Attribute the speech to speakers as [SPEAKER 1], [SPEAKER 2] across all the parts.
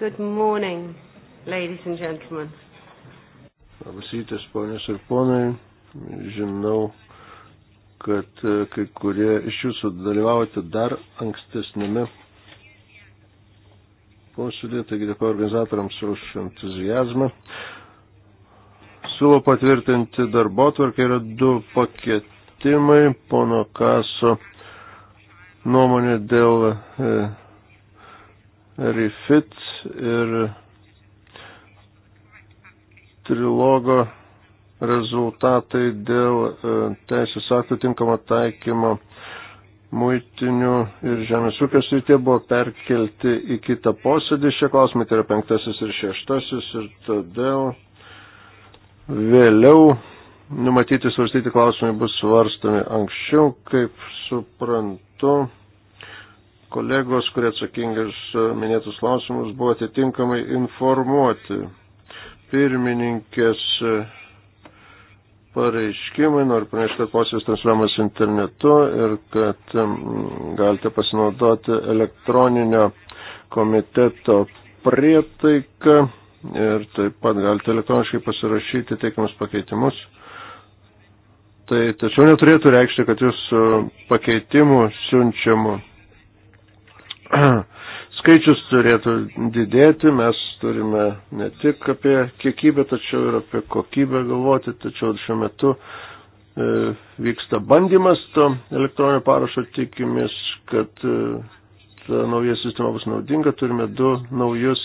[SPEAKER 1] Good morning, ladies and gentlemen.
[SPEAKER 2] Labas rytas, ponios ir ponai. Žinau, kad e, kai kurie iš jūsų dalyvaujate dar ankstesnėme posėdėje, taigi dėkoju organizatoriams už entuzijazmą. Siūlau patvirtinti darbo tvarkę, yra du pakeitimai, pono Kaso nuomonė dėl e, refit ir trilogo rezultatai dėl e, teisės aktų tinkamo taikymo muitinių ir žemės ūkio srityje buvo perkelti į kitą posėdį. Šie klausimai tai yra penktasis ir šeštasis ir todėl vėliau numatyti svarstyti klausimai bus svarstami anksčiau, kaip suprantu kolegos, kurie atsakingi už minėtus klausimus, buvo atitinkamai informuoti. Pirmininkės pareiškimai, noriu pranešti, kad posėdis transliuojamas internetu ir kad galite pasinaudoti elektroninio komiteto prietaiką ir taip pat galite elektroniškai pasirašyti teikiamus pakeitimus. Tai tačiau neturėtų reikšti, kad jūs pakeitimų siunčiamų skaičius turėtų didėti, mes turime ne tik apie kiekybę, tačiau ir apie kokybę galvoti, tačiau šiuo metu e, vyksta bandymas to elektroninio parašo, tikimės, kad e, ta nauja sistema bus naudinga, turime du naujus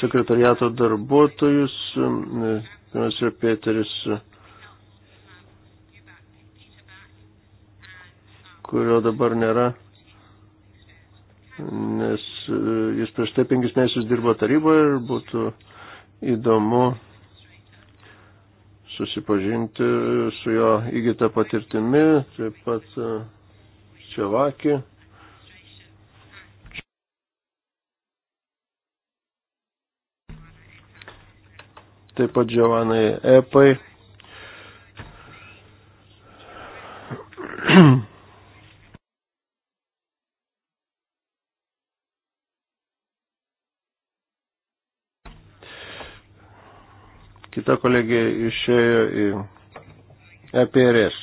[SPEAKER 2] sekretariato darbuotojus, e, vienas yra Peteris kurio dabar nėra nes e, jis prieš tai penkis mėnesius dirbo taryboje ir būtų įdomu susipažinti su jo įgyta patirtimi, taip pat e, Čevakį. Taip pat Džiovanai Epai. Kita kolegė išėjo į EPRS.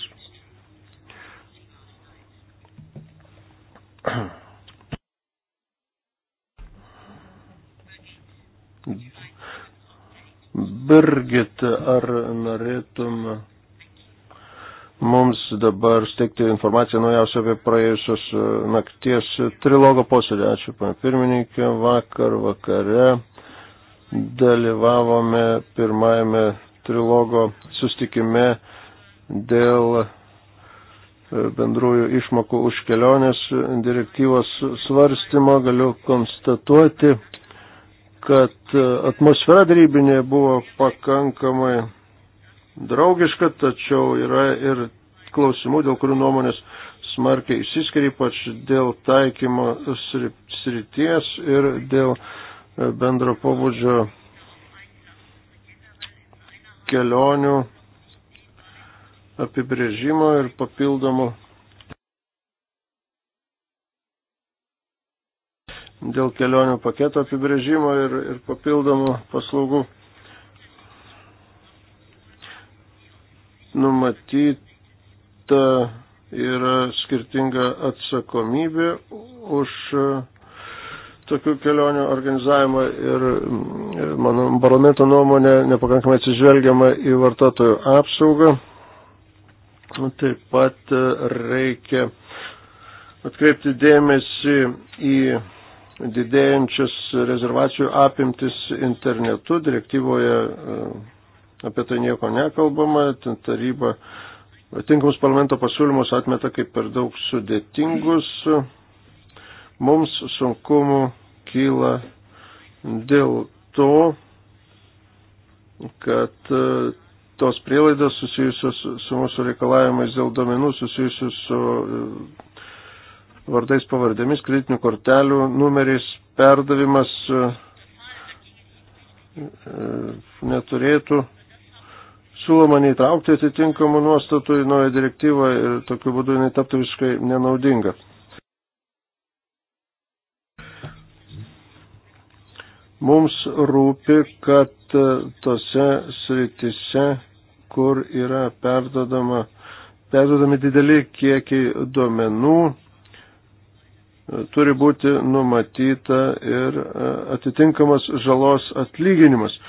[SPEAKER 2] Birgit, ar norėtum mums dabar steigti informaciją naujausią apie praėjusios nakties trilogo posėdį? Ačiū, pana pirmininkė, vakar vakare dalyvavome pirmajame trilogo sustikime dėl e, bendrųjų išmokų už kelionės direktyvos svarstymo galiu konstatuoti, kad e, atmosfera darybinė buvo pakankamai draugiška, tačiau yra ir klausimų, dėl kurių nuomonės smarkiai išsiskiria, ypač dėl taikymo srities ir dėl bendro pobūdžio kelionių apibrėžimo ir papildomų dėl kelionių paketo apibrėžimo ir, ir papildomų paslaugų numatyta yra skirtinga atsakomybė už tokių kelionių organizavimą ir, mano parlamento nuomonė, nepakankamai atsižvelgiama į vartotojų apsaugą. Taip pat e, reikia atkreipti dėmesį į didėjančias rezervacijų apimtis internetu. Direktyvoje e, apie tai nieko nekalbama, ten taryba tinkamus parlamento pasiūlymus atmeta kaip per daug sudėtingus. Mums sunkumų kyla dėl to, kad e, tos prielaidos susijusios su mūsų reikalavimais dėl domenų susijusios su e, vardais pavardėmis, kreditinių kortelių numeriais perdavimas e, neturėtų siūloma neįtraukti atitinkamų nuostatų į naują direktyvą ir tokiu būdu jinai taptų visiškai nenaudinga. Mums rūpi, kad e, tose sritise, kur yra perdodama, perdodami dideli kiekiai duomenų, e, turi būti numatyta ir e, atitinkamas žalos atlyginimas.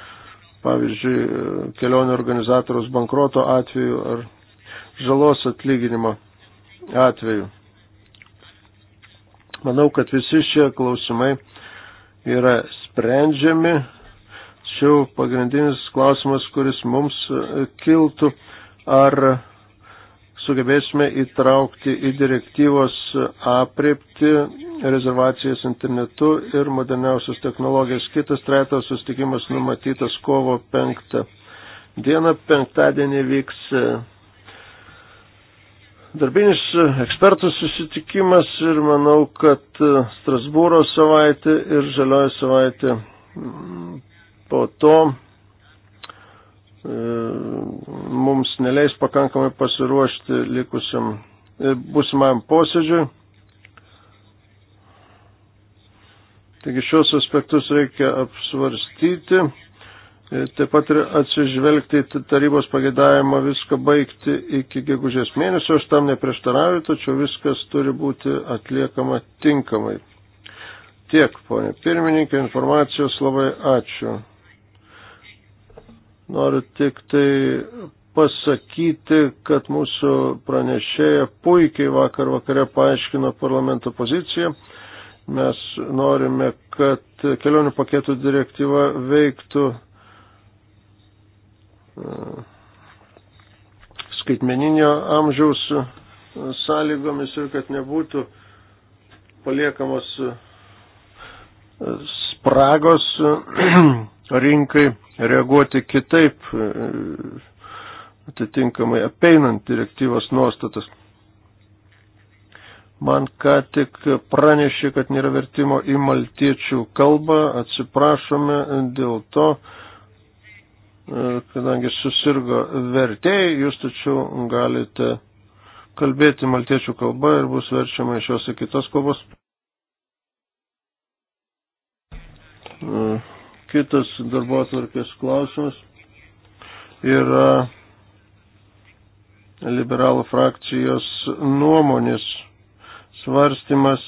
[SPEAKER 2] Pavyzdžiui, kelionio organizatoriaus bankroto atveju ar žalos atlyginimo atveju. Manau, kad visi šie klausimai yra sprendžiami, tačiau pagrindinis klausimas, kuris mums e, kiltų, ar sugebėsime įtraukti į direktyvos apriepti rezervacijas internetu ir moderniausias technologijas. Kitas tretas sustikimas numatytas kovo penktą dieną. Penktadienį vyks e, darbinis e, ekspertų susitikimas ir manau, kad e, Strasbūro savaitė ir Žalioji savaitė po to e, mums neleis pakankamai pasiruošti likusiam būsimam posėdžiui. Taigi šios aspektus reikia apsvarstyti. E, taip pat ir atsižvelgti tarybos pagėdavimą viską baigti iki gegužės mėnesio, aš tam neprieštarauju, tačiau viskas turi būti atliekama tinkamai. Tiek, ponė pirmininkė, informacijos labai ačiū. Noriu tik tai pasakyti, kad mūsų pranešėja puikiai vakar vakare paaiškino parlamento poziciją. Mes norime, kad kelionių paketų direktyva veiktų skaitmeninio amžiaus sąlygomis ir kad nebūtų paliekamos spragos rinkai reaguoti kitaip, atitinkamai apeinant direktyvos nuostatas. Man ką tik pranešė, kad nėra vertimo į maltiečių kalbą, atsiprašome dėl to, E, kadangi susirgo vertėjai, jūs tačiau galite kalbėti maltiečių kalba ir bus verčiama iš jos į kitas kalbas. E, kitas darbo atvarkės klausimas yra liberalų frakcijos nuomonės svarstymas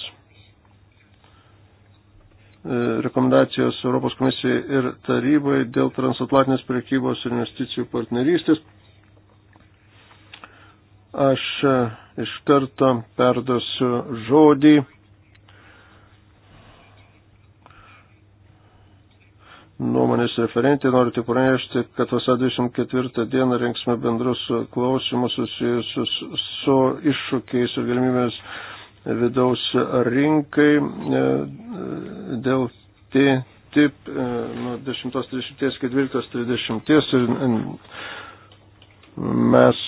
[SPEAKER 2] E, rekomendacijos Europos komisijai ir tarybai dėl transatlantinės prekybos ir investicijų partnerystės. Aš e, iš karto perduosiu žodį nuomonės referentė. Noriu tik pranešti, kad vasarą 24 dieną rengsime bendrus klausimus susijusius su iššūkiais ir galimybėmis vidaus rinkai e, dėl TTIP e, nuo 10.30 iki 12.30 ir e, mes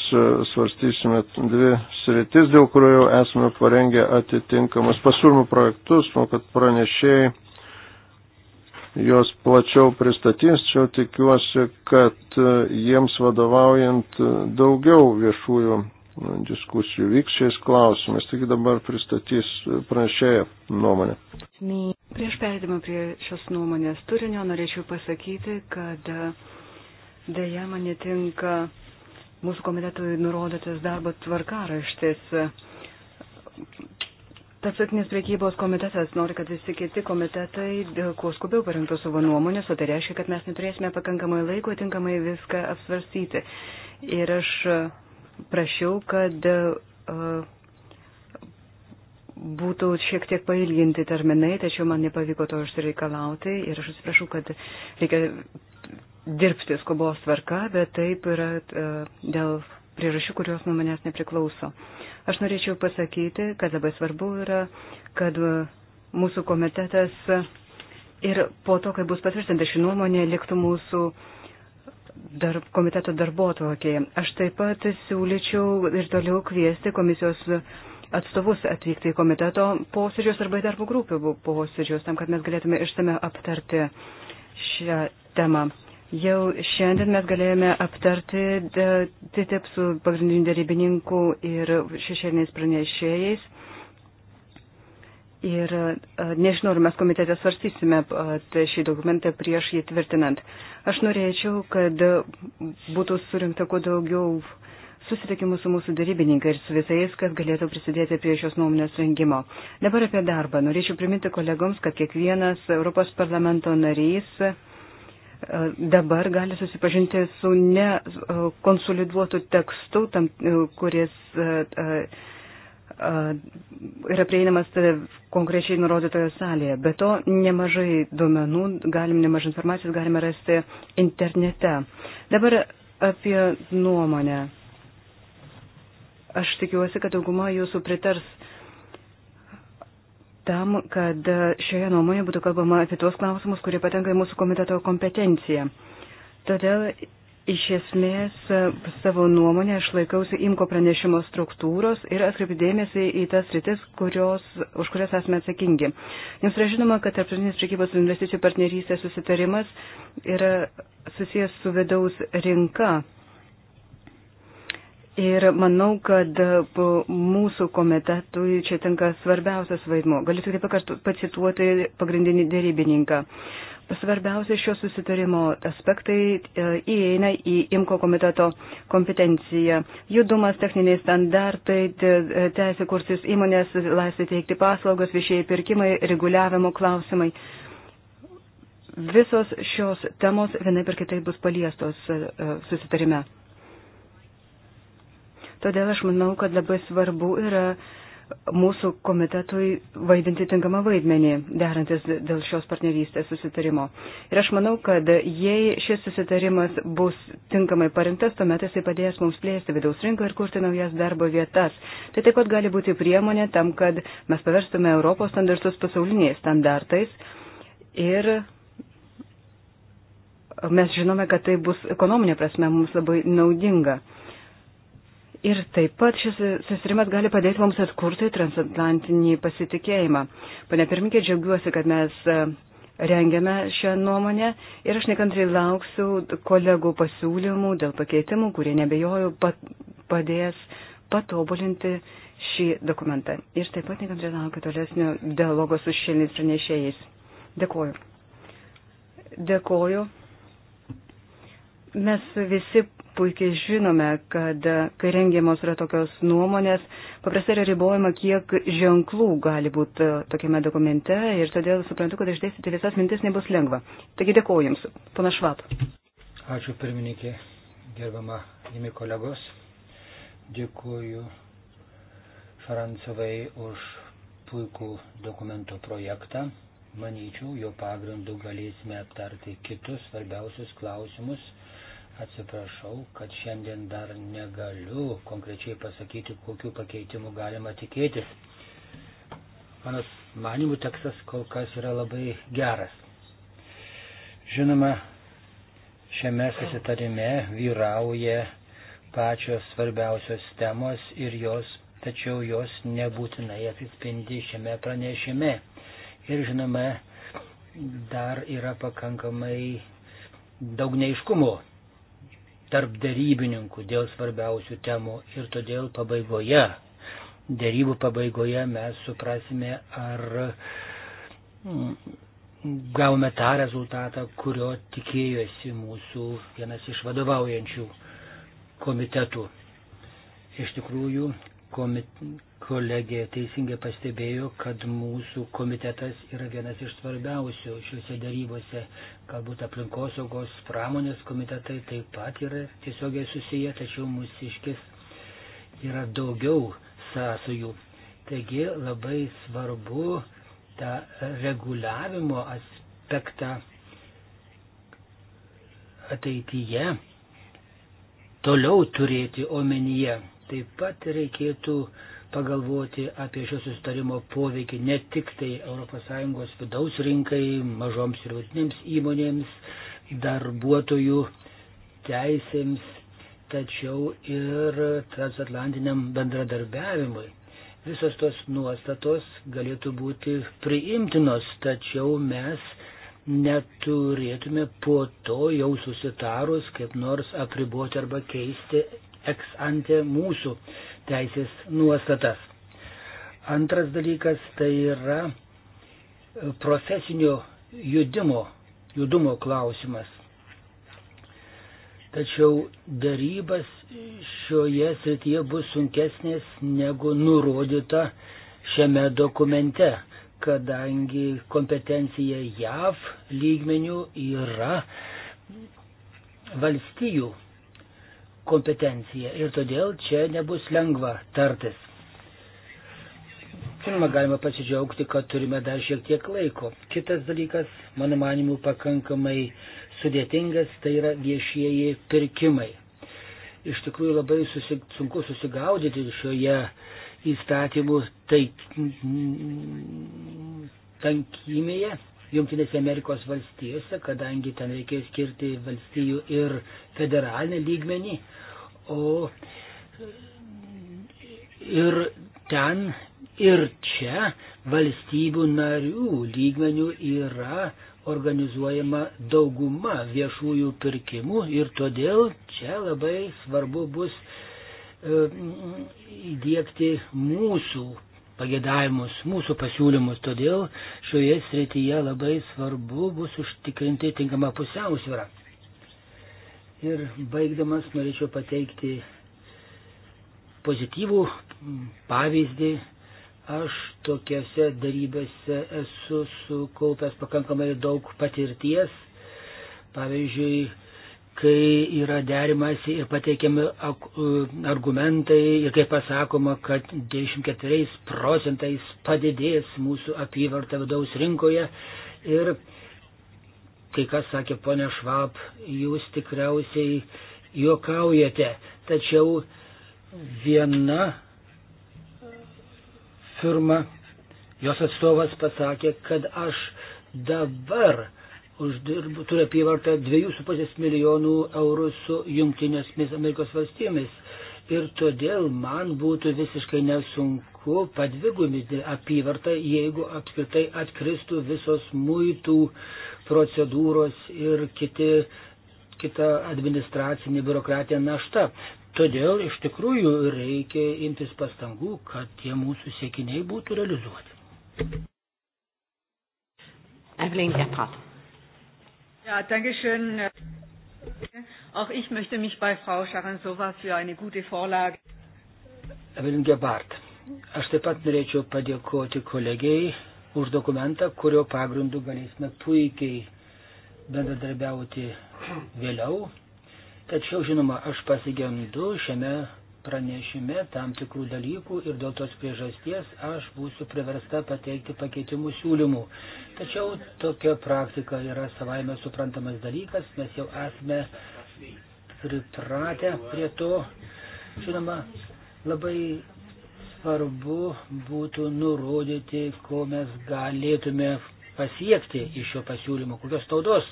[SPEAKER 2] svarstysime dvi sritis, dėl kurio jau esame parengę atitinkamas pasiūlymų projektus, manau, kad pranešėjai juos plačiau pristatys, čia tikiuosi, kad jiems vadovaujant daugiau viešųjų diskusijų vyks šiais klausimais. Taigi dabar pristatys pranešėją nuomonę.
[SPEAKER 3] Prieš
[SPEAKER 1] perėdimą prie šios nuomonės turinio norėčiau pasakyti, kad e, dėja man netinka mūsų komitetui nurodytas darbo tvarkaraštis. Tarptautinės priekybos komitetas nori, kad visi kiti komitetai e, kuo skubiau parengtų savo nuomonės, o tai reiškia, kad mes neturėsime pakankamai laiko tinkamai viską apsvarstyti. Ir aš prašiau, kad e, būtų šiek tiek pailginti terminai, tačiau man nepavyko to išsireikalauti ir aš atsiprašau, kad reikia dirbti skubos tvarka, bet taip yra e, dėl priežasčių, kurios nuo manęs nepriklauso. Aš norėčiau pasakyti, kad labai svarbu yra, kad mūsų komitetas ir po to, kai bus patvirtinta ši nuomonė, liktų mūsų uh, darb, komiteto darbotvarkėje. Aš taip pat siūlyčiau ir toliau kviesti komisijos atstovus atvykti į komiteto posėdžius arba į darbo grupių posėdžius, tam, kad mes galėtume išsame aptarti šią temą. Jau šiandien mes galėjome aptarti e, TTIP su pagrindiniu darybininku ir šešėliniais pranešėjais. Ir e, nežinau, ar mes komitete svarstysime e, tai šį dokumentą prieš jį tvirtinant. Aš norėčiau, kad būtų surinkta kuo daugiau susitikimų su mūsų darybininkai ir su visais, kas galėtų prisidėti prie šios nuomonės rengimo. Dabar apie darbą. Norėčiau priminti kolegoms, kad kiekvienas Europos parlamento narys e, dabar gali susipažinti su nekonsoliduotu tekstu, tam, kuris yra prieinamas e, konkrečiai nurodytoje salėje. Be to, nemažai duomenų, galim, nemažai informacijos galime rasti internete. Dabar apie nuomonę. Aš tikiuosi, kad dauguma jūsų pritars tam, kad šioje nuomonėje būtų kalbama apie tuos klausimus, kurie patenka į mūsų komiteto kompetenciją. Todėl Iš esmės savo nuomonę aš laikausi imko pranešimo struktūros ir atkreipiu dėmesį į tas rytis, kurios, už kurias esame atsakingi. Jums yra žinoma, kad tarptautinis prekybos investicijų partnerystės susitarimas yra susijęs su vidaus rinka. Ir manau, kad mūsų komitetui čia tenka svarbiausias vaidmo. Galiu tik pacituoti pagrindinį dėrybininką. Svarbiausia šio susitarimo aspektai e, įeina į IMKO komiteto kompetenciją. Judumas, techniniai standartai, e, teisė kursis įmonės, laisvė teikti paslaugas, viešieji pirkimai, reguliavimo klausimai. Visos šios temos vienai per kitai bus paliestos e, susitarime. Todėl aš manau, kad labai svarbu yra uh, mūsų komitetui vaidinti tinkamą vaidmenį, derantis dėl šios partnerystės susitarimo. Ir aš manau, kad jei šis susitarimas bus tinkamai parinktas, tuomet jisai padės mums plėsti vidaus rinką ir kurti naujas darbo vietas. Tai taip pat gali būti priemonė tam, kad mes paverstume Europos standartus pasauliniais standartais. Ir mes žinome, kad tai bus ekonominė prasme mums labai naudinga. Ir taip pat šis susirimas gali padėti mums atkurti transatlantinį pasitikėjimą. Pane pirmininkė, džiaugiuosi, kad mes e, rengiame šią nuomonę ir aš nekantriai lauksiu kolegų pasiūlymų dėl pakeitimų, kurie nebejoju padės patobulinti šį dokumentą. Ir taip pat nekantriai laukiu tolesnio dialogo su šilniais pranešėjais. Dėkuoju. Dėkuoju. Mes visi puikiai žinome, kad e, kai rengiamos yra tokios nuomonės, paprastai yra ribojama, kiek ženklų gali būti e, tokiame dokumente ir todėl suprantu, kad išdėstyti visas mintis nebus lengva. Taigi dėkuoju Jums, pana Švap.
[SPEAKER 3] Ačiū pirmininkė, gerbama jimi kolegos. Dėkuoju Šarancovai už puikų dokumento projektą. Manyčiau, jo pagrindu galėsime aptarti kitus svarbiausius klausimus Atsiprašau, kad šiandien dar negaliu konkrečiai pasakyti, kokiu pakeitimu galima tikėtis. Mano manimų tekstas kol kas yra labai geras. Žinoma, šiame susitarime vyrauja pačios svarbiausios temos ir jos, tačiau jos nebūtinai atsispindi šiame pranešime. Ir žinoma, dar yra pakankamai daug neiškumo tarp darybininkų dėl svarbiausių temų ir todėl pabaigoje, darybų pabaigoje mes suprasime, ar mm, gavome tą rezultatą, kurio tikėjosi mūsų vienas iš vadovaujančių komitetų. Iš tikrųjų, komit... kolegė teisingai pastebėjo, kad mūsų komitetas yra vienas iš svarbiausių šiuose darybose. Galbūt aplinkosaugos pramonės komitetai taip pat yra tiesiogiai susiję, tačiau mūsiškis yra daugiau sąsajų. Taigi labai svarbu tą reguliavimo aspektą ateityje toliau turėti omenyje. Taip pat reikėtų pagalvoti apie šio sustarimo poveikį ne tik tai ES vidaus rinkai, mažoms ir vidutinėms įmonėms, darbuotojų teisėms, tačiau ir transatlantiniam bendradarbiavimui. Visos tos nuostatos galėtų būti priimtinos, tačiau mes neturėtume po to jau susitarus kaip nors apriboti arba keisti eks ante mūsų teisės nuostatas. Antras dalykas tai yra e, profesinio judimo, judumo klausimas. Tačiau darybas šioje srityje bus sunkesnės negu nurodyta šiame dokumente, kadangi kompetencija JAV lygmenių yra valstijų kompetencija ir todėl čia nebus lengva tartis. Žinoma, galima pasidžiaugti, kad turime dar šiek tiek laiko. Kitas dalykas, mano manimu, pakankamai sudėtingas, tai yra viešieji pirkimai. Iš tikrųjų labai susi, sunku susigaudyti šioje įstatymų taik, tankymėje. Junktinėse Amerikos valstijose, kadangi ten reikėjo skirti valstijų ir federalinį lygmenį, o ir ten, ir čia valstybių narių lygmenių yra organizuojama dauguma viešųjų pirkimų ir todėl čia labai svarbu bus e, įdėkti mūsų pagėdavimus, mūsų pasiūlymus. Todėl šioje srityje labai svarbu bus užtikrinti tinkamą pusiausvyrą. Ir baigdamas norėčiau pateikti pozityvų pavyzdį. Aš tokiuose darybėse esu sukaupęs pakankamai daug patirties. Pavyzdžiui, kai yra derimasi ir pateikiami e, argumentai ir kai pasakoma, kad 24 procentais padidės mūsų apyvarta vidaus rinkoje. Ir kai kas sakė, ponia Švab, jūs tikriausiai juokaujate, tačiau viena firma, jos atstovas pasakė, kad aš dabar uždirbo, turi apyvartą 2,5 milijonų eurų su Junktinėsmis Amerikos valstybėmis. Ir todėl man būtų visiškai nesunku padvigumyti apyvartą, jeigu apskritai atkristų visos muitų procedūros ir kiti, kita administracinė biurokratija našta. Todėl iš tikrųjų reikia imtis pastangų, kad tie mūsų siekiniai būtų realizuoti. Evelyn Gephardt.
[SPEAKER 1] Ja, danke schön. Auch ich möchte mich bei Frau Šaransova für eine gute Vorlage.
[SPEAKER 3] Evelyn Gebhardt, aš taip pat norėčiau padėkoti kolegijai už dokumentą, kurio pagrindu galėsime puikiai bendradarbiauti vėliau. Tačiau, žinoma, aš pasigendu šiame pranešime tam tikrų dalykų ir dėl tos priežasties aš būsiu priversta pateikti pakeitimų siūlymų. Tačiau tokia praktika yra savaime suprantamas dalykas, mes jau esame pripratę prie to. Žinoma, labai svarbu būtų nurodyti, ko mes galėtume pasiekti iš šio pasiūlymo, kokios naudos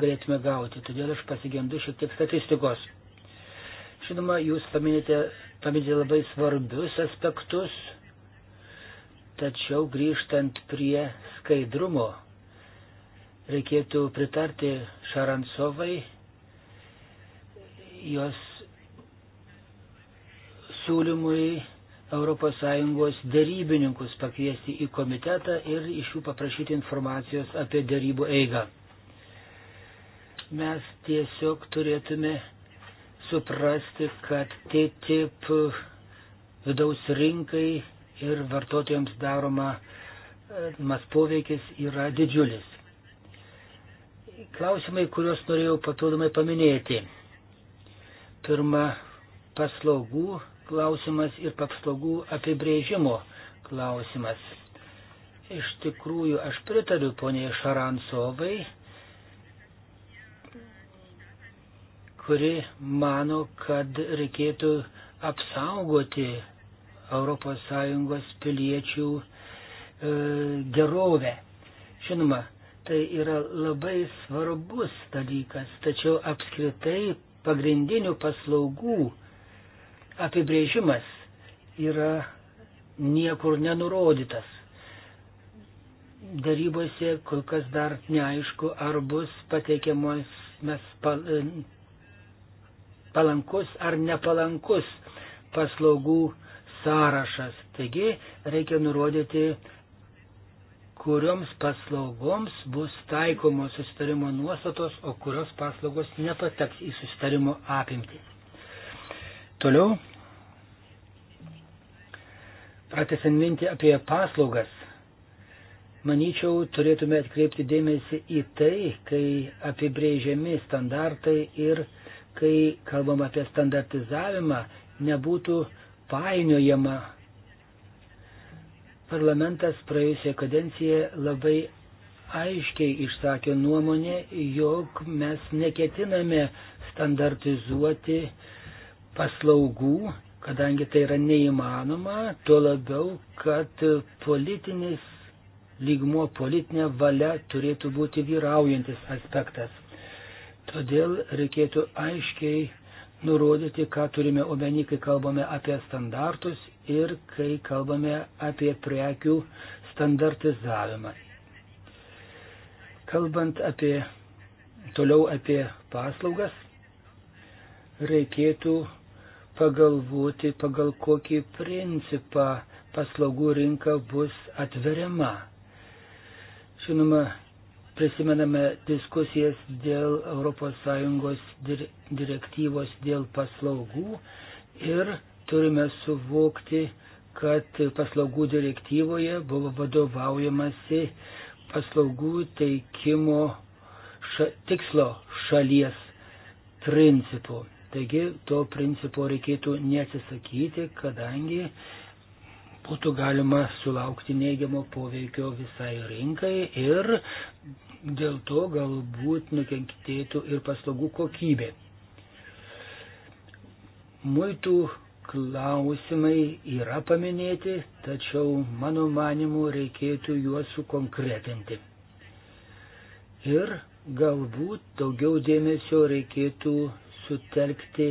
[SPEAKER 3] galėtume gauti. Todėl aš pasigendu šiek tiek statistikos. Žinoma, jūs paminėte, paminėte labai svarbius aspektus, tačiau grįžtant prie skaidrumo, reikėtų pritarti Šarantsovai, jos siūlymui ES dėrybininkus pakviesti į komitetą ir iš jų paprašyti informacijos apie dėrybų eigą. Mes tiesiog turėtume suprasti, kad TTIP vidaus rinkai ir vartotojams daroma mas poveikis yra didžiulis. Klausimai, kuriuos norėjau papildomai paminėti. Pirma, paslaugų klausimas ir paslaugų apibrėžimo klausimas. Iš tikrųjų, aš pritariu poniai Šaransovai, kuri mano, kad reikėtų apsaugoti ES piliečių e, gerovę. Žinoma, tai yra labai svarbus dalykas, tačiau apskritai pagrindinių paslaugų apibrėžimas yra niekur nenurodytas. Darybose kol kas dar neaišku, ar bus pateikiamos mes palankus ar nepalankus paslaugų sąrašas. Taigi reikia nurodyti, kurioms paslaugoms bus taikomos susitarimo nuostatos, o kurios paslaugos nepateks į susitarimo apimtį. Toliau, pratesant mintį apie paslaugas, manyčiau, turėtume atkreipti dėmesį į tai, kai apibrėžiami standartai ir kai kalbam apie standartizavimą, nebūtų painiojama. Parlamentas praėjusią kadenciją labai aiškiai išsakė nuomonę, jog mes neketiname standartizuoti paslaugų, kadangi tai yra neįmanoma, tuo labiau, kad politinis lygmuo, politinė valia turėtų būti vyraujantis aspektas. Todėl reikėtų aiškiai nurodyti, ką turime omeny, kai kalbame apie standartus ir kai kalbame apie prekių standartizavimą. Kalbant apie toliau apie paslaugas, reikėtų pagalvoti, pagal kokį principą paslaugų rinka bus atveriama. Žinoma, prisimename diskusijas dėl ES dir direktyvos dėl paslaugų ir turime suvokti, kad paslaugų direktyvoje buvo vadovaujamasi paslaugų teikimo ša, tikslo šalies principu. Taigi to principo reikėtų neatsisakyti, kadangi būtų galima sulaukti neigiamo poveikio visai rinkai ir dėl to galbūt nukentėtų ir paslaugų kokybė. Muitų klausimai yra paminėti, tačiau mano manimu reikėtų juos sukonkretinti. Ir galbūt daugiau dėmesio reikėtų sutelkti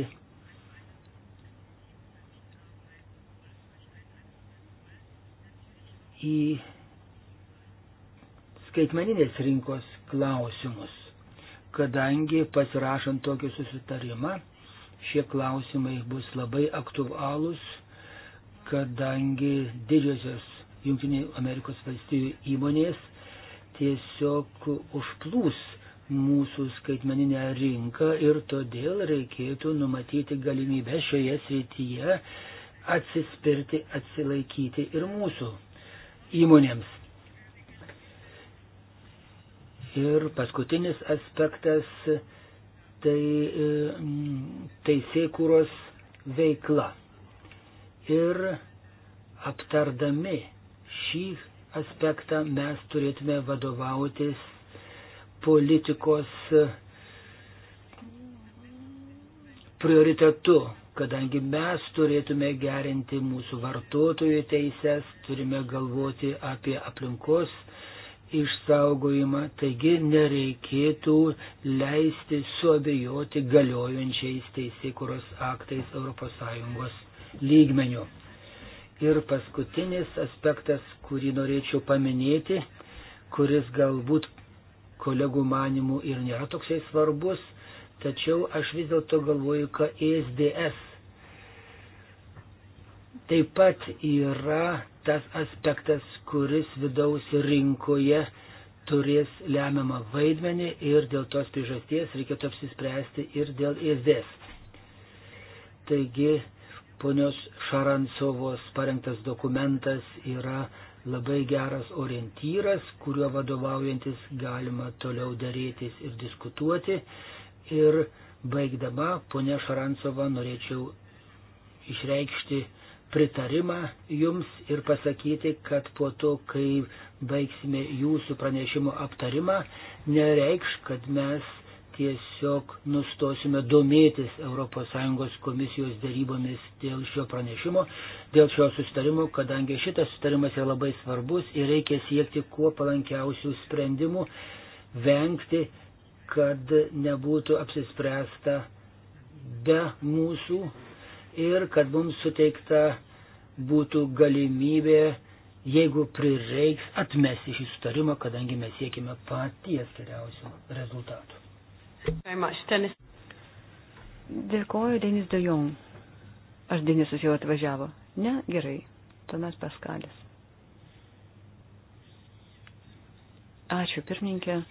[SPEAKER 3] į skaitmeninės rinkos klausimus, kadangi pasirašant tokį susitarimą šie klausimai bus labai aktualūs, kadangi didžiosios Junktinių Amerikos valstybių įmonės tiesiog užplūs mūsų skaitmeninę rinką ir todėl reikėtų numatyti galimybę šioje srityje atsispirti, atsilaikyti ir mūsų įmonėms. Ir paskutinis aspektas tai mm, teisėkūros veikla. Ir aptardami šį aspektą mes turėtume vadovautis politikos prioritetu kadangi mes turėtume gerinti mūsų vartotojų teises, turime galvoti apie aplinkos išsaugojimą, taigi nereikėtų leisti suabejoti galiojančiais teisėkuros aktais ES lygmeniu. Ir paskutinis aspektas, kurį norėčiau paminėti, kuris galbūt kolegų manimų ir nėra toksai svarbus, Tačiau aš vis dėlto galvoju, kad ESDS taip pat yra tas aspektas, kuris vidaus rinkoje turės lemiamą vaidmenį ir dėl tos priežasties reikėtų apsispręsti ir dėl ESDS. Taigi, ponios Šarancovos parengtas dokumentas yra labai geras orientyras, kuriuo vadovaujantis galima toliau darytis ir diskutuoti. Ir baigdama, ponia Šarancova, norėčiau išreikšti pritarimą jums ir pasakyti, kad po to, kai baigsime jūsų pranešimo aptarimą, nereikš, kad mes tiesiog nustosime domėtis ES komisijos darybomis dėl šio pranešimo, dėl šio sustarimo, kadangi šitas sustarimas yra labai svarbus ir reikia siekti kuo palankiausių sprendimų, vengti kad nebūtų apsispręsta be mūsų ir kad mums suteikta būtų galimybė, jeigu prireiks, atmesti šį sutarimą, kadangi mes siekime paties geriausių rezultatų.
[SPEAKER 1] Dėkoju, Denis Dejong. Aš Denisas jau atvažiavo. Ne, gerai. Tuomet Paskalis. Ačiū, pirmininkė.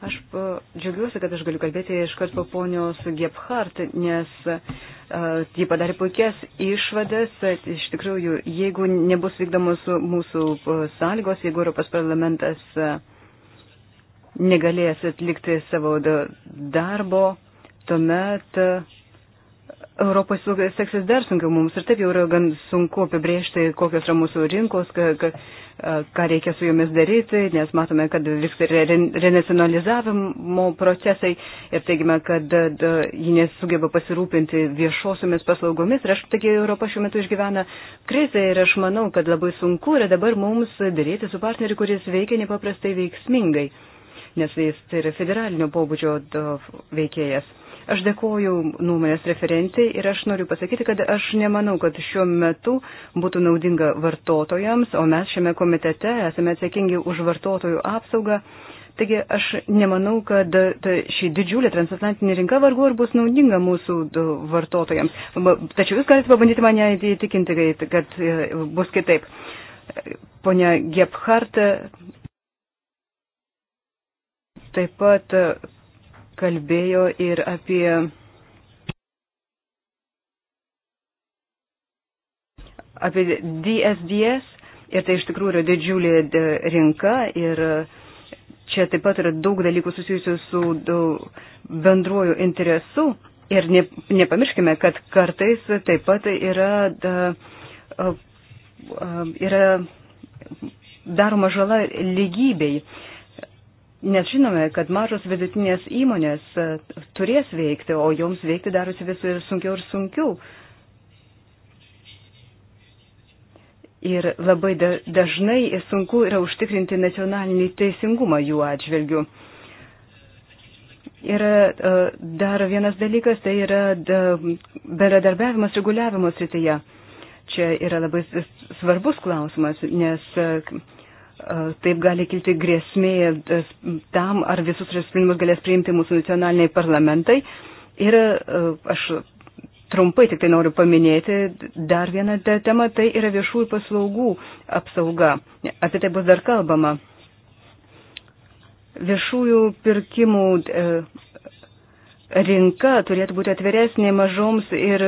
[SPEAKER 1] Aš e, džiaugiuosi, kad aš galiu kalbėti iškart po ponios Gebhardt, nes uh, ji padarė puikias išvadas. Iš tikrųjų, jeigu nebus vykdomos mūsų e, sąlygos, jeigu Europos parlamentas negalės atlikti savo darbo, tuomet. Uh, Europos seksis dar sunkiau mums ir taip jau yra gan sunku apibriežti, kokios yra mūsų rinkos, ką, ką, ką reikia su jomis daryti, nes matome, kad vyksta renacionalizavimo procesai ir teigime, kad ji nesugeba pasirūpinti viešosiomis paslaugomis. Ir aš taigi Europa šiuo metu išgyvena krizę ir aš manau, kad labai sunku yra dabar mums daryti su partneriu, kuris veikia nepaprastai veiksmingai, nes jis tai yra federalinio pobūdžio veikėjas. Aš dėkoju nuomonės referentai ir aš noriu pasakyti, kad aš nemanau, kad šiuo metu būtų naudinga vartotojams, o mes šiame komitete esame atsakingi už vartotojų apsaugą. Taigi aš nemanau, kad ši didžiulė transatlantinė rinka vargu ar bus naudinga mūsų vartotojams. Tačiau jūs galite pabandyti mane įtikinti, kad e, bus kitaip. Pone Gebhardt taip pat kalbėjo ir apie apie DSDS ir tai iš tikrųjų yra didžiulė e, rinka ir čia taip pat yra daug dalykų susijusių su bendruoju interesu ir ne, nepamirškime, kad kartais taip pat yra, da, e, e, yra daroma žala lygybei. Nes žinome, kad mažos vidutinės įmonės e, turės veikti, o joms veikti darosi vis ir sunkiau ir sunkiau. Ir labai dažnai ir sunku yra užtikrinti nacionalinį teisingumą jų atžvilgių. Ir e, dar vienas dalykas, tai yra bendradarbiavimas reguliavimo srityje. Čia yra labai svarbus klausimas, nes e, Taip gali kilti grėsmė tam, ar visus sprendimus galės priimti mūsų nacionaliniai parlamentai. Ir aš trumpai tik tai noriu paminėti dar vieną temą, tai yra viešųjų paslaugų apsauga. Apie tai bus dar kalbama. Viešųjų pirkimų e, rinka turėtų būti atviresnė mažoms ir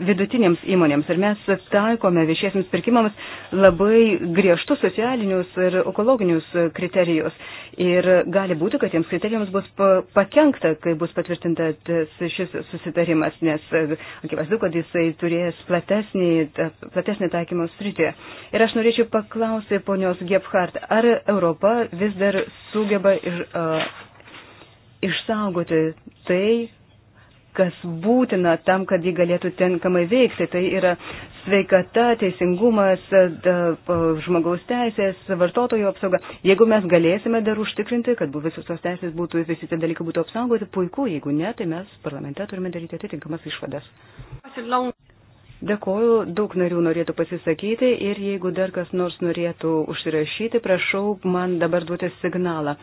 [SPEAKER 1] vidutinėms įmonėms. Ir mes taikome viešiesiams pirkimams labai griežtus socialinius ir ekologinius kriterijus. Ir gali būti, kad tiems kriterijams bus pakengta, kai bus patvirtintas šis susitarimas, nes akivaizdu, kad jisai turės platesnį, platesnį taikymo sritį. Ir aš norėčiau paklausyti ponios Gebhardt, ar Europa vis dar sugeba iš. Uh, išsaugoti tai, kas būtina tam, kad jį galėtų tenkamai veikti. Tai yra sveikata, teisingumas, žmogaus teisės, vartotojų apsauga. Jeigu mes galėsime dar užtikrinti, kad visos tos teisės būtų, visi tie dalykai būtų apsaugoti, puiku, jeigu ne, tai mes parlamente turime daryti atitinkamas išvadas. Dėkoju, daug narių norėtų pasisakyti ir jeigu dar kas nors norėtų užsirašyti, prašau man dabar duoti signalą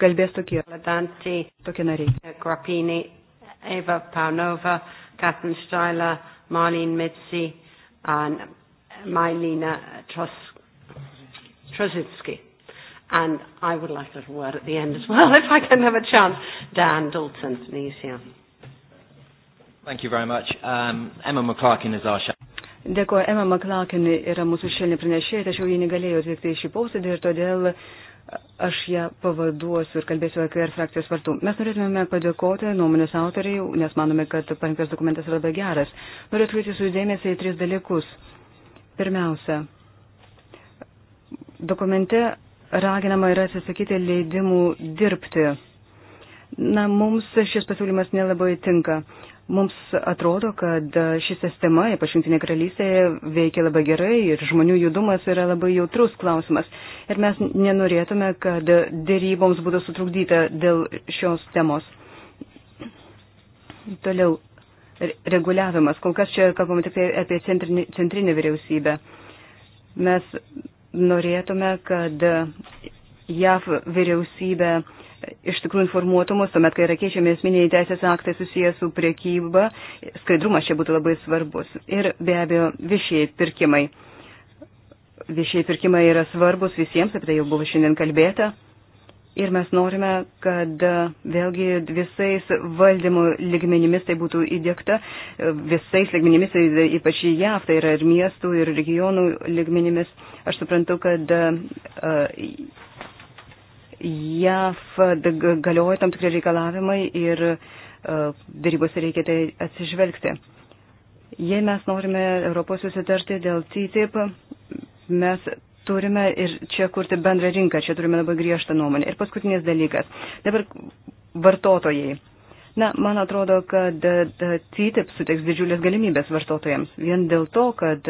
[SPEAKER 1] kalbės tokie, tokie nariai. Grapini, Eva Paunova, Katrin Steiler, Marlene Mitzi, Mylina Trozitsky. And I would like a little word at the end as well, if I can have a chance. Dan Dalton,
[SPEAKER 3] please, here. Thank you very much. Um, Emma McClarkin is our shadow.
[SPEAKER 1] Dėkuoju, Emma McLaughlin yra mūsų šiandien pranešėja, tačiau ji negalėjo atvykti į šį posėdį ir todėl Aš ją pavaduosiu ir kalbėsiu AKR frakcijos vardu. Mes norėtume padėkoti nuomonės autoriai, nes manome, kad parinktas dokumentas yra labai geras. Noriu atkreipti jūsų dėmesį į tris dalykus. Pirmiausia, dokumente raginama yra atsisakyti leidimų dirbti. Na, mums šis pasiūlymas nelabai tinka. Mums atrodo, kad ši sistema, ypač Junktinė karalystė, veikia labai gerai ir žmonių judumas yra labai jautrus klausimas. Ir mes nenorėtume, kad dėryboms būtų sutrukdyta dėl šios temos. Toliau, reguliavimas. Kol kas čia kalbame tik apie centrinį, centrinę vyriausybę. Mes norėtume, kad JAV vyriausybė iš tikrųjų informuotų mus, tuomet, kai yra keičiami esminiai teisės aktai susijęs su priekyba, skaidrumas čia būtų labai svarbus. Ir be abejo, viešieji pirkimai. Viešieji pirkimai yra svarbus visiems, apie tai jau buvo šiandien kalbėta. Ir mes norime, kad e, vėlgi visais valdymo ligmenimis tai būtų įdėkta, e, visais ligmenimis, tai ypač į JAV, tai yra ir miestų, ir regionų ligmenimis. Aš suprantu, kad uh, JAF galioja tam tikri reikalavimai ir e, darybose reikia tai atsižvelgti. Jei mes norime Europos susitarti dėl TTIP, mes turime ir čia kurti bendrą rinką, čia turime labai griežtą nuomonę. Ir paskutinis dalykas. Dabar vartotojai. Na, man atrodo, kad CITIP suteiks didžiulės galimybės vartotojams. Vien dėl to, kad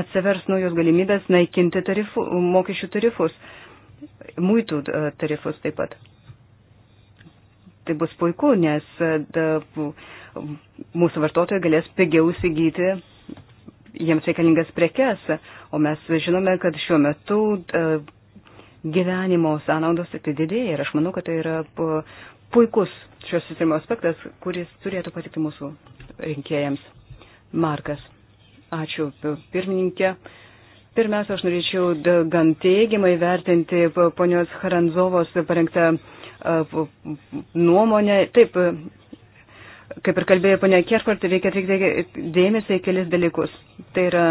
[SPEAKER 1] atsivers naujos galimybės naikinti tarifu, mokesčių tarifus muitų e, tarifus taip pat. Tai bus puiku, nes e, da, mūsų vartotojai galės pigiau įsigyti jiems reikalingas prekes, o mes žinome, kad šiuo metu da, e, gyvenimo sąnaudos tik tai didėja ir aš manau, kad tai yra puikus šios sistemos aspektas, kuris turėtų patikti mūsų rinkėjams. Markas. Ačiū pirmininkė. Pirmiausia, aš norėčiau gan teigiamai vertinti ponios Haranzovos parengtą nuomonę. Taip, kaip ir kalbėjo ponia Kerfart, reikia atkreipti dėmesį į kelis dalykus. Tai yra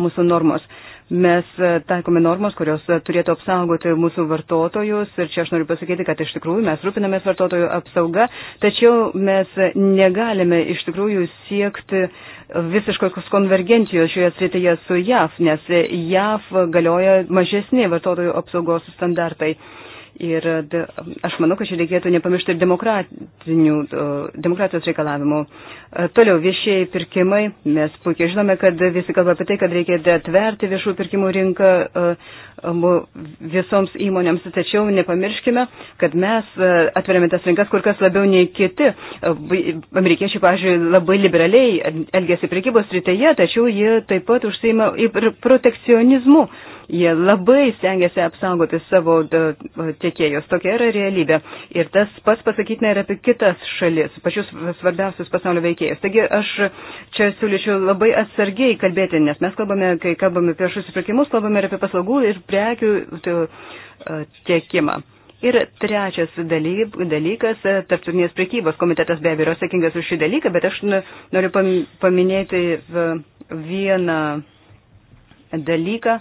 [SPEAKER 1] mūsų normos. Uh, mes e, taikome normos, kurios e, turėtų apsaugoti mūsų vartotojus. Ir čia aš noriu pasakyti, kad iš tikrųjų mes rūpinamės vartotojų apsauga, tačiau mes e, negalime iš tikrųjų siekti visiškos konvergencijos šioje srityje su JAV, nes JAV galioja mažesni vartotojų apsaugos standartai. Ir aš manau, kad čia reikėtų nepamiršti ir demokratijos reikalavimų. E, toliau viešieji pirkimai. Mes puikiai žinome, kad visi kalba apie tai, kad reikia atverti viešų pirkimų rinką e, visoms įmonėms. Tačiau nepamirškime, kad mes e, atveriame tas rinkas kur kas labiau nei kiti. Amerikiečiai, pažiūrėjau, labai liberaliai elgesi prekybos rytėje, tačiau jie taip pat užsima ir protekcionizmu. Jie labai stengiasi apsaugoti savo tiekėjus. Tokia yra realybė. Ir tas pats pasakytina ir apie kitas šalis, pačius svarbiausius pasaulio veikėjus. Taigi aš čia siūlyčiau labai atsargiai kalbėti, nes mes kalbame, kai kalbame apie šius įpirkimus, kalbame ir apie paslaugų ir prekių tiekimą. Ir trečias dalykas e, - tarptautinės prekybos komitetas be abejo yra atsakingas už šį dalyką, bet aš noriu paminėti vieną dalyką,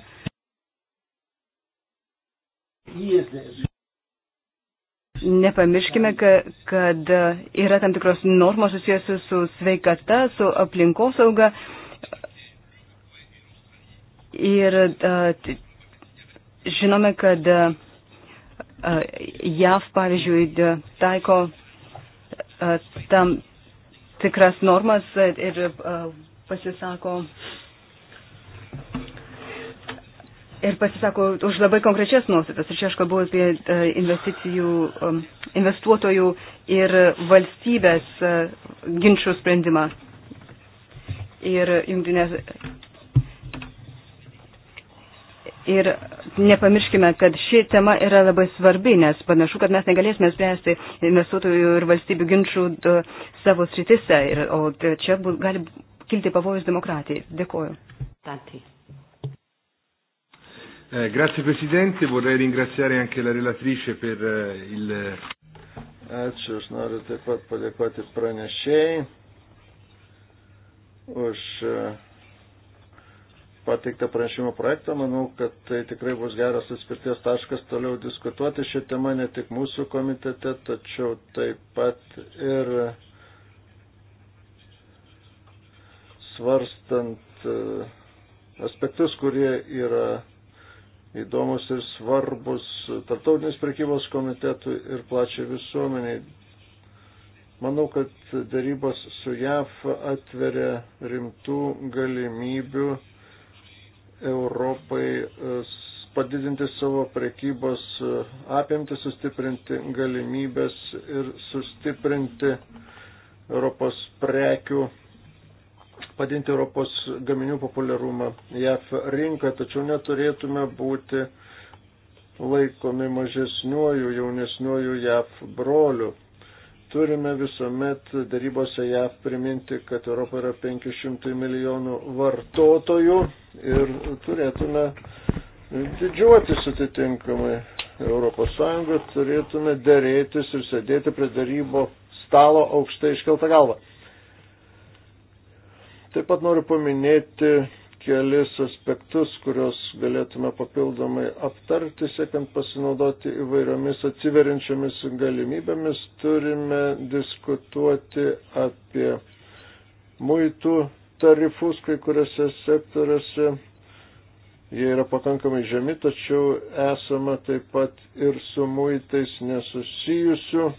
[SPEAKER 1] Nepamirškime, kad, kad e, yra tam tikros normos susijusios su sveikata, su aplinkosauga. Ir e, žinome, kad e, JAV, pavyzdžiui, taiko tam tikras normas ir pasisako ir pasisako už labai konkrečias nuostatas. Ir čia aš kalbu apie e, investicijų, e, investuotojų ir valstybės e, ginčių sprendimą. Ir jungtinės. Ir nepamirškime, kad ši tema yra labai svarbi, nes panašu, kad mes negalėsime spręsti investuotojų ir valstybių ginčių savo sritise, ir, o čia bu, gali kilti pavojus demokratijai. Dėkuoju. Tantai.
[SPEAKER 2] Eh, grazie Presidente, vorrei ringraziare anche la relatrice per eh, il. Ačiū, aš noriu taip pat padėkoti pranešėjai už eh, pateiktą pranešimo projektą. Manau, kad tai tikrai bus geras atspirties taškas toliau diskutuoti šią temą ne tik mūsų komitete, tačiau taip pat ir svarstant eh, aspektus, kurie yra įdomus ir svarbus tarptautinis prekybos komitetui ir plačiai visuomeniai. Manau, kad darybos su JAF atveria rimtų galimybių Europai e, padidinti savo prekybos e, apimti, sustiprinti galimybės ir sustiprinti Europos prekių padinti Europos gaminių populiarumą JAF rinką, tačiau neturėtume būti laikomi mažesniuoju, jaunesniuoju JAF broliu. Turime visuomet darybose JAF priminti, kad Europa yra 500 milijonų vartotojų ir turėtume didžiuotis atitinkamai. Europos Sąjungoje turėtume dėrėtis ir sėdėti prie darybo stalo aukštai iškeltą galvą. Taip pat noriu paminėti kelis aspektus, kuriuos galėtume papildomai aptarti, siekiant pasinaudoti įvairiomis atsiveriančiamis galimybėmis. Turime diskutuoti apie muitų tarifus kai kuriuose sektoriuose. Jie yra pakankamai žemi, tačiau esama taip pat ir su muitais nesusijusių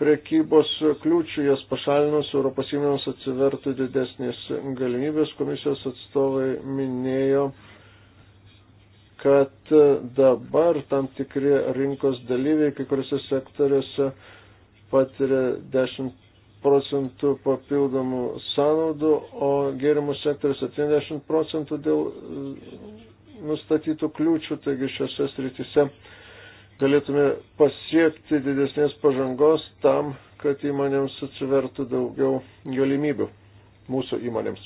[SPEAKER 2] prekybos kliūčių, jas pašalinus Europos įmonėms atsivertų didesnės galimybės. Komisijos atstovai minėjo, kad dabar tam tikri rinkos dalyviai kai kuriuose sektoriuose patiria 10 procentų papildomų sąnaudų, o gėrimų sektorius 70 procentų dėl nustatytų kliūčių, taigi šiose srityse galėtume pasiekti didesnės pažangos tam, kad įmonėms atsivertų daugiau galimybių mūsų įmonėms.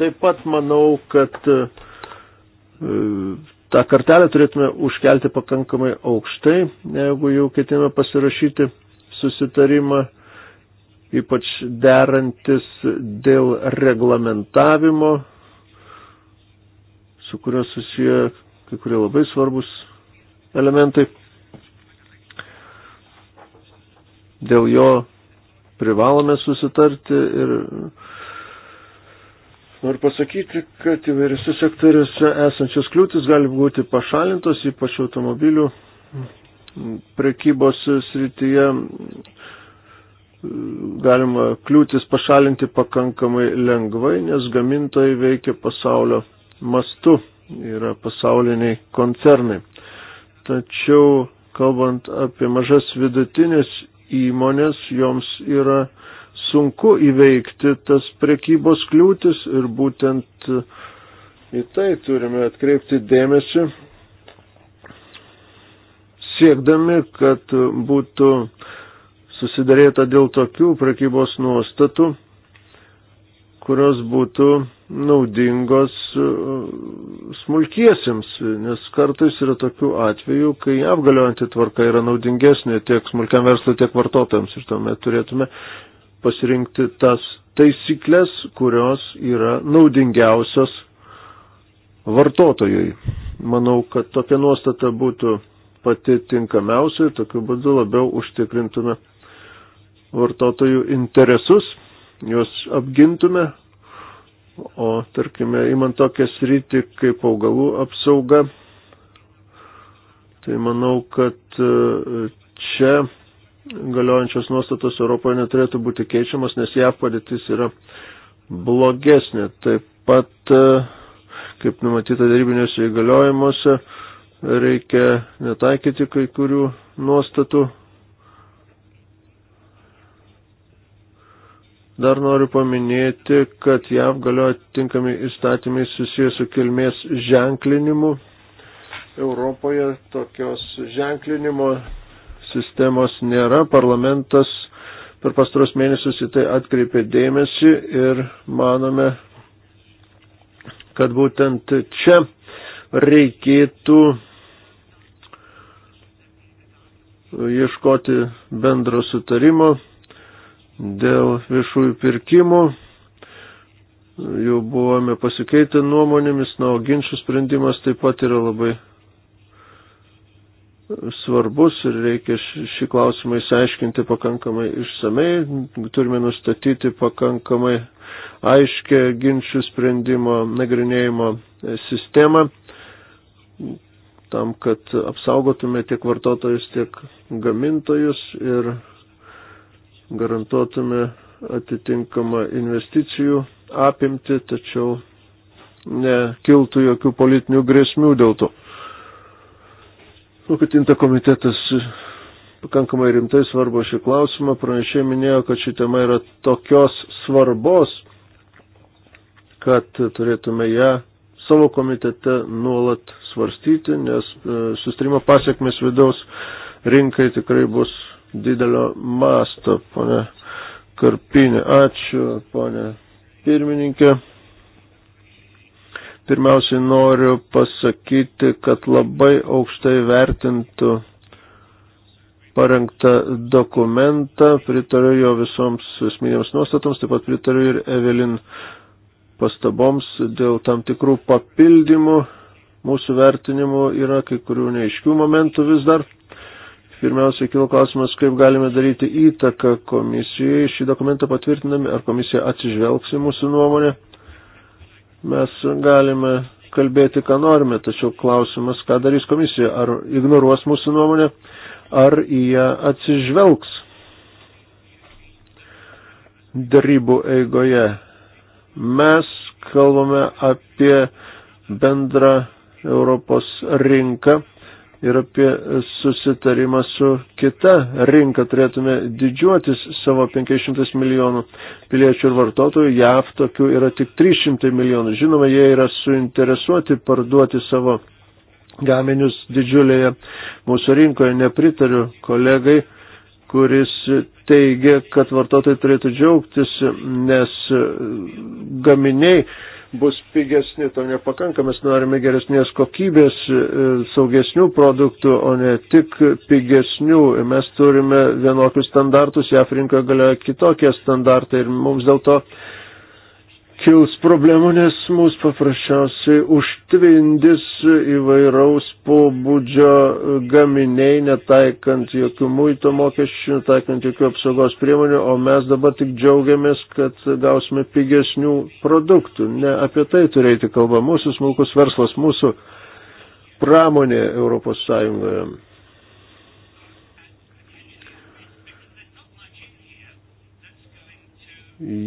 [SPEAKER 2] Taip pat manau, kad e, tą kartelę turėtume užkelti pakankamai aukštai, jeigu jau ketiname pasirašyti susitarimą, ypač derantis dėl reglamentavimo, su kurio susiję kai kurie labai svarbus elementai. Dėl jo privalome susitarti ir noriu pasakyti, kad įvairiose sektoriuose esančios kliūtis gali būti pašalintos, ypač automobilių prekybos srityje galima kliūtis pašalinti pakankamai lengvai, nes gamintojai veikia pasaulio mastu, yra pasauliniai koncernai. Tačiau, kalbant apie mažas vidutinės įmonės, joms yra sunku įveikti tas prekybos kliūtis ir būtent į tai turime atkreipti dėmesį, siekdami, kad būtų susidarėta dėl tokių prekybos nuostatų, kurios būtų naudingos e, smulkiesiems, nes kartais yra tokių atvejų, kai apgaliojanti tvarka yra naudingesnė tiek smulkiam verslui, tiek vartotojams ir tuomet turėtume pasirinkti tas taisyklės, kurios yra naudingiausios vartotojui. Manau, kad tokia nuostata būtų pati tinkamiausia ir tokiu būdu labiau užtikrintume vartotojų interesus, juos apgintume, O tarkime, įman tokią sritį kaip augalų apsauga, tai manau, kad e, čia galiojančios nuostatos Europoje neturėtų būti keičiamas, nes JAV padėtis yra blogesnė. Taip pat, e, kaip numatyta darybinėse įgaliojimuose, reikia netaikyti kai kurių nuostatų Dar noriu paminėti, kad JAV galioja tinkami įstatymai susijęs su kilmės ženklinimu. Europoje tokios ženklinimo sistemos nėra. Parlamentas per pastaros mėnesius į tai atkreipė dėmesį ir manome, kad būtent čia reikėtų ieškoti bendro sutarimo dėl viešųjų pirkimų. Jau buvome pasikeitę nuomonėmis, na, o ginčių sprendimas taip pat yra labai svarbus ir reikia šį klausimą įsiaiškinti pakankamai išsamei. Turime nustatyti pakankamai aiškę ginčių sprendimo nagrinėjimo sistemą tam, kad apsaugotume tiek vartotojus, tiek gamintojus ir garantuotume atitinkamą investicijų apimti, tačiau nekiltų jokių politinių grėsmių dėl to. Nu, kad inta komitetas pakankamai rimtai svarbu šį klausimą, pranešė minėjo, kad ši tema yra tokios svarbos, kad turėtume ją savo komitete nuolat svarstyti, nes e, sustrimo pasiekmes vidaus rinkai tikrai bus didelio masto, ponė Karpinė. Ačiū, ponė pirmininkė. Pirmiausiai noriu pasakyti, kad labai aukštai vertintų parengtą dokumentą, pritariu jo visoms esminėms nuostatoms, taip pat pritariu ir Evelin pastaboms dėl tam tikrų papildymų, mūsų vertinimų yra kai kurių neiškių momentų vis dar. Pirmiausia, kilo klausimas, kaip galime daryti įtaką komisijai. Šį dokumentą patvirtinami, ar komisija atsižvelgs į mūsų nuomonę. Mes galime kalbėti, ką norime, tačiau klausimas, ką darys komisija. Ar ignoruos mūsų nuomonę, ar į ją atsižvelgs darybų eigoje. Mes kalbame apie bendrą Europos rinką ir apie susitarimą su kita rinka. Turėtume didžiuotis savo 500 milijonų piliečių ir vartotojų. JAV tokių yra tik 300 milijonų. Žinoma, jie yra suinteresuoti parduoti savo gaminius didžiulėje mūsų rinkoje. Nepritariu kolegai kuris teigia, kad vartotojai turėtų džiaugtis, nes gaminiai bus pigesni, to nepakanka, mes norime geresnės kokybės, e, saugesnių produktų, o ne tik pigesnių. Mes turime vienokius standartus, JAF rinkoje galioja kitokie standartai ir mums dėl to kils problemų, nes mūsų paprasčiausiai užtvindys įvairaus pobūdžio gaminiai, netaikant jokių muito mokesčių, netaikant jokių apsaugos priemonių, o mes dabar tik džiaugiamės, kad gausime pigesnių produktų. Ne apie tai turėti kalbą. Mūsų smulkus verslas, mūsų pramonė Europos Sąjungoje.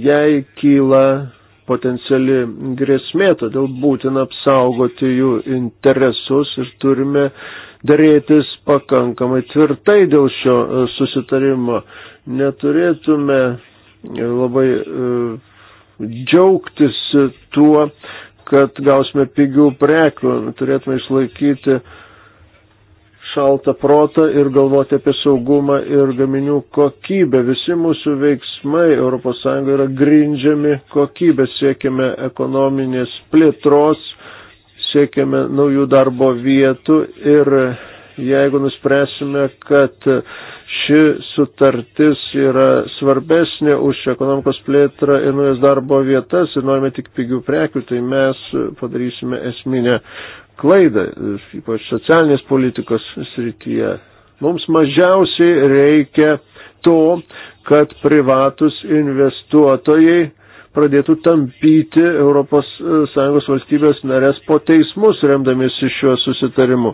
[SPEAKER 2] Jei kyla potenciali grėsmė, todėl būtina apsaugoti jų interesus ir turime dėrėtis pakankamai tvirtai dėl šio e, susitarimo. Neturėtume e, labai e, džiaugtis tuo, kad gausime pigių prekių, turėtume išlaikyti uh, šaltą protą ir galvoti apie saugumą ir gaminių kokybę. Visi mūsų veiksmai ES yra grindžiami kokybę, siekiame ekonominės plėtros, siekiame naujų darbo vietų ir jeigu nuspręsime, kad ši sutartis yra svarbesnė už ekonomikos plėtrą ir naujas darbo vietas ir norime tik pigių prekių, tai mes padarysime esminę klaidą, ypač socialinės politikos srityje. Mums mažiausiai reikia to, kad privatus investuotojai pradėtų tampyti ES valstybės narės po teismus remdamiesi šiuo susitarimu.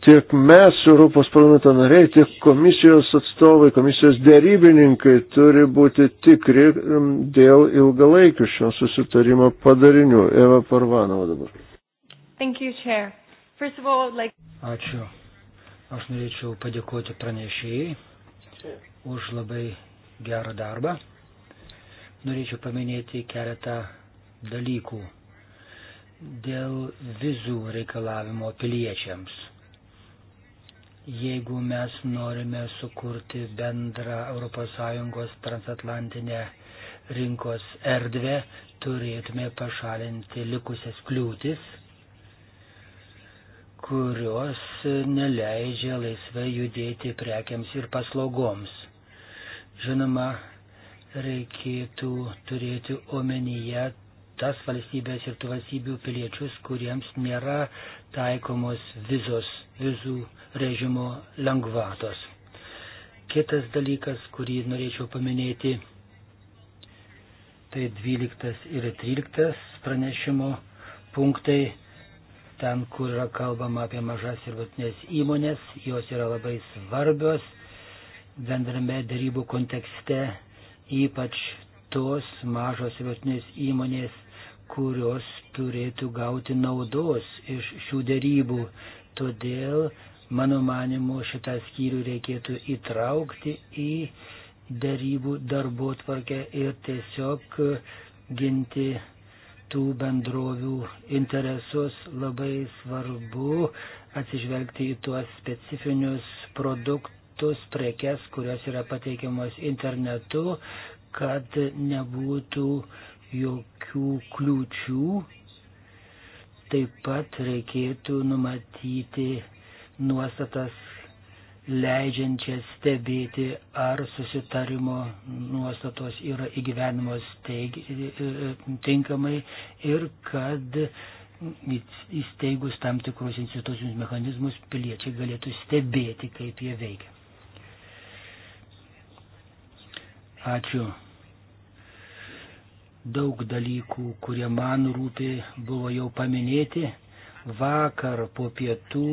[SPEAKER 2] Tiek mes, Europos parlamento nariai, tiek komisijos atstovai, komisijos dėrybininkai turi būti tikri um, dėl ilgalaikių šio susitarimo padarinių. Eva Parvanova dabar.
[SPEAKER 1] Thank you, Chair.
[SPEAKER 3] First of all, like... Ačiū. Aš norėčiau padėkoti pranešėjai už labai gerą darbą. Norėčiau paminėti keletą dalykų dėl vizų reikalavimo piliečiams. Jeigu mes norime sukurti bendrą ES transatlantinę rinkos erdvę, turėtume pašalinti likusias kliūtis, kurios neleidžia laisvai judėti prekiams ir paslaugoms. Žinoma, reikėtų turėti omenyje tas valstybės ir tų valstybių piliečius, kuriems nėra taikomos vizos, vizų režimo lengvatos. Kitas dalykas, kurį norėčiau paminėti, tai 12 ir 13 pranešimo punktai, ten, kur yra kalbama apie mažas ir vatinės įmonės, jos yra labai svarbios bendrame darybų kontekste, ypač tos mažos ir vatinės įmonės kurios turėtų gauti naudos iš šių dėrybų. Todėl, mano manimu, šitą skyrių reikėtų įtraukti į dėrybų darbo tvarkę ir tiesiog ginti tų bendrovių interesus. Labai svarbu atsižvelgti į tuos specifinius produktus, prekes, kurios yra pateikiamos internetu, kad nebūtų uh, jokių kliūčių. Taip pat reikėtų numatyti nuostatas leidžiančias stebėti, ar susitarimo nuostatos yra įgyvenimos teig, tinkamai ir kad įsteigus tam tikrus institucinius mechanizmus piliečiai galėtų stebėti, kaip jie veikia. Ačiū. Daug dalykų, kurie man rūpi, buvo jau paminėti. Vakar po pietų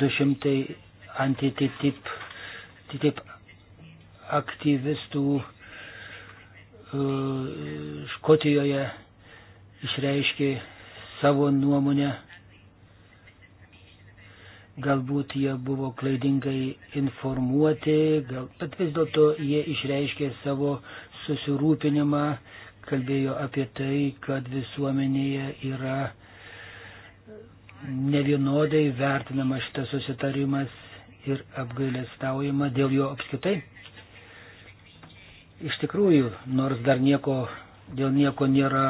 [SPEAKER 3] 200 antititip titip aktyvistų e, Škotijoje išreiškė savo nuomonę galbūt jie buvo klaidingai informuoti, gal, bet vis dėlto jie išreiškė savo susirūpinimą, kalbėjo apie tai, kad visuomenėje yra nevienodai vertinama šitas susitarimas ir apgailestaujama dėl jo apskritai. Iš tikrųjų, nors dar nieko, dėl nieko nėra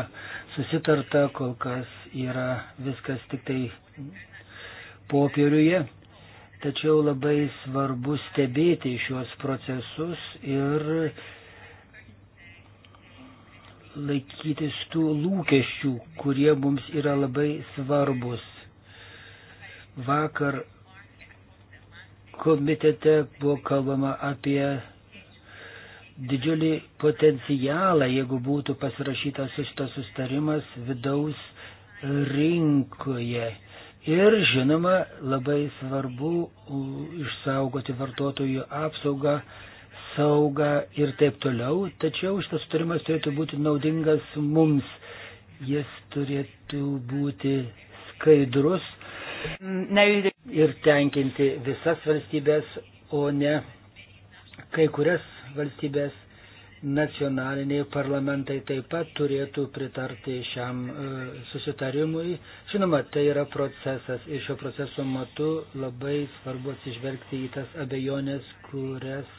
[SPEAKER 3] susitarta, kol kas yra viskas tik tai popieriuje, tačiau labai svarbu stebėti šiuos procesus ir laikytis tų lūkesčių, kurie mums yra labai svarbus. Vakar komitete buvo kalbama apie didžiulį potencialą, jeigu būtų pasirašytas šitas sustarimas vidaus rinkoje. Ir žinoma, labai svarbu išsaugoti vartotojų apsaugą, saugą ir taip toliau. Tačiau šitas sutarimas turėtų būti naudingas mums. Jis turėtų būti skaidrus ir tenkinti visas valstybės, o ne kai kurias valstybės nacionaliniai parlamentai taip pat turėtų pritarti šiam e, susitarimui. Žinoma, tai yra procesas ir šio proceso metu labai svarbu atsižvelgti į tas abejonės, kurias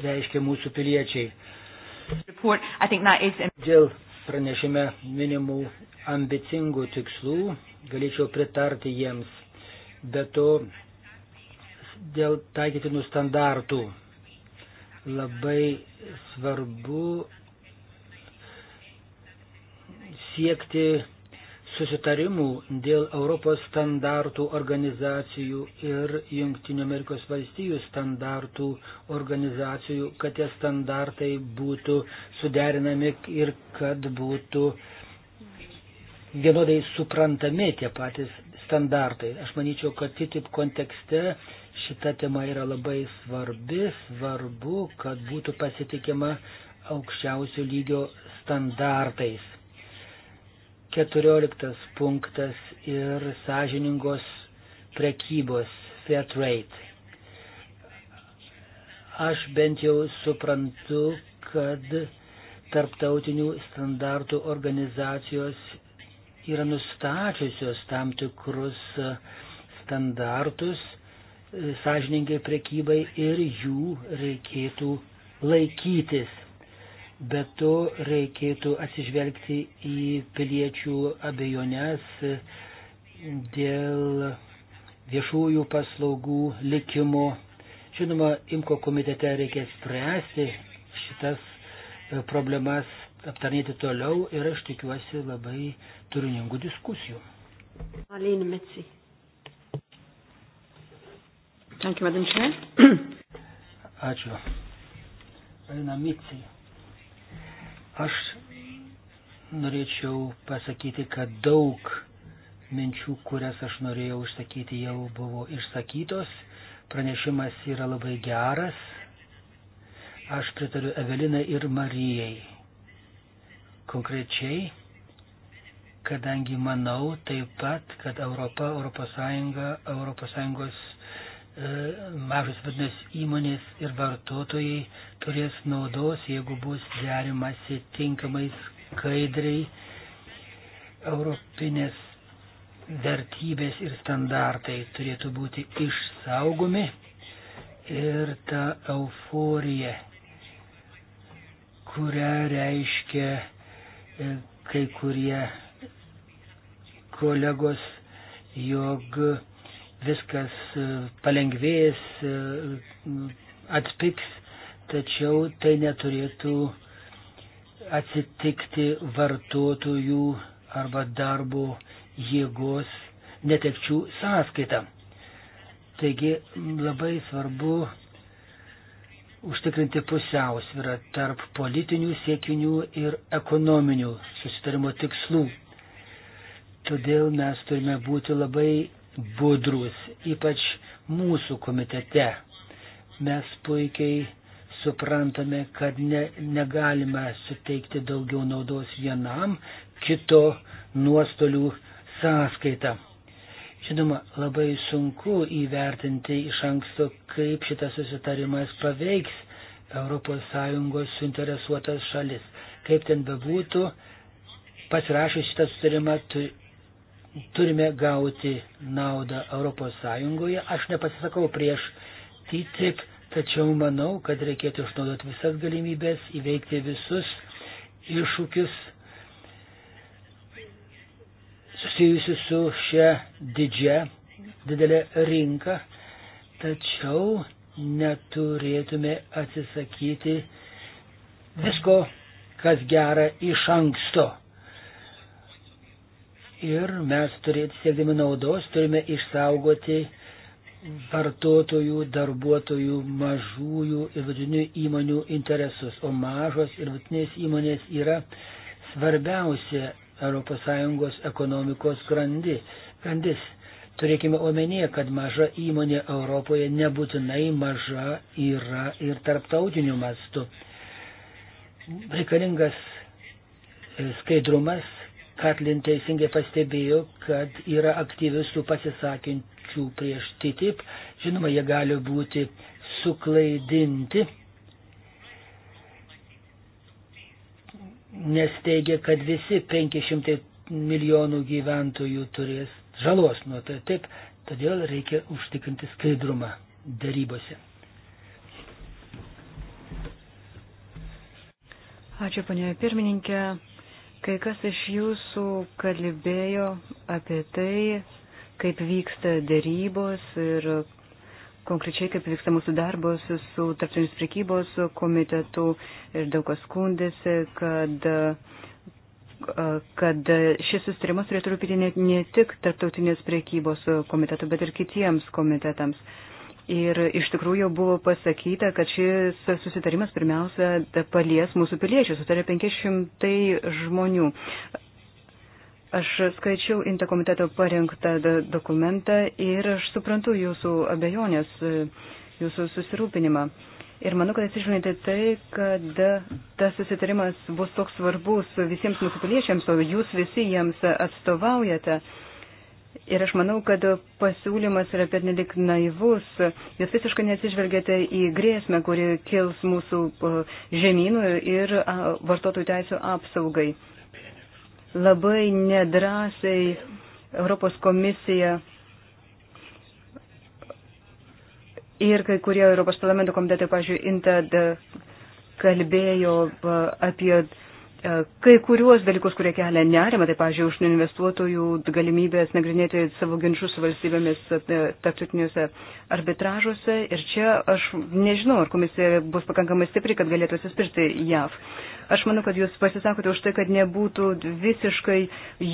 [SPEAKER 3] reiškia mūsų piliečiai. Dėl pranešime minimų ambicingų tikslų galėčiau pritarti jiems, bet to dėl taikytinų standartų labai svarbu siekti susitarimų dėl Europos standartų organizacijų ir JAV standartų organizacijų, kad tie standartai būtų suderinami ir kad būtų vienodai suprantami tie patys standartai. Aš manyčiau, kad TTIP kontekste šita tema yra labai svarbi, svarbu, kad būtų pasitikima aukščiausių lygio standartais. 14 punktas ir sąžiningos prekybos fair trade. Aš bent jau suprantu, kad tarptautinių standartų organizacijos yra nustačiusios tam tikrus standartus sąžiningai prekybai ir jų reikėtų laikytis. Be to reikėtų atsižvelgti į piliečių abejonės dėl viešųjų paslaugų likimo. Žinoma, IMKO komitete reikės spręsti šitas e, problemas, aptarnėti toliau ir aš tikiuosi labai turiningų diskusijų.
[SPEAKER 1] Aline Metsi.
[SPEAKER 3] Thank you, Madam Chair. Ačiū. Alina Mikcija. Aš norėčiau pasakyti, kad daug minčių, kurias aš norėjau išsakyti, jau buvo išsakytos. Pranešimas yra labai geras. Aš pritariu Evelinai ir Marijai. Konkrečiai, kadangi manau taip pat, kad Europa, ES, ES mažos vidinės įmonės ir vartotojai turės naudos, jeigu bus derimasi tinkamai skaidriai europinės vertybės ir standartai turėtų būti išsaugomi ir ta euforija, kurią reiškia e, kai kurie kolegos, jog viskas e, palengvės, e, atpiks, tačiau tai neturėtų atsitikti vartotojų arba darbo jėgos netekčių sąskaita. Taigi labai svarbu užtikrinti pusiausvyrą tarp politinių siekinių ir ekonominių susitarimo tikslų. Todėl mes turime būti labai budrus, ypač mūsų komitete. Mes puikiai suprantame, kad ne, negalime suteikti daugiau naudos vienam kito nuostolių sąskaitą. Žinoma, labai sunku įvertinti iš anksto, kaip šitas susitarimas paveiks ES suinteresuotas šalis. Kaip ten bebūtų, pasirašęs šitą susitarimą turime gauti naudą ES. Aš nepasisakau prieš TTIP, tačiau manau, kad reikėtų išnaudoti visas galimybės, įveikti visus iššūkius susijusius su šia didžia, didelė rinka, tačiau neturėtume atsisakyti visko, kas gera iš anksto. Ir mes turėt, siekdami naudos turime išsaugoti vartotojų, darbuotojų, mažųjų ir vidutinių įmonių interesus. O mažos ir vidutinės įmonės yra svarbiausia ES ekonomikos grandi, grandis. Turėkime omenyje, kad maža įmonė Europoje nebūtinai maža yra ir tarptautiniu mastu. Reikalingas e, skaidrumas, Katlin teisingai pastebėjo, kad yra aktyvistų pasisakinčių prieš TTIP. Žinoma, jie gali būti suklaidinti, nes teigia, kad visi 500 milijonų gyventojų turės žalos nuo tai taip, todėl reikia užtikrinti skaidrumą darybose.
[SPEAKER 1] Ačiū, panė pirmininkė. Kai kas iš jūsų kalbėjo apie tai, kaip vyksta dėrybos ir konkrečiai kaip vyksta mūsų darbos su tarptautinis prekybos komitetu ir daug kas skundėsi, kad, kad šis sustarimas turėtų rūpyti ne, ne tik tarptautinės prekybos komitetu, bet ir kitiems komitetams. Uh, Ir iš tikrųjų buvo pasakyta, kad šis susitarimas pirmiausia palies mūsų piliečius, sutarė 500 žmonių. Aš skaičiau interkomiteto parengtą dokumentą ir aš suprantu jūsų abejonės, jūsų susirūpinimą. Ir manau, kad atsižvelgiant į tai, kad tas susitarimas bus toks svarbus visiems mūsų piliečiams, o jūs visi jiems atstovaujate. Uh, Ir aš manau, kad pasiūlymas yra pernelik naivus. Jūs visiškai neatsižvelgėte į grėsmę, kuri kils mūsų e, žemynų ir vartotojų teisų apsaugai. Labai nedrasiai Europos komisija ir kai kurie Europos parlamento komitetai, pažiūrėjau, Inted kalbėjo e, apie E, kai kuriuos dalykus, kurie kelia nerimą, tai, pažiūrėjau, užsienio investuotojų galimybės nagrinėti savo ginčius su valstybėmis e, tarptautiniuose arbitražuose. Ir čia aš nežinau, ar komisija bus pakankamai stipri, kad galėtų atsispirti JAV. Aš manau, kad jūs pasisakote už tai, kad nebūtų visiškai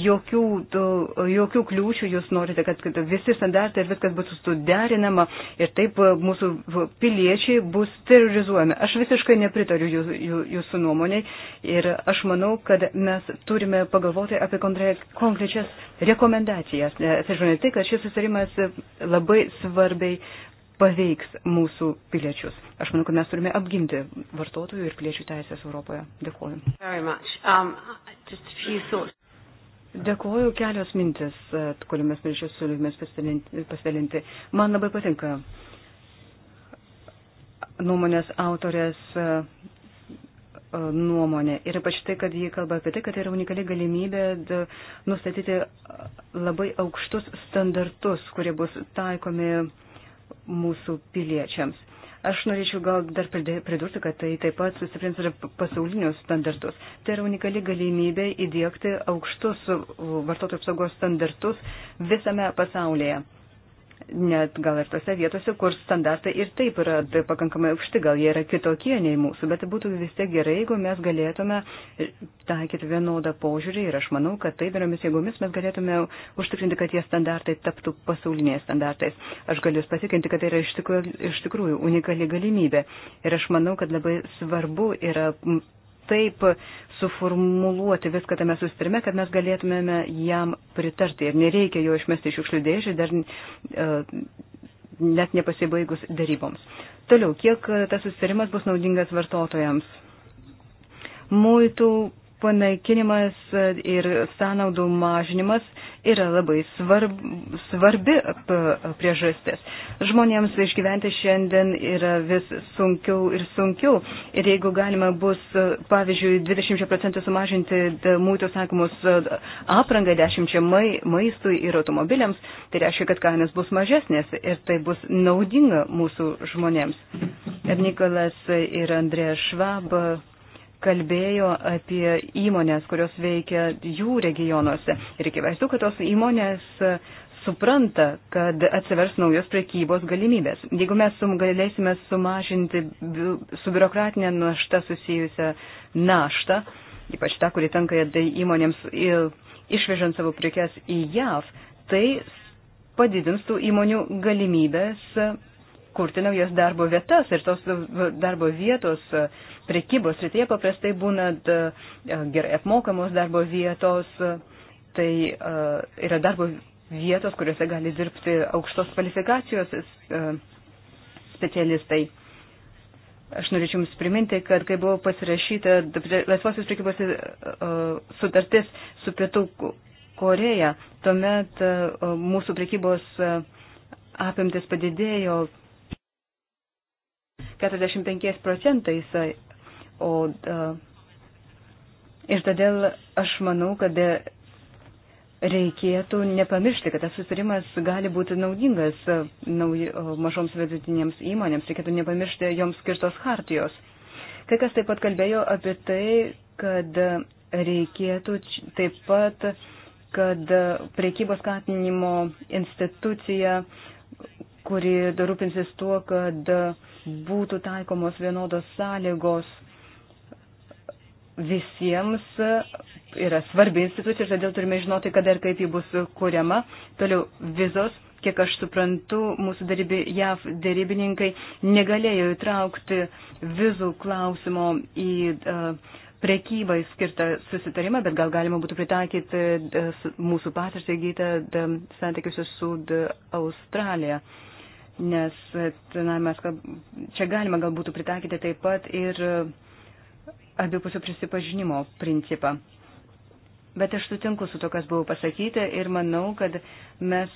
[SPEAKER 1] jokių, jokių kliūčių, jūs norite, kad visi standartai ir viskas būtų suderinama ir taip mūsų piliečiai bus terrorizuojami. Aš visiškai nepritariu jūsų nuomoniai ir aš manau, kad mes turime pagalvoti apie konkrečias rekomendacijas, atsižvelgiant tai, kad šis susitarimas labai svarbiai paveiks mūsų piliečius. Aš manau, kad mes turime apginti vartotojų ir piliečių teisės Europoje. Dėkuoju. Um, Dėkuoju kelios mintis, e, kuriomis norėčiau su jumis pasidalinti. Man labai patinka nuomonės autorės e, e, nuomonė. Ir ypač tai, kad jie kalba apie tai, kad tai yra unikali galimybė nustatyti labai aukštus standartus, kurie bus taikomi mūsų piliečiams. Aš norėčiau gal dar pridurti, kad tai taip pat sustiprins ir pasaulinius standartus. Tai yra unikali galimybė įdėkti aukštus vartotojų apsaugos standartus visame pasaulyje net gal ir tose vietose, kur standartai ir taip yra tai pakankamai aukšti, gal jie yra kitokie nei mūsų, bet būtų vis tiek gerai, jeigu mes galėtume taikyti vienodą požiūrį ir aš manau, kad tai daromis jėgomis mes galėtume užtikrinti, kad tie standartai taptų pasauliniais standartais. Aš galiu jūs patikinti, kad tai yra iš tikrųjų, iš tikrųjų unikali galimybė ir aš manau, kad labai svarbu yra taip suformuluoti viską tame sustarime, kad mes galėtumėme jam pritarti ir nereikia jo išmesti iš šiukšlių dėžį dar uh, net nepasibaigus daryboms. Toliau, kiek tas sustarimas bus naudingas vartotojams? Muitų panaikinimas ir sąnaudų mažinimas yra labai svarb, svarbi priežastis. Žmonėms išgyventi šiandien yra vis sunkiau ir sunkiau. Ir jeigu galima bus, pavyzdžiui, 20 procentų sumažinti mūtų sakomus aprangai, 10 mai, maistui ir automobiliams, tai reiškia, kad kainos bus mažesnės ir tai bus naudinga mūsų žmonėms. Ir Nikolas ir Andrė Švab kalbėjo apie įmonės, kurios veikia jų regionuose. Ir akivaizdu, kad tos įmonės e, supranta, kad atsivers naujos prekybos galimybės. Jeigu mes sum, galėsime sumažinti su biurokratinė našta susijusią naštą, ypač tą, kuri tenka įmonėms išvežant savo prekes į JAV, tai padidins tų įmonių galimybės kurti naujas darbo vietas ir tos darbo vietos e, prekybos rytyje paprastai būna e, gerai apmokamos darbo vietos, e, tai yra darbo vietos, kuriuose gali dirbti aukštos kvalifikacijos specialistai. Aš norėčiau Jums priminti, kad kai buvo pasirašyta laisvosios prekybos sutartis su Pietų Koreja, tuomet mūsų prekybos apimtis padidėjo 45 procentais. O, ir todėl aš manau, kad reikėtų nepamiršti, kad tas susitarimas gali būti naudingas nauj, mažoms vidutinėms įmonėms, reikėtų nepamiršti joms skirtos hartijos. Kai kas taip pat kalbėjo apie tai, kad reikėtų taip pat, kad priekybos skatinimo institucija kuri rūpinsis tuo, kad būtų taikomos vienodos sąlygos visiems, yra svarbi institucija, todėl turime žinoti, kada ir kaip ji bus kuriama. Toliau vizos, kiek aš suprantu, mūsų darybi, JAV dėrybininkai negalėjo įtraukti vizų klausimo į uh, e, prekybai skirtą susitarimą, bet gal galima būtų pritaikyti e, mūsų patirtį įgytą e, santykiuose su Australija. Uh, nes na, mes, čia galima galbūt pritaikyti taip pat ir abipusio prisipažinimo principą. Bet aš sutinku su to, kas buvo pasakyta ir manau, kad mes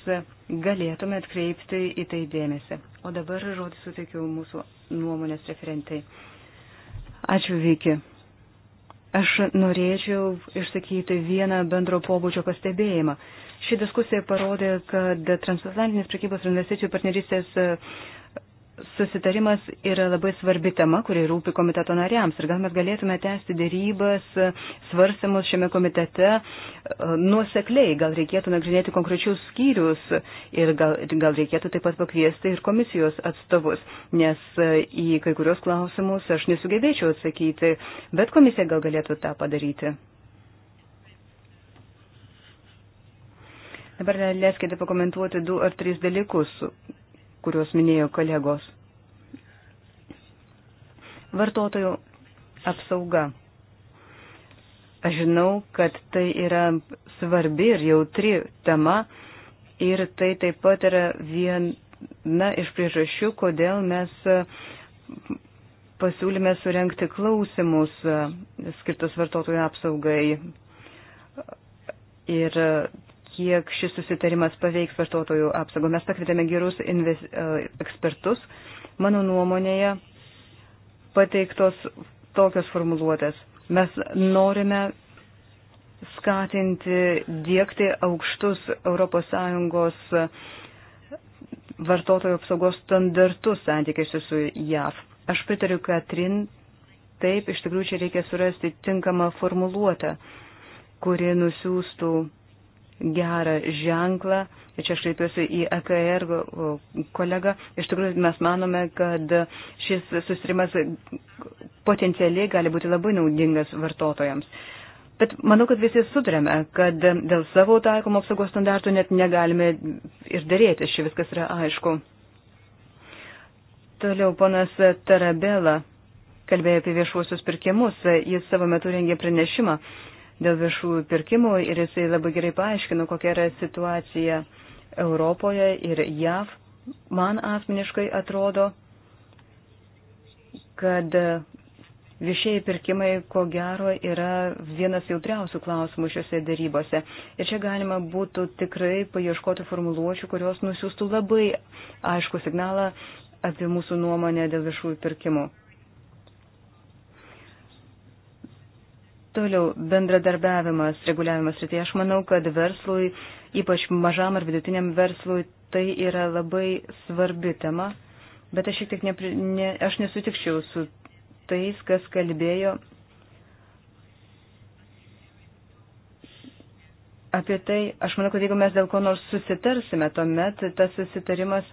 [SPEAKER 1] galėtume atkreipti į tai dėmesį. O dabar žodį suteikiau mūsų nuomonės referentai. Ačiū, Viki. Aš norėčiau išsakyti vieną bendro pobūdžio pastebėjimą. Ši diskusija parodė, kad transatlantinės prekybos ir investicijų partnerystės e, susitarimas yra labai svarbi tema, kuri rūpi komiteto nariams. Ir gal mes galėtume tęsti dėrybas, e, svarstymus šiame komitete e, nuosekliai. Gal reikėtų nagrinėti konkrečius skyrius ir gal, gal reikėtų taip pat pakviesti ir komisijos atstovus, nes į kai kurios klausimus aš nesugebėčiau atsakyti, bet komisija gal galėtų tą padaryti. Dabar leiskite pakomentuoti du ar tris dalykus, kuriuos minėjo kolegos. Vartotojų apsauga. Aš žinau, kad tai yra svarbi ir jautri tema ir tai taip pat yra viena iš priežasčių, kodėl mes e, pasiūlėme surenkti klausimus e, skirtus vartotojų apsaugai. Ir e, kiek šis susitarimas paveiks vartotojų apsaugą. Mes pakvietėme gerus inves, e, ekspertus. Mano nuomonėje pateiktos tokios formuluotės. Mes norime skatinti, dėkti aukštus ES vartotojų apsaugos standartus santykiuose su JAV. Aš pritariu Katrin, taip, iš tikrųjų čia reikia surasti tinkamą formuluotę, kuri nusiųstų gerą ženklą. Ir čia aš kreipiuosi į EKR kolegą. Iš tikrųjų, mes manome, kad šis susirimas potencialiai gali būti labai naudingas vartotojams. Bet manau, kad visi sutarėme, kad dėl savo taikomų apsaugos standartų net negalime ir dėrėti, ši viskas yra aišku. Toliau ponas Tarabela kalbėjo apie viešuosius pirkimus, jis savo metu rengė pranešimą dėl viešųjų pirkimų ir jisai labai gerai paaiškino, kokia yra situacija Europoje ir JAV. Man asmeniškai atrodo, kad viešieji pirkimai, ko gero, yra vienas jautriausių klausimų šiuose darybose. Ir čia galima būtų tikrai paieškoti formuluočių, kurios nusiųstų labai aišku signalą apie mūsų nuomonę dėl viešųjų pirkimų. Toliau, bendradarbiavimas, reguliavimas rytyje. Aš manau, kad verslui, ypač mažam ar vidutiniam verslui, tai yra labai svarbi tema, bet aš šiek tiek ne, ne, aš nesutikčiau su tais, kas kalbėjo apie tai. Aš manau, kad jeigu mes dėl ko nors susitarsime, tuomet tas susitarimas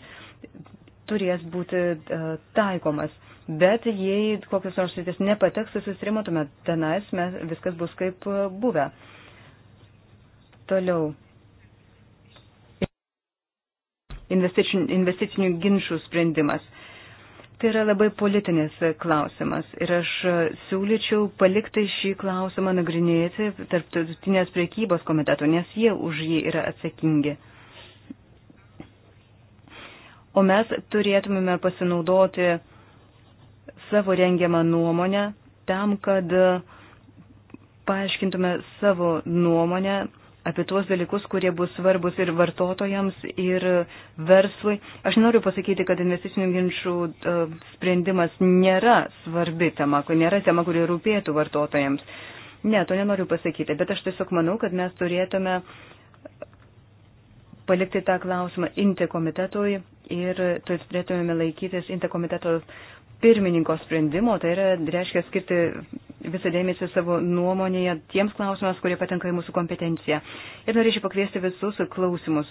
[SPEAKER 1] turės būti uh, taikomas. Bet jei kokios nors sritis nepateks į tai susirimo, tuomet tenais mes, viskas bus kaip e, buvę. Toliau. Investicinių, investicinių ginčių sprendimas. Tai yra labai politinis klausimas ir aš e, siūlyčiau palikti šį klausimą nagrinėti tarptautinės priekybos komiteto, nes jie už jį yra atsakingi. O mes turėtumėme pasinaudoti savo rengiamą nuomonę tam, kad paaiškintume savo nuomonę apie tuos dalykus, kurie bus svarbus ir vartotojams, ir verslui. Aš noriu pasakyti, kad investicinių ginčių e, sprendimas nėra svarbi tema, nėra tema, kuri rūpėtų vartotojams. Ne, to nenoriu pasakyti, bet aš tiesiog manau, kad mes turėtume palikti tą klausimą inte komitetui ir turėtumėme laikytis inte komiteto pirmininko sprendimo, tai yra, reiškia skirti visą dėmesį savo nuomonėje tiems klausimams, kurie patenka į mūsų kompetenciją. Ir norėčiau pakviesti visus klausimus,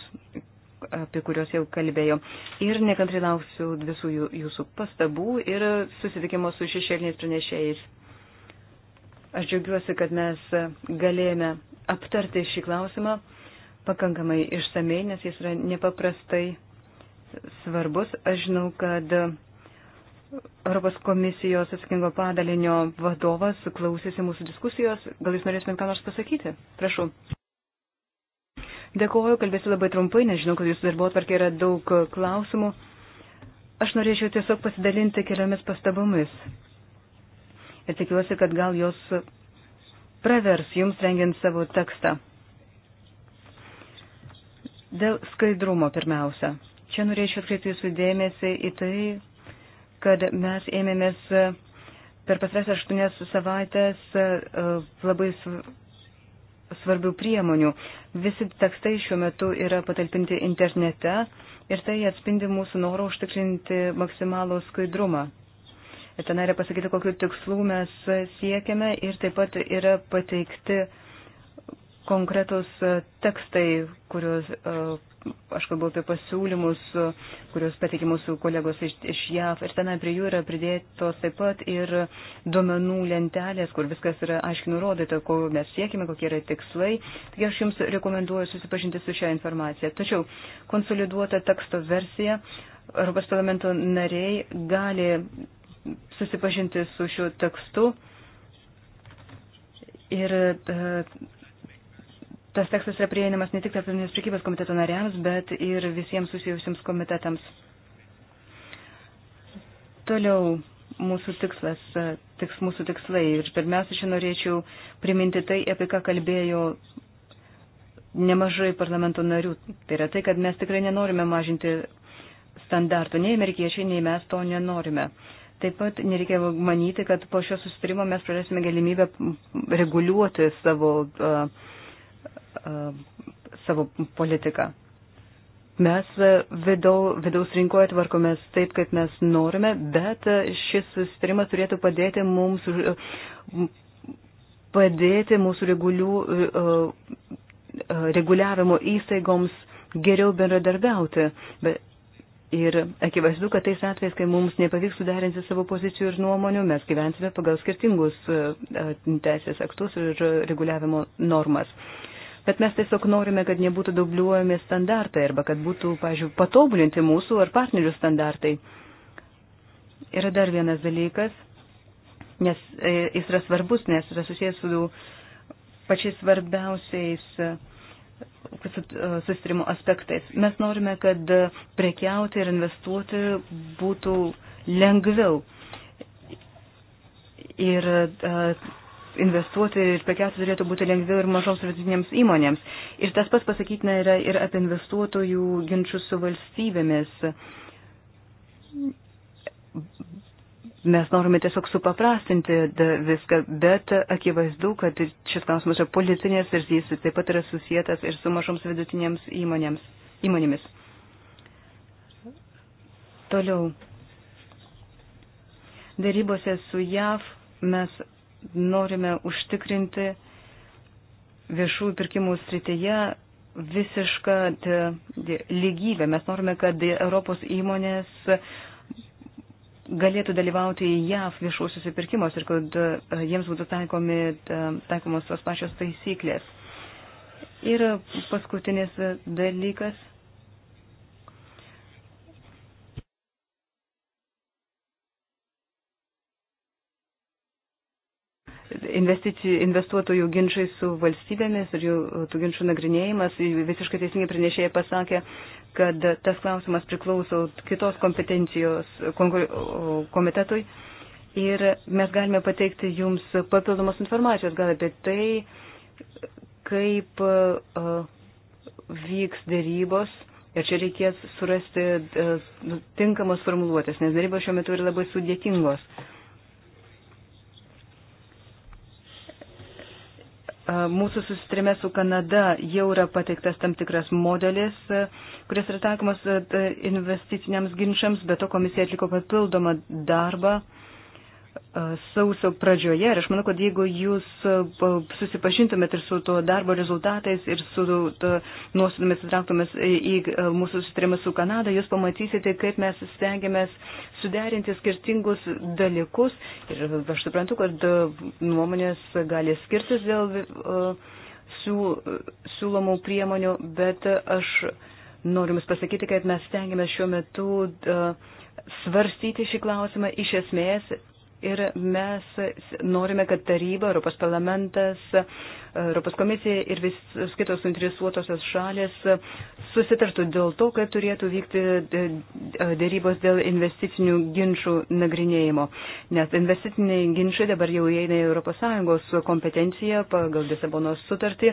[SPEAKER 1] apie kuriuos jau kalbėjau. Ir nekantri lauksiu visų jūsų pastabų ir susitikimo su šešėliniais pranešėjais. Aš džiaugiuosi, kad mes galėjome aptarti šį klausimą pakankamai išsamei, nes jis yra nepaprastai svarbus. Aš žinau, kad Europos komisijos atsakingo padalinio vadovas klausėsi mūsų diskusijos. Gal jūs norėtumėt ką nors pasakyti? Prašau. Dėkuoju, kalbėsiu labai trumpai, nežinau, kad jūsų darbo atvarkė yra daug klausimų. Aš norėčiau tiesiog pasidalinti keliomis pastabomis. Ir tikiuosi, kad gal jos pravers jums rengiant savo tekstą. Dėl skaidrumo pirmiausia. Čia norėčiau atkreipti jūsų dėmesį į tai, kad mes ėmėmės e, per pasvės aštuonias savaitės e, labai svarbių priemonių. Visi tekstai šiuo metu yra patalpinti internete ir tai atspindi mūsų norą užtikrinti maksimalų skaidrumą. Ir ten yra pasakyti, kokiu tikslu mes siekiame ir taip pat yra pateikti uh, konkretus e, tekstai, kuriuos, e, aš kalbu apie pasiūlymus, e, kuriuos pateikė mūsų kolegos iš, iš JAV. Ir tenai prie jų yra pridėtos taip pat ir duomenų lentelės, kur viskas yra aiškiai nurodyta, ko mes siekime, kokie yra tikslai. Taigi aš jums rekomenduoju susipažinti su šią informaciją. Tačiau konsoliduota teksto versija Europos parlamento nariai gali susipažinti su šiuo tekstu. Ir tas tekstas yra prieinamas ne tik tarptautinės prekybos komiteto nariams, bet ir visiems susijusiems komitetams. Toliau mūsų tikslas, tiks mūsų tikslai. Ir pirmiausia, čia norėčiau priminti tai, apie ką kalbėjo nemažai parlamento narių. Tai yra tai, kad mes tikrai nenorime mažinti standartų. Nei amerikiečiai, nei mes to nenorime. Taip pat nereikia manyti, kad po šio susitarimo mes prarasime galimybę reguliuoti savo uh, Uh, savo politiką. Mes uh, vidau, vidaus rinkoje tvarkomės taip, kaip mes norime, bet uh, šis sustarimas turėtų padėti mums padėti mūsų regulių, reguliavimo įstaigoms geriau bendradarbiauti. Ir akivaizdu, kad tais atvejais, kai mums nepavyks suderinti savo pozicijų ir nuomonių, mes gyvensime pagal skirtingus teisės aktus ir reguliavimo normas. Uh, bet mes tiesiog norime, kad nebūtų dubliuojami standartai arba kad būtų, pažiūrėjau, patobulinti mūsų ar partnerių standartai. Yra dar vienas dalykas, nes e, jis yra svarbus, nes yra susijęs su pačiais svarbiausiais e, e, susitarimo aspektais. Mes norime, kad prekiauti ir investuoti būtų lengviau. Ir investuoti ir prekiauti turėtų būti lengviau ir mažoms vidutinėms įmonėms. Ir tas pats pasakytina yra ir apie investuotojų ginčius su valstybėmis. Mes norime tiesiog supaprastinti viską, bet akivaizdu, kad šis klausimas yra politinės ir jis taip pat yra susijęs ir su mažoms vidutinėms įmonėms, įmonėmis. Toliau. Darybose su JAV mes norime užtikrinti viešųjų pirkimų srityje visišką lygybę. Mes norime, kad Europos įmonės galėtų dalyvauti JAV viešuosiuose pirkimuose ir kad e, jiems būtų taikomi, taikomos tos pačios taisyklės. Ir paskutinis dalykas investuotojų ginčiai su valstybėmis ir jų tų ginčių nagrinėjimas, visiškai teisingai pranešėjai pasakė, kad tas klausimas priklauso kitos kompetencijos komitetui ir mes galime pateikti jums papildomos informacijos gal apie tai, kaip vyks dėrybos. Ir čia reikės surasti tinkamas formuluotės, nes dėrybos šiuo metu yra labai sudėtingos. Uh, Mūsų susitrime su Kanada jau yra pateiktas tam tikras modelis, kuris yra taikomas investiciniams ginčiams, bet to komisija atliko papildomą darbą sausio pradžioje ir aš manau, kad jeigu jūs susipažintumėt ir su to darbo rezultatais ir su nuostatomis įtrauktumės į mūsų susitarimą su Kanada, jūs pamatysite, kaip mes stengiamės suderinti skirtingus dalykus ir aš suprantu, kad nuomonės gali skirtis dėl siūlomų priemonių, bet aš noriu Jums pasakyti, kad mes stengiamės šiuo metu svarstyti šį klausimą iš esmės ir mes norime, kad taryba, Europos parlamentas, Europos komisija ir visos kitos suinteresuotosios šalės susitartų dėl to, kad turėtų vykti dėrybos dėl investicinių ginčių nagrinėjimo. Nes investiciniai ginčiai dabar jau įeina į ES kompetenciją pagal Lisabonos sutartį.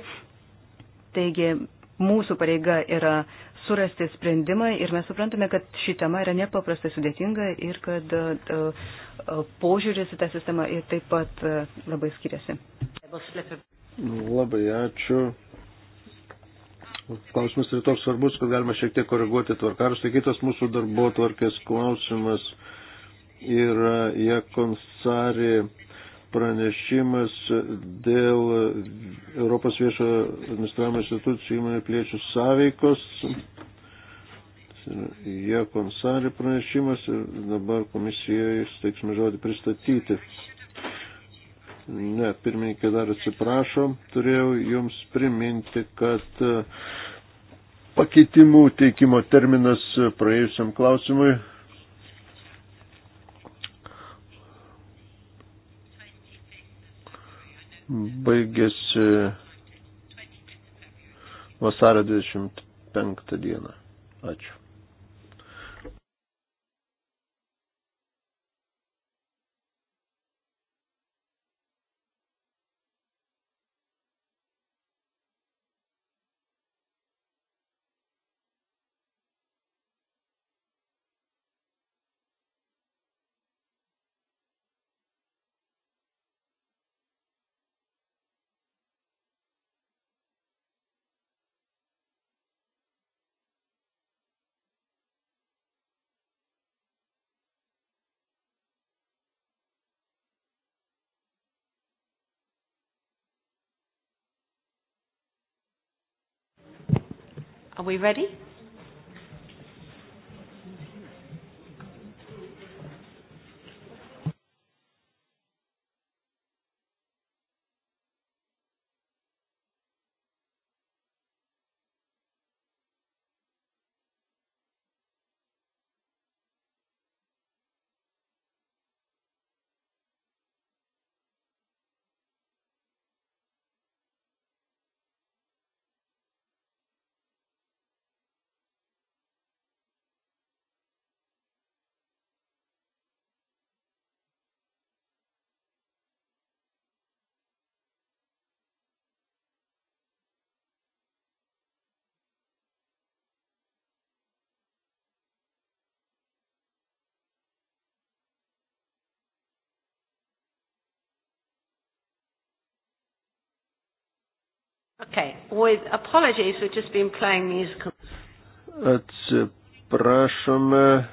[SPEAKER 1] Taigi mūsų pareiga yra surasti sprendimą ir mes suprantame, kad ši tema yra nepaprastai sudėtinga ir kad e, e, požiūris į tą sistemą ir taip pat e, labai skiriasi.
[SPEAKER 2] Labai ačiū. Klausimas yra toks svarbus, kad galima šiek tiek koreguoti tvarkaraštį. Kitas mūsų darbo tvarkės klausimas yra Jekonsari pranešimas dėl Europos viešo administravimo institucijų įmonių plėčių sąveikos. Jie konsari pranešimas ir dabar komisijai steiksime žodį pristatyti. Ne, pirmininkė dar atsiprašo, turėjau jums priminti, kad e, pakeitimų teikimo terminas praėjusiam klausimui baigėsi vasario 25 dieną. Ačiū.
[SPEAKER 3] Are
[SPEAKER 1] we ready? Okay. With apologies, we've just been playing musical.
[SPEAKER 2] Atsiprašome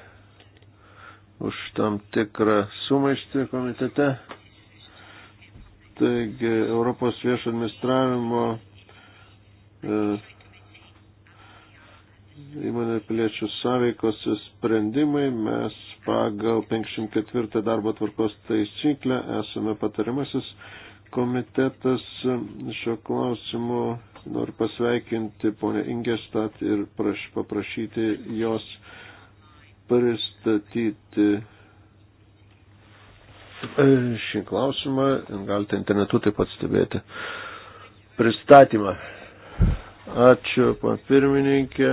[SPEAKER 2] už tam tikrą sumaištį komitete. Taigi Europos viešo administravimo e, įmonė piliečių sąveikos sprendimai mes pagal 54 darbo tvarkos taisyklę esame patarimasis komitetas šio klausimu. Noriu pasveikinti ponę Ingestat ir praš, paprašyti jos pristatyti e, šį klausimą. Galite internetu taip pat stebėti pristatymą. Ačiū, papirmininkė,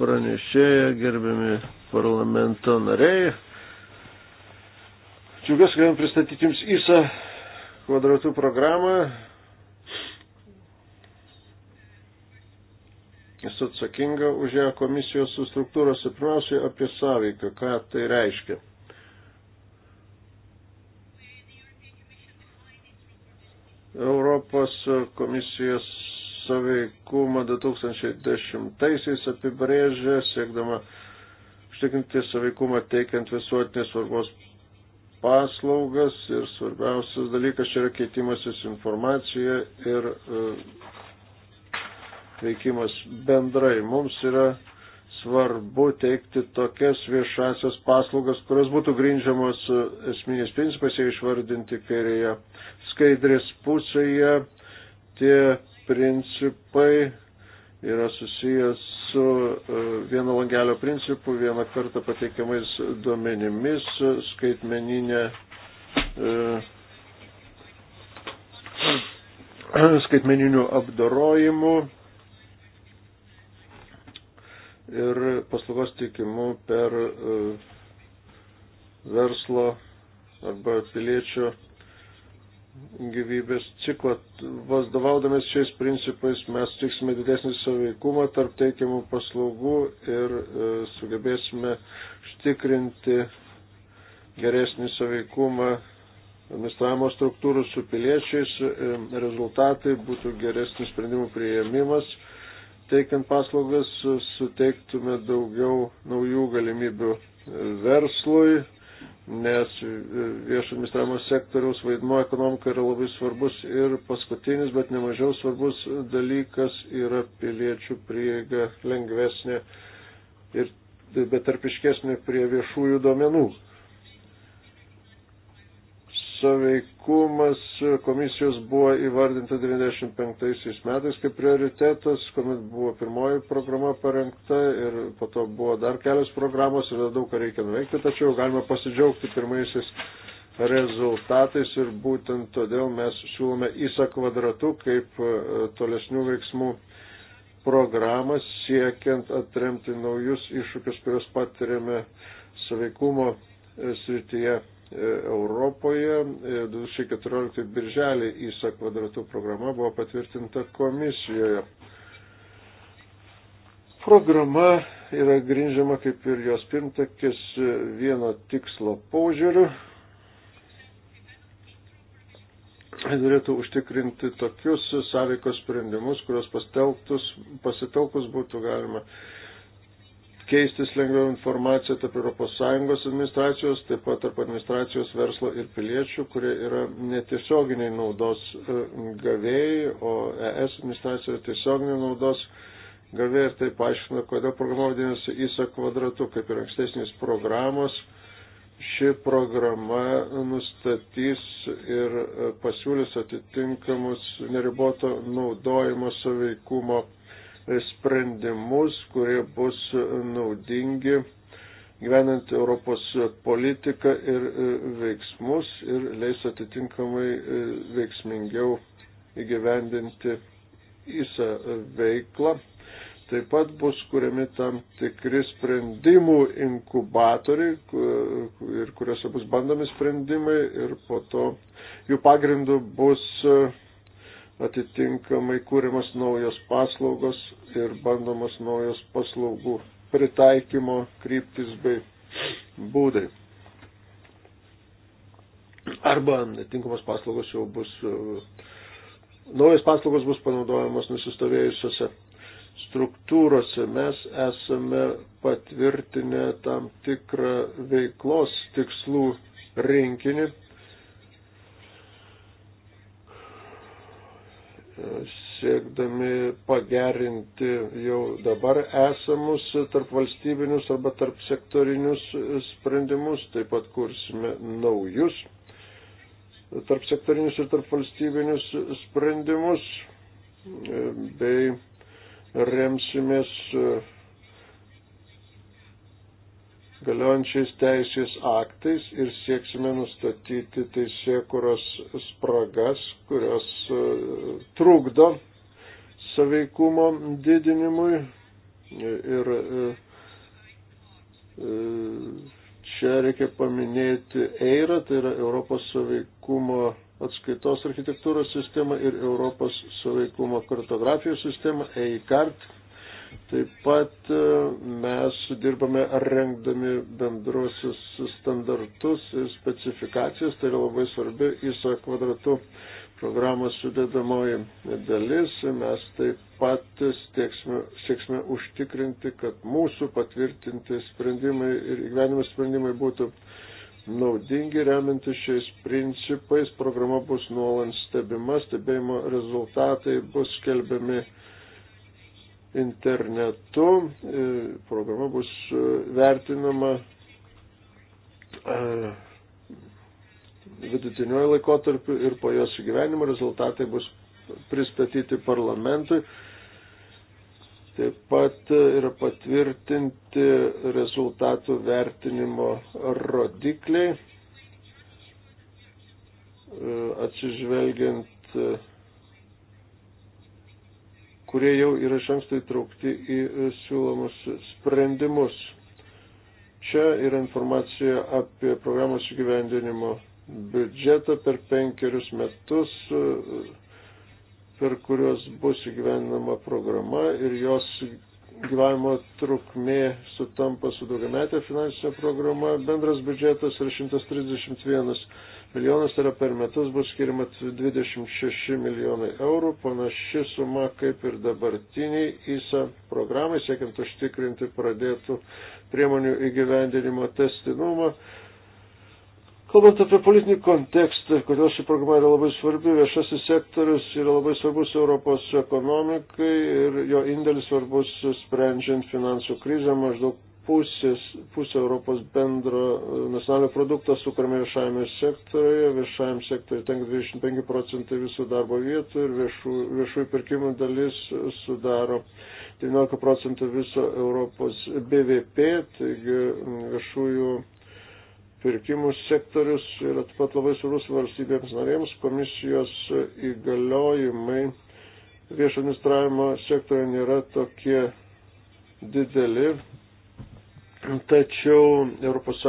[SPEAKER 2] pranešėja, gerbiami parlamento nariai. Džiugiuosi, galim pristatyti jums įsą kvadratų programą esu atsakinga už ją komisijos struktūrose, pirmiausiai apie sąveiką, ką tai reiškia. Europos komisijos saveikumą 2010-aisiais apibrėžė, siekdama užtikrinti saveikumą teikiant visuotinės svarbos paslaugas ir svarbiausias dalykas čia yra keitimasis informacija ir e, veikimas bendrai. Mums yra svarbu teikti tokias viešasias paslaugas, kurios būtų grindžiamos e, esminiais principais, jie išvardinti kairėje skaidrės pusėje. Tie principai yra susijęs su e, vieno langelio principu, vieną kartą pateikiamais duomenimis, skaitmeninė e, skaitmeninių apdarojimų ir paslaugos teikimų per e, verslo arba piliečio gyvybės ciklą. Vadovaudamės šiais principais mes tiksime didesnį saveikumą tarp teikiamų paslaugų ir e, sugebėsime štikrinti geresnį saveikumą administravimo struktūrų su piliečiais, e, rezultatai būtų geresnis sprendimų prieimimas, teikiant paslaugas suteiktume daugiau naujų galimybių verslui, nes viešo administravimo sektoriaus vaidmo ekonomika yra labai svarbus ir paskutinis, bet nemažiau svarbus dalykas yra piliečių prieiga lengvesnė ir betarpiškesnė prie viešųjų duomenų saveikumas komisijos buvo įvardinta 95 metais kaip prioritetas, kuomet buvo pirmoji programa parengta ir po to buvo dar kelios programos ir daug ką reikia nuveikti, tačiau galima pasidžiaugti pirmaisiais rezultatais ir būtent todėl mes siūlome įsą kvadratu kaip e, tolesnių veiksmų programą siekiant atremti naujus iššūkius, kuriuos patiriame saveikumo e, srityje E, Europoje 2014 e, birželį įsa kvadratų programa buvo patvirtinta komisijoje. Programa yra grindžiama kaip ir jos pirmtakis vieno tikslo požiūriu. Turėtų užtikrinti tokius sąveikos sprendimus, kurios pasitelkus būtų galima uh, keistis lengviau informaciją tarp ES administracijos, taip pat tarp administracijos verslo ir piliečių, kurie yra netiesioginiai naudos e, gavėjai, o ES administracija yra tiesioginė naudos gavėjai ir tai paaiškina, kodėl programa vadinasi ISA kvadratu, kaip ir ankstesnės programos. Ši programa nustatys ir e, pasiūlys atitinkamus neriboto naudojimo saveikumo sprendimus, kurie bus naudingi gyvenant Europos politiką ir e, veiksmus ir leis atitinkamai e, veiksmingiau įgyvendinti įsą veiklą. Taip pat bus kuriami tam tikri sprendimų inkubatoriai ir kuriuose bus bandomi sprendimai ir po to jų pagrindu bus e, atitinkamai kūrimas naujos paslaugos ir bandomas naujos paslaugų pritaikymo kryptis bei būdai. Arba netinkamos paslaugos jau bus, naujas paslaugos bus panaudojamos nusistovėjusiose struktūrose. Mes esame patvirtinę tam tikrą veiklos tikslų rinkinį siekdami pagerinti jau dabar esamus tarp valstybinius arba tarp sektorinius sprendimus, taip pat kursime naujus tarp sektorinius ir tarp valstybinius sprendimus e, bei remsimės galiojančiais teisės aktais ir sieksime nustatyti teisėkuros spragas, kurios e, trukdo saveikumo didinimui. Ir e, e, čia reikia paminėti EIRA, tai yra Europos saveikumo atskaitos architektūros sistema ir Europos saveikumo kartografijos sistema EICART Taip pat e, mes dirbame rengdami bendruosius standartus ir specifikacijas, tai yra labai svarbi ISO kvadratų programos sudėdamoji dalis. Mes taip pat sieksime, sieksime užtikrinti, kad mūsų patvirtinti sprendimai ir įgyvenimo sprendimai būtų naudingi reminti šiais principais. Programa bus nuolant stebima, stebėjimo rezultatai bus skelbiami internetu. E, programa bus e, vertinama e, vidutiniuoju laikotarpiu ir po jos įgyvenimo rezultatai bus pristatyti parlamentui. Taip pat yra patvirtinti rezultatų vertinimo rodikliai, atsižvelgiant kurie jau yra iš anksto įtraukti į e, siūlomus sprendimus. Čia yra informacija apie programos įgyvendinimo biudžetą per penkerius metus, e, per kuriuos bus įgyvendinama programa ir jos gyvavimo trukmė sutampa su daugiametė finansinė programa. Bendras biudžetas yra 131 milijonus, tai yra per metus bus skirimas 26 milijonai eurų, panaši suma kaip ir dabartiniai ISA programai, siekiant užtikrinti pradėtų priemonių įgyvendinimo testinumą. Kalbant apie politinį kontekstą, kodėl ši programa yra labai svarbi, viešasis sektorius yra labai svarbus Europos ekonomikai ir jo indėlis svarbus sprendžiant finansų krizę. Maždaug pusės, pusė Europos bendro e, nacionalinio produkto sukūrėme viešajame sektoriuje, viešajam sektoriuje tenka 25 procentai visų darbo vietų ir viešų, viešųjų pirkimų dalis sudaro 19 procentų viso Europos BVP, taigi viešųjų pirkimų sektorius yra taip pat labai svarbus valstybėms narėms, komisijos įgaliojimai viešo administravimo sektoriuje nėra tokie dideli, tačiau ES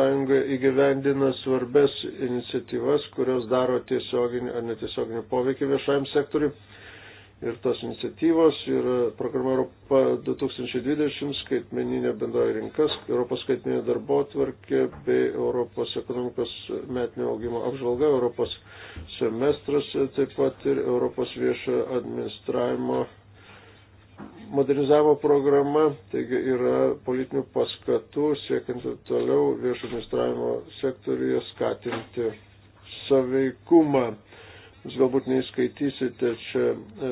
[SPEAKER 2] įgyvendina svarbes iniciatyvas, kurios daro tiesioginį ar netiesioginį poveikį viešajam sektoriui. Ir tos iniciatyvos yra programa Europa 2020, skaitmeninė bendroji rinkas, Europos skaitmeninė darbo tvarkė bei Europos ekonomikos metinio augimo apžvalga, Europos semestras, taip pat ir Europos viešojo administravimo modernizavo programa, taigi yra politinių paskatų siekiant toliau viešo administravimo sektoriuje skatinti saveikumą. Jūs galbūt neįskaitysite čia e,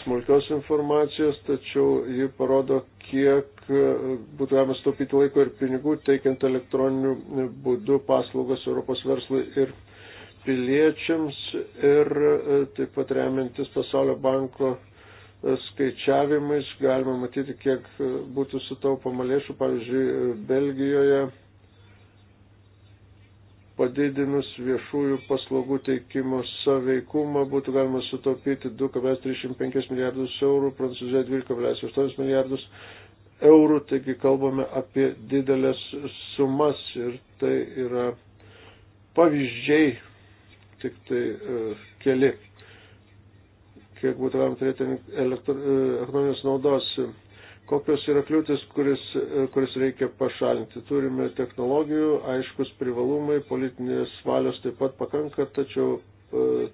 [SPEAKER 2] smulkios informacijos, tačiau ji parodo, kiek e, būtų galima staupyti laiko ir pinigų, teikiant elektroniniu e, būdu paslaugas Europos verslui ir piliečiams ir e, taip pat remiantis pasaulio banko skaičiavimais galima matyti, kiek būtų sutaupama lėšų, pavyzdžiui, Belgijoje padidinus viešųjų paslaugų teikimo saveikumą būtų galima sutaupyti 2,35 milijardus eurų, Prancūzija 12,8 milijardus eurų, taigi kalbame apie didelės sumas ir tai yra pavyzdžiai, tik tai e, keli kiek būtų galima turėti elektro, e, ekonominės naudos, kokios yra kliūtis, kuris, e, kuris reikia pašalinti. Turime technologijų, aiškus privalumai, politinės valios taip pat pakanka, tačiau e,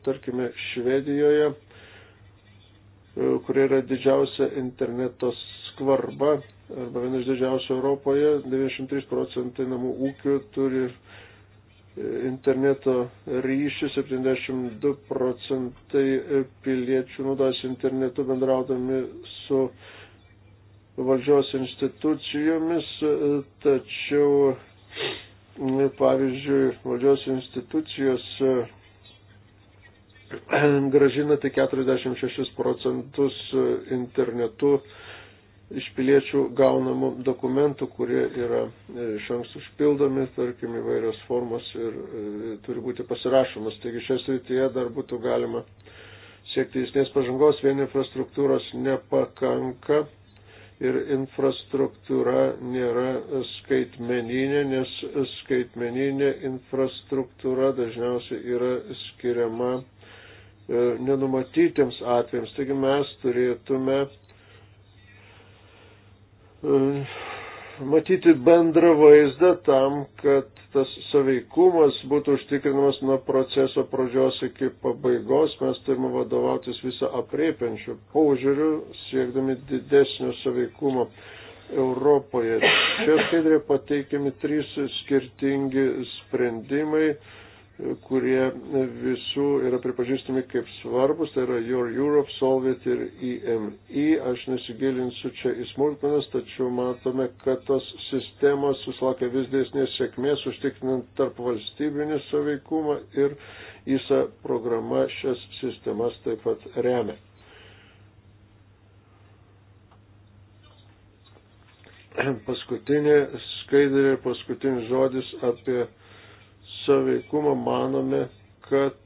[SPEAKER 2] tarkime Švedijoje, kur yra didžiausia interneto skvarba arba viena iš didžiausių Europoje, 93 procentai namų ūkių turi interneto ryšį, 72 procentai piliečių naudojasi internetu bendraudami su valdžios institucijomis, tačiau, pavyzdžiui, valdžios institucijos gražina tik 46 procentus internetu iš piliečių gaunamų dokumentų, kurie yra e, iš anksto užpildomi, tarkim, įvairios formos ir e, turi būti pasirašomas. Taigi šią srityje dar būtų galima siekti įsnės pažangos, vien infrastruktūros nepakanka ir infrastruktūra nėra skaitmeninė, nes skaitmeninė infrastruktūra dažniausiai yra skiriama e, nenumatytiems atvejams. Taigi mes turėtume E, matyti bendrą vaizdą tam, kad tas saveikumas būtų užtikrinamas nuo proceso pradžios iki pabaigos. Mes turime vadovautis visą apriepiančių paužiūrių, siekdami didesnio saveikumo Europoje. Čia skaidrė pateikiami trys skirtingi sprendimai kurie visų yra pripažįstami kaip svarbus, tai yra Your Europe, Solvit ir EMI. E. Aš nesigilinsiu čia į smulkmenas, tačiau matome, kad tos sistemos susilaukia vis dėsnės sėkmės, užtikrinant tarp valstybinį saveikumą ir įsa programa šias sistemas taip pat remia. Paskutinė skaidrė, paskutinis žodis apie saveikumą manome, kad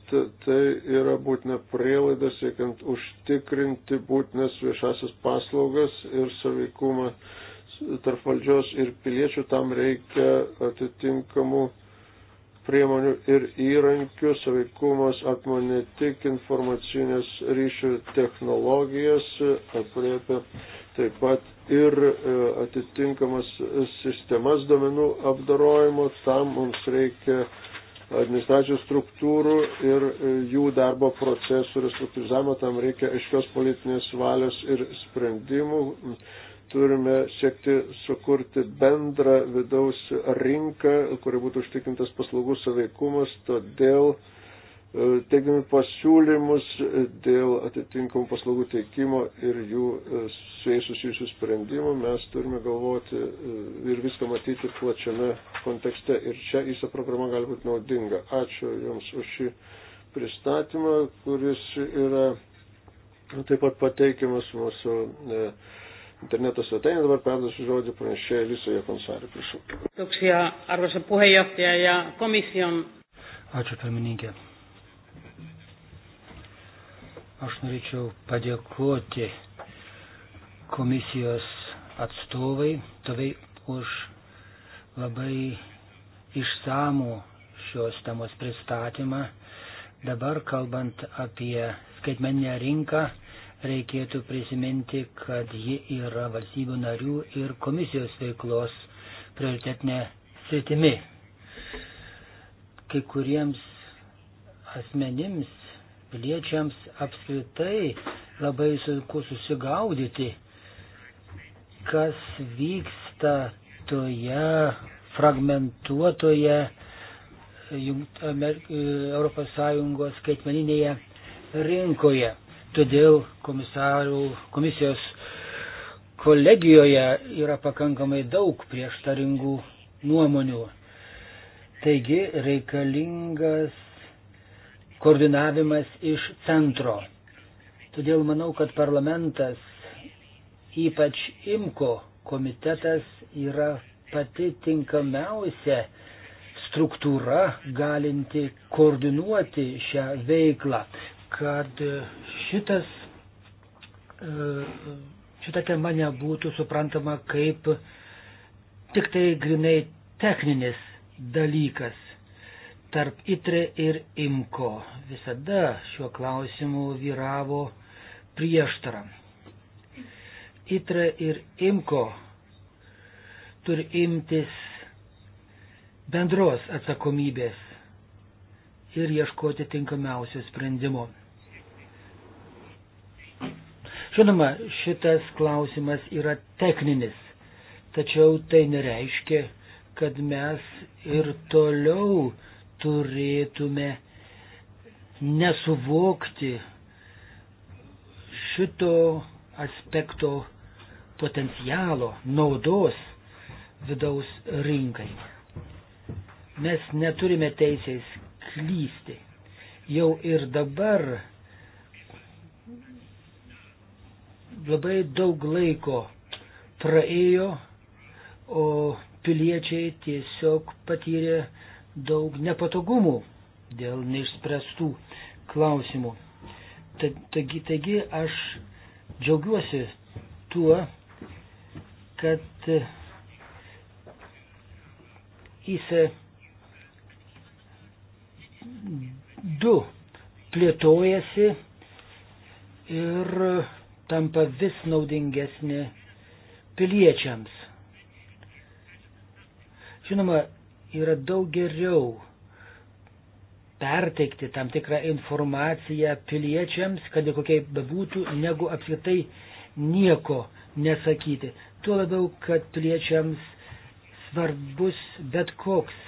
[SPEAKER 2] tai yra būtina prielaida siekiant užtikrinti būtinas viešasias paslaugas ir saveikumą tarp valdžios ir piliečių. Tam reikia atitinkamų priemonių ir įrankių. Saveikumas apima ne tik informacinės ryšių technologijas, apriepia taip pat ir e, atitinkamas sistemas domenų apdarojimo. Tam mums reikia administracijos struktūrų ir e, jų darbo procesų restruktūrizavimo, tam reikia aiškios politinės valios ir sprendimų. Turime siekti sukurti bendrą vidaus rinką, kuri būtų užtikrintas paslaugų saveikumas, todėl uh, E, teikdami pasiūlymus dėl atitinkamų paslaugų teikimo ir jų e, su jais susijusių sprendimų, mes turime galvoti e, ir viską matyti plačiame kontekste. Ir čia įsa programa gali būti naudinga. Ačiū Jums už šį pristatymą, kuris yra taip pat pateikiamas mūsų. E, interneto svetainė. Dabar perduosiu žodį pranešėjai Lisoje Konsarė, prašau.
[SPEAKER 3] Kiitoksia arvoisa puheenjohtaja ja komission. Ačiū pirmininkė. Aš norėčiau padėkoti komisijos atstovai tavai už labai išsamų šios temos pristatymą. Dabar kalbant apie skaitmeninę rinką, reikėtų prisiminti, kad ji yra valstybių narių ir komisijos veiklos prioritetinė sritimi. Kai kuriems asmenims piliečiams apskritai labai sunku susigaudyti, kas vyksta toje fragmentuotoje Europos Sąjungos skaitmeninėje rinkoje. Todėl komisijos kolegijoje yra pakankamai daug prieštaringų nuomonių. Taigi reikalingas koordinavimas iš centro. Todėl manau, kad parlamentas, ypač IMKO komitetas, yra pati tinkamiausia struktūra galinti koordinuoti šią veiklą, kad šitas, e, šita tema nebūtų suprantama kaip tik tai grinai techninis dalykas tarp ITRE ir IMKO. Visada šiuo klausimu vyravo prieštara. ITRE ir IMKO turi imtis bendros atsakomybės ir ieškoti tinkamiausio sprendimo. Žinoma, šitas klausimas yra techninis, tačiau tai nereiškia, kad mes ir toliau turėtume nesuvokti šito aspekto potencialo, naudos vidaus rinkai. Mes neturime teisės klysti. Jau ir dabar labai daug laiko praėjo, o piliečiai tiesiog patyrė daug nepatogumų dėl neišspręstų klausimų. Taigi, taigi aš džiaugiuosi tuo, kad e, įse du plėtojasi ir tampa vis naudingesnė piliečiams. Žinoma, yra daug geriau perteikti tam tikrą informaciją piliečiams, kad ir kokiai bebūtų, negu apskritai nieko nesakyti. Tuo labiau, kad piliečiams svarbus bet koks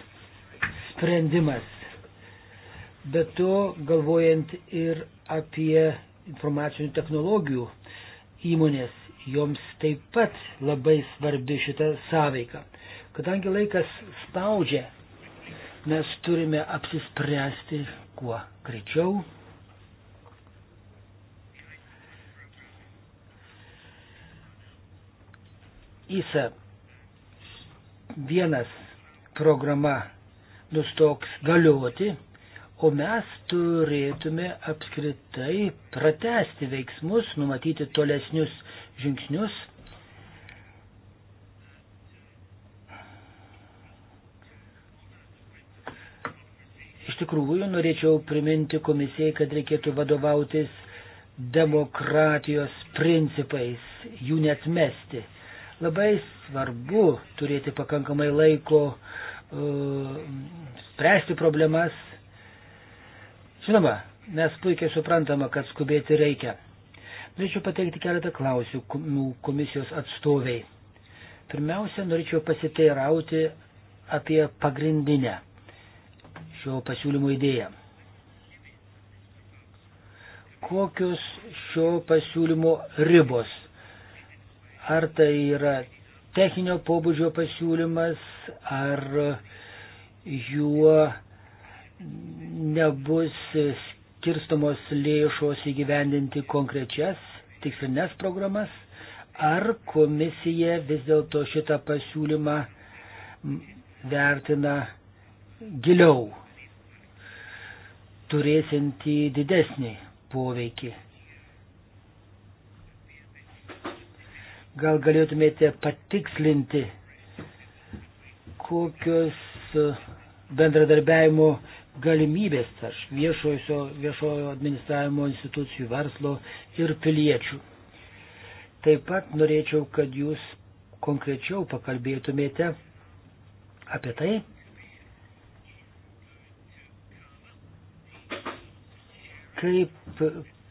[SPEAKER 3] sprendimas. Bet to galvojant ir apie informacinių technologijų įmonės, joms taip pat labai svarbi šita sąveika. Kadangi laikas spaudžia, mes turime apsispręsti kuo greičiau. ISA vienas programa nustoks galioti, o mes turėtume apskritai pratesti veiksmus, numatyti tolesnius žingsnius tikrųjų norėčiau priminti komisijai, kad reikėtų vadovautis demokratijos principais, jų netmesti. Labai svarbu turėti pakankamai laiko uh, spręsti problemas. Žinoma, mes puikiai suprantame, kad skubėti reikia. Norėčiau pateikti keletą klausimų nu, komisijos atstoviai. Pirmiausia, norėčiau pasiteirauti apie pagrindinę šio pasiūlymo idėją. Kokios šio pasiūlymo ribos? Ar tai yra techninio pobūdžio pasiūlymas, ar juo nebus skirstomos lėšos įgyvendinti konkrečias tikslinės programas, ar komisija vis dėlto šitą pasiūlymą vertina giliau turėsinti didesnį poveikį. Gal galėtumėte patikslinti, kokios bendradarbiavimo galimybės tarp viešojo, viešojo administravimo institucijų, verslo ir piliečių. Taip pat norėčiau, kad jūs konkrečiau pakalbėtumėte apie tai, kaip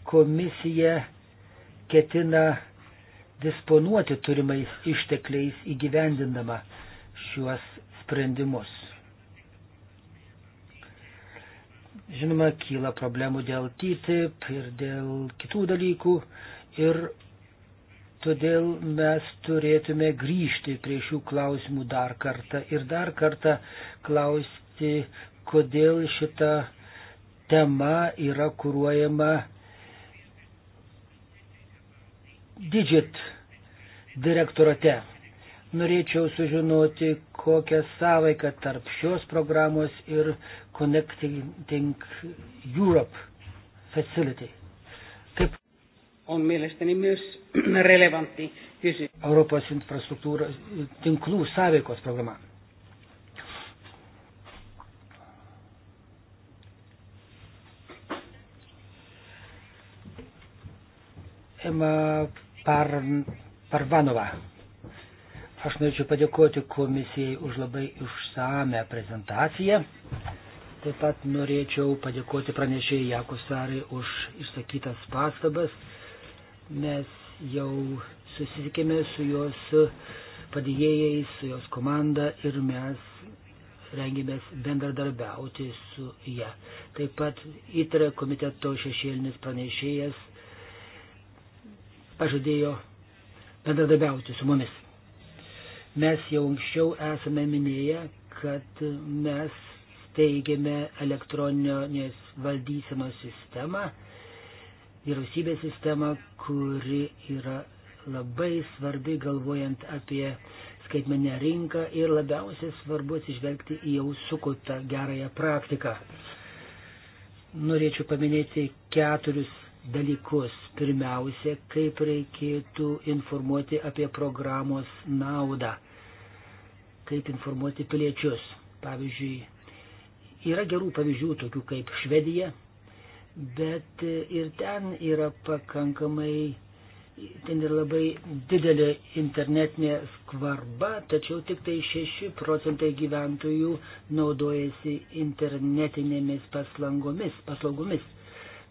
[SPEAKER 3] komisija ketina disponuoti turimais ištekliais įgyvendindama šiuos sprendimus. Žinoma, kyla problemų dėl TTIP ir dėl kitų dalykų ir todėl mes turėtume grįžti prie šių klausimų dar kartą ir dar kartą klausti, kodėl šita tema yra kūruojama Digit direktorate. Norėčiau sužinoti, kokią sąveiką tarp šios programos ir Connecting Europe Facility. Kaip on mielestäni myös relevantti kysymys. Europos infrastruktūros tinklų sąveikos programa. par, Parvanova. Aš norėčiau padėkoti komisijai už labai išsame prezentaciją. Taip pat norėčiau padėkoti pranešėjai Jakusarai už išsakytas pastabas. Mes jau susitikėme su jos padėjėjais, su jos komanda ir mes rengėmės bendradarbiauti su ją. Taip pat įtarė komiteto šešėlinis pranešėjas pažadėjo bendradabiauti su mumis. Mes jau anksčiau esame minėję, kad mes steigėme elektroninės valdysenos sistemą, vyriausybės sistemą, kuri yra labai svarbi galvojant apie skaitmenę rinką ir labiausiai svarbu atsižvelgti į jau sukauptą gerąją praktiką. Norėčiau paminėti keturis dalykus. Pirmiausia, kaip reikėtų informuoti apie programos naudą, kaip informuoti piliečius. Pavyzdžiui, yra gerų pavyzdžių, tokių kaip Švedija, bet ir ten yra pakankamai, ten yra labai didelė internetinė skvarba, tačiau tik tai 6 procentai gyventojų naudojasi internetinėmis paslangomis, paslaugomis.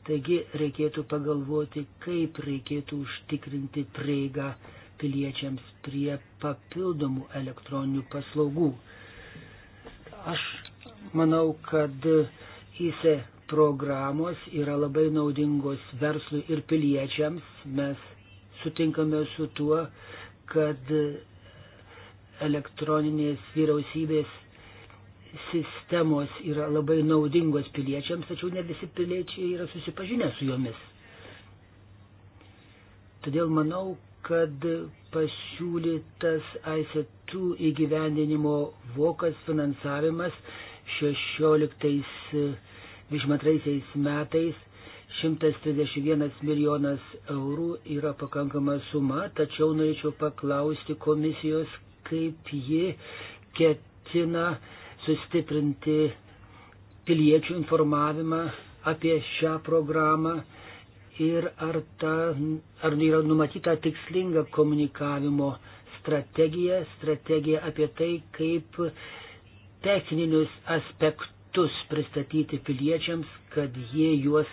[SPEAKER 3] Taigi reikėtų pagalvoti, kaip reikėtų užtikrinti prieigą piliečiams prie papildomų elektroninių paslaugų. Aš manau, kad įse programos yra labai naudingos verslui ir piliečiams. Mes sutinkame su tuo, kad elektroninės vyriausybės sistemos yra labai naudingos piliečiams, tačiau ne visi piliečiai yra susipažinę su jomis. Todėl manau, kad pasiūlytas ICT įgyvendinimo vokas finansavimas 16-22 metais 131 milijonas eurų yra pakankama suma, tačiau norėčiau paklausti komisijos, kaip ji ketina sustiprinti piliečių informavimą apie šią programą ir ar, ta, ar yra numatyta tikslinga komunikavimo strategija, strategija apie tai, kaip techninius aspektus pristatyti piliečiams, kad jie juos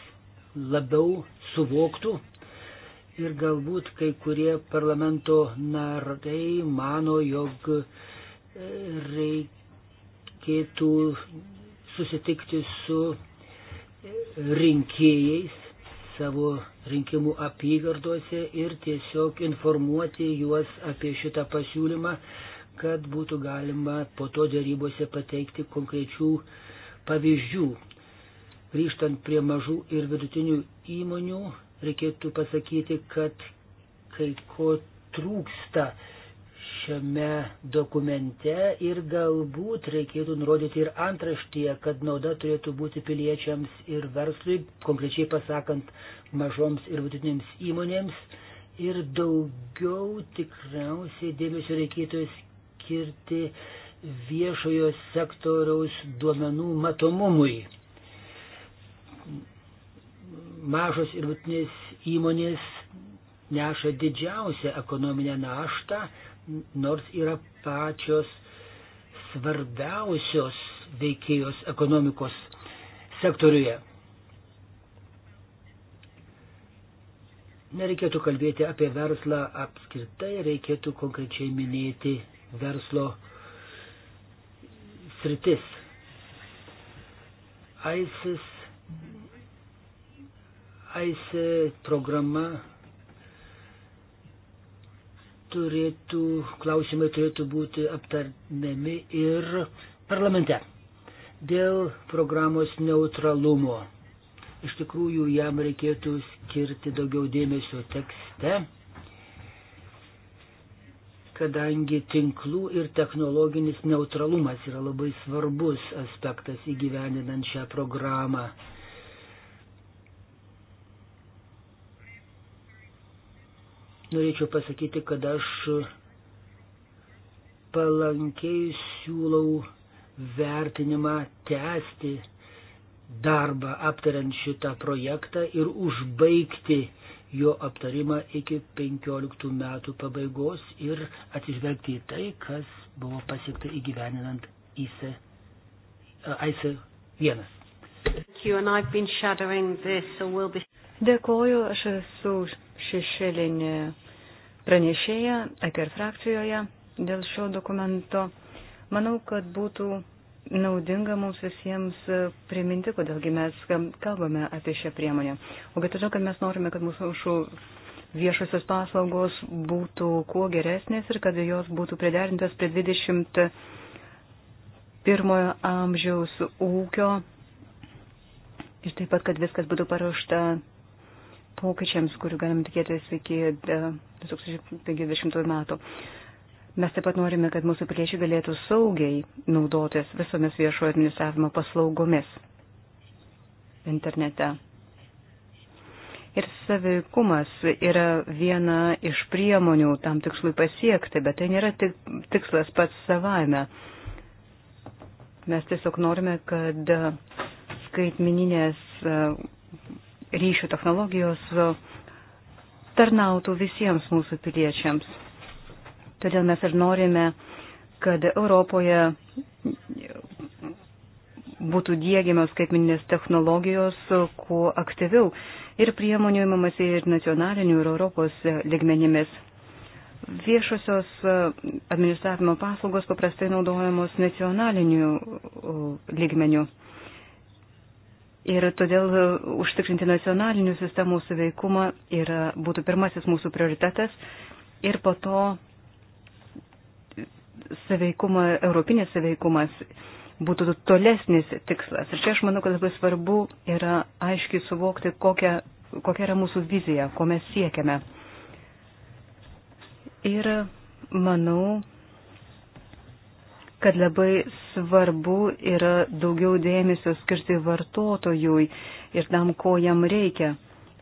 [SPEAKER 3] labiau suvoktų. Ir galbūt kai kurie parlamento narai mano, jog reikia reikėtų susitikti su rinkėjais savo rinkimų apygardose ir tiesiog informuoti juos apie šitą pasiūlymą, kad būtų galima po to dėrybose pateikti konkrečių pavyzdžių. Grįžtant prie mažų ir vidutinių įmonių, reikėtų pasakyti, kad kai ko trūksta šiame dokumente ir galbūt reikėtų nurodyti ir antraštėje, kad nauda turėtų būti piliečiams ir verslui, konkrečiai pasakant mažoms ir vidutinėms įmonėms. Ir daugiau tikriausiai dėmesio reikėtų skirti viešojo sektoriaus duomenų matomumui. Mažos ir vidutinės įmonės neša didžiausią ekonominę naštą, nors yra pačios svarbiausios veikėjos ekonomikos sektoriuje. Nereikėtų kalbėti apie verslą apskritai, reikėtų konkrečiai minėti verslo sritis. ISIS, ISIS programa turėtų, klausimai turėtų būti aptarnami ir parlamente. Dėl programos neutralumo. Iš tikrųjų, jam reikėtų skirti daugiau dėmesio tekste, kadangi tinklų ir technologinis neutralumas yra labai svarbus aspektas įgyveninant šią programą. norėčiau pasakyti, kad aš palankiai siūlau vertinimą tęsti darbą aptariant šitą projektą ir užbaigti jo aptarimą iki 15 metų pabaigos ir atsižvelgti į tai, kas buvo pasiekta įgyveninant ISE, uh, ISE 1.
[SPEAKER 1] Dėkoju, aš esu šešėlinė pranešėja EKR frakcijoje dėl šio dokumento. Manau, kad būtų naudinga mums visiems e, priminti, kodėlgi mes kalbame apie šią priemonę. Ogi todėl, kad mes norime, kad mūsų viešosios paslaugos būtų kuo geresnės ir kad jos būtų priderintos prie 21 amžiaus ūkio ir taip pat, kad viskas būtų paruošta pokyčiams, kurių galim tikėtis iki e, 2050 metų. Mes taip pat norime, kad mūsų piliečiai galėtų saugiai naudotis visomis viešojo administravimo paslaugomis internete. Ir saveikumas yra viena iš priemonių tam tikslui pasiekti, bet tai nėra tik, tikslas pats savaime. Mes tiesiog norime, kad skaitmininės e, ryšių technologijos tarnautų visiems mūsų piliečiams. Todėl mes ir norime, kad Europoje būtų dėgiamas skaitmininės technologijos kuo aktyviau ir priemonių įmamasi ir nacionalinių ir Europos ligmenimis. Viešosios administravimo paslaugos paprastai naudojamos nacionaliniu ligmeniu. Ir todėl e, užtikrinti nacionalinių sistemų suveikumą yra, būtų pirmasis mūsų prioritetas ir po to saveikuma, europinės saveikumas būtų tolesnis tikslas. Ir čia aš manau, kad labai svarbu yra aiškiai suvokti, kokia, kokia yra mūsų vizija, ko mes siekiame. Ir manau, kad labai svarbu yra daugiau dėmesio skirti vartotojui ir tam, ko jam reikia.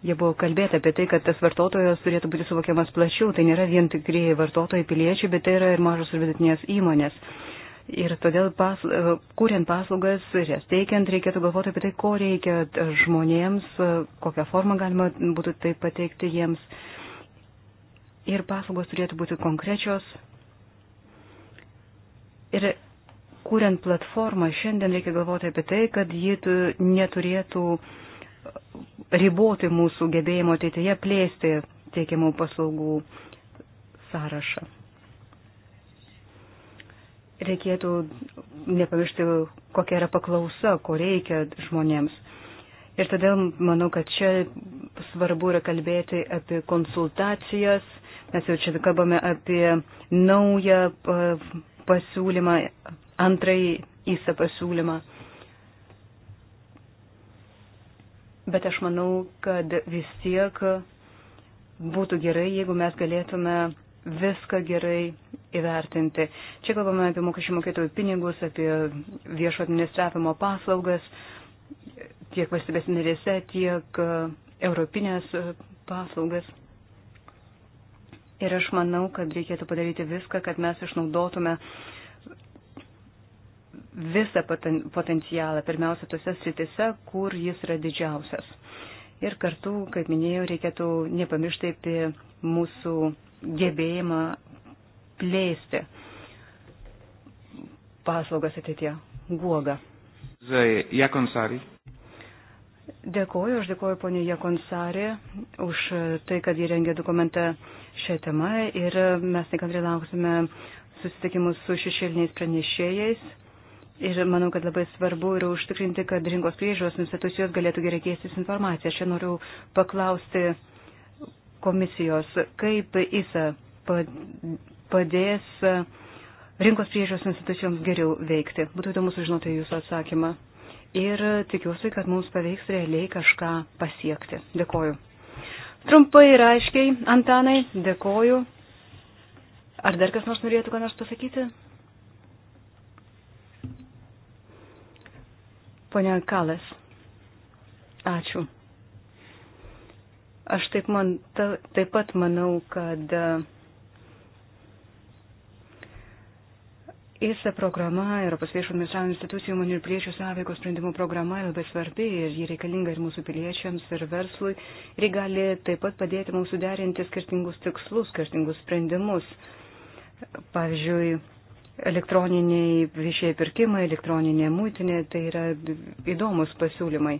[SPEAKER 1] Jie buvo kalbėta apie tai, kad tas vartotojas turėtų būti suvokiamas plačiau, tai nėra vien tikrieji vartotojai piliečiai, bet tai yra ir mažos ir vidutinės įmonės. Ir todėl, pas, e, kuriant paslaugas ir jas teikiant, reikėtų galvoti apie tai, ko reikia žmonėms, e, kokią formą galima būtų tai pateikti jiems. Ir paslaugos turėtų būti konkrečios, Ir kuriant platformą, šiandien reikia galvoti apie tai, kad ji neturėtų riboti mūsų gebėjimo ateityje plėsti teikiamų paslaugų sąrašą. Reikėtų nepamiršti, kokia yra paklausa, ko reikia žmonėms. Ir todėl manau, kad čia svarbu yra kalbėti apie konsultacijas. Mes jau čia kalbame apie naują pasiūlymą, antrąjį įsą pasiūlymą. Bet aš manau, kad vis tiek būtų gerai, jeigu mes galėtume viską gerai įvertinti. Čia kalbame apie mokesčių mokėtojų pinigus, apie viešo administravimo paslaugas, tiek valstybės narėse, tiek e, europinės e, paslaugas. Ir aš manau, kad reikėtų padaryti viską, kad mes išnaudotume visą poten potencialą, pirmiausia, tose sritise, kur jis yra didžiausias. Ir kartu, kaip minėjau, reikėtų nepamiršti apie mūsų gebėjimą plėsti paslaugas ateitie. Guoga.
[SPEAKER 3] Jakonsari.
[SPEAKER 1] Dėkoju, aš dėkoju ponė Jakonsari už tai, kad jį rengė dokumentą šią temą ir mes nekantrai lauksime susitikimus su šešėliniais pranešėjais. Ir manau, kad labai svarbu yra užtikrinti, kad rinkos priežiūros institucijos galėtų gerai keistis informaciją. Aš noriu paklausti komisijos, kaip ISA padės rinkos priežiūros institucijoms geriau veikti. Būtų įdomu sužinoti jūsų atsakymą. Ir tikiuosi, kad mums pavyks realiai kažką pasiekti. Dėkoju. Trumpai ir aiškiai, Antanai, dėkoju. Ar dar kas nors norėtų ką nors pasakyti? Pone Kalas, ačiū. Aš taip, man, ta, taip pat manau, kad uh, ISA programa, Europos viešo administravimo institucijų įmonių ir piliečių sąveikos sprendimų programa yra labai svarbi ir ji reikalinga ir mūsų piliečiams, ir verslui. Ir ji gali taip pat padėti mums suderinti skirtingus tikslus, skirtingus sprendimus. Pavyzdžiui, elektroniniai viešieji pirkimai, elektroninė mūtinė, tai yra įdomus pasiūlymai.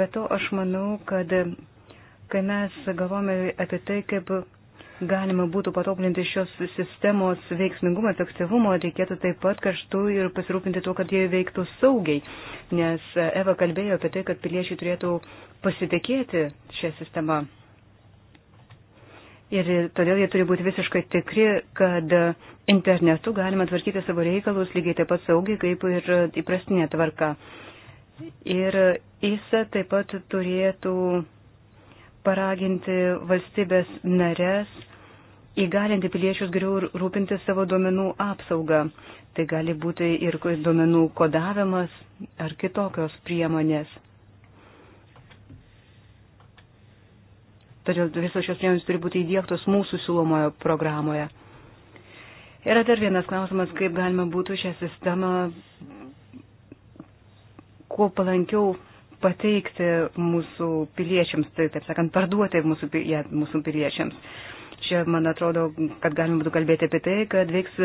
[SPEAKER 1] Be to, aš manau, kad kai mes galvome apie tai, kaip galima būtų patobulinti šios sistemos veiksmingumą, efektyvumą, reikėtų taip pat karštų ir pasirūpinti tuo, kad jie veiktų saugiai. Nes Eva kalbėjo apie tai, kad piliečiai turėtų pasitikėti šią sistemą. Ir todėl jie turi būti visiškai tikri, kad internetu galima tvarkyti savo reikalus lygiai taip pat saugiai, kaip ir įprastinė tvarka. Ir ISA taip pat turėtų paraginti valstybės narės įgalinti piliečius geriau rūpinti savo duomenų apsaugą. Tai gali būti ir duomenų kodavimas ar kitokios priemonės. Todėl visos šios priemonės turi būti įdėktos mūsų siūlomojo programoje. Yra dar vienas klausimas, kaip galima būtų šią sistemą kuo palankiau pateikti mūsų piliečiams, tai taip sakant, parduoti mūsų, ja, mūsų piliečiams čia, man atrodo, kad galima būtų kalbėti apie tai, kad veiks,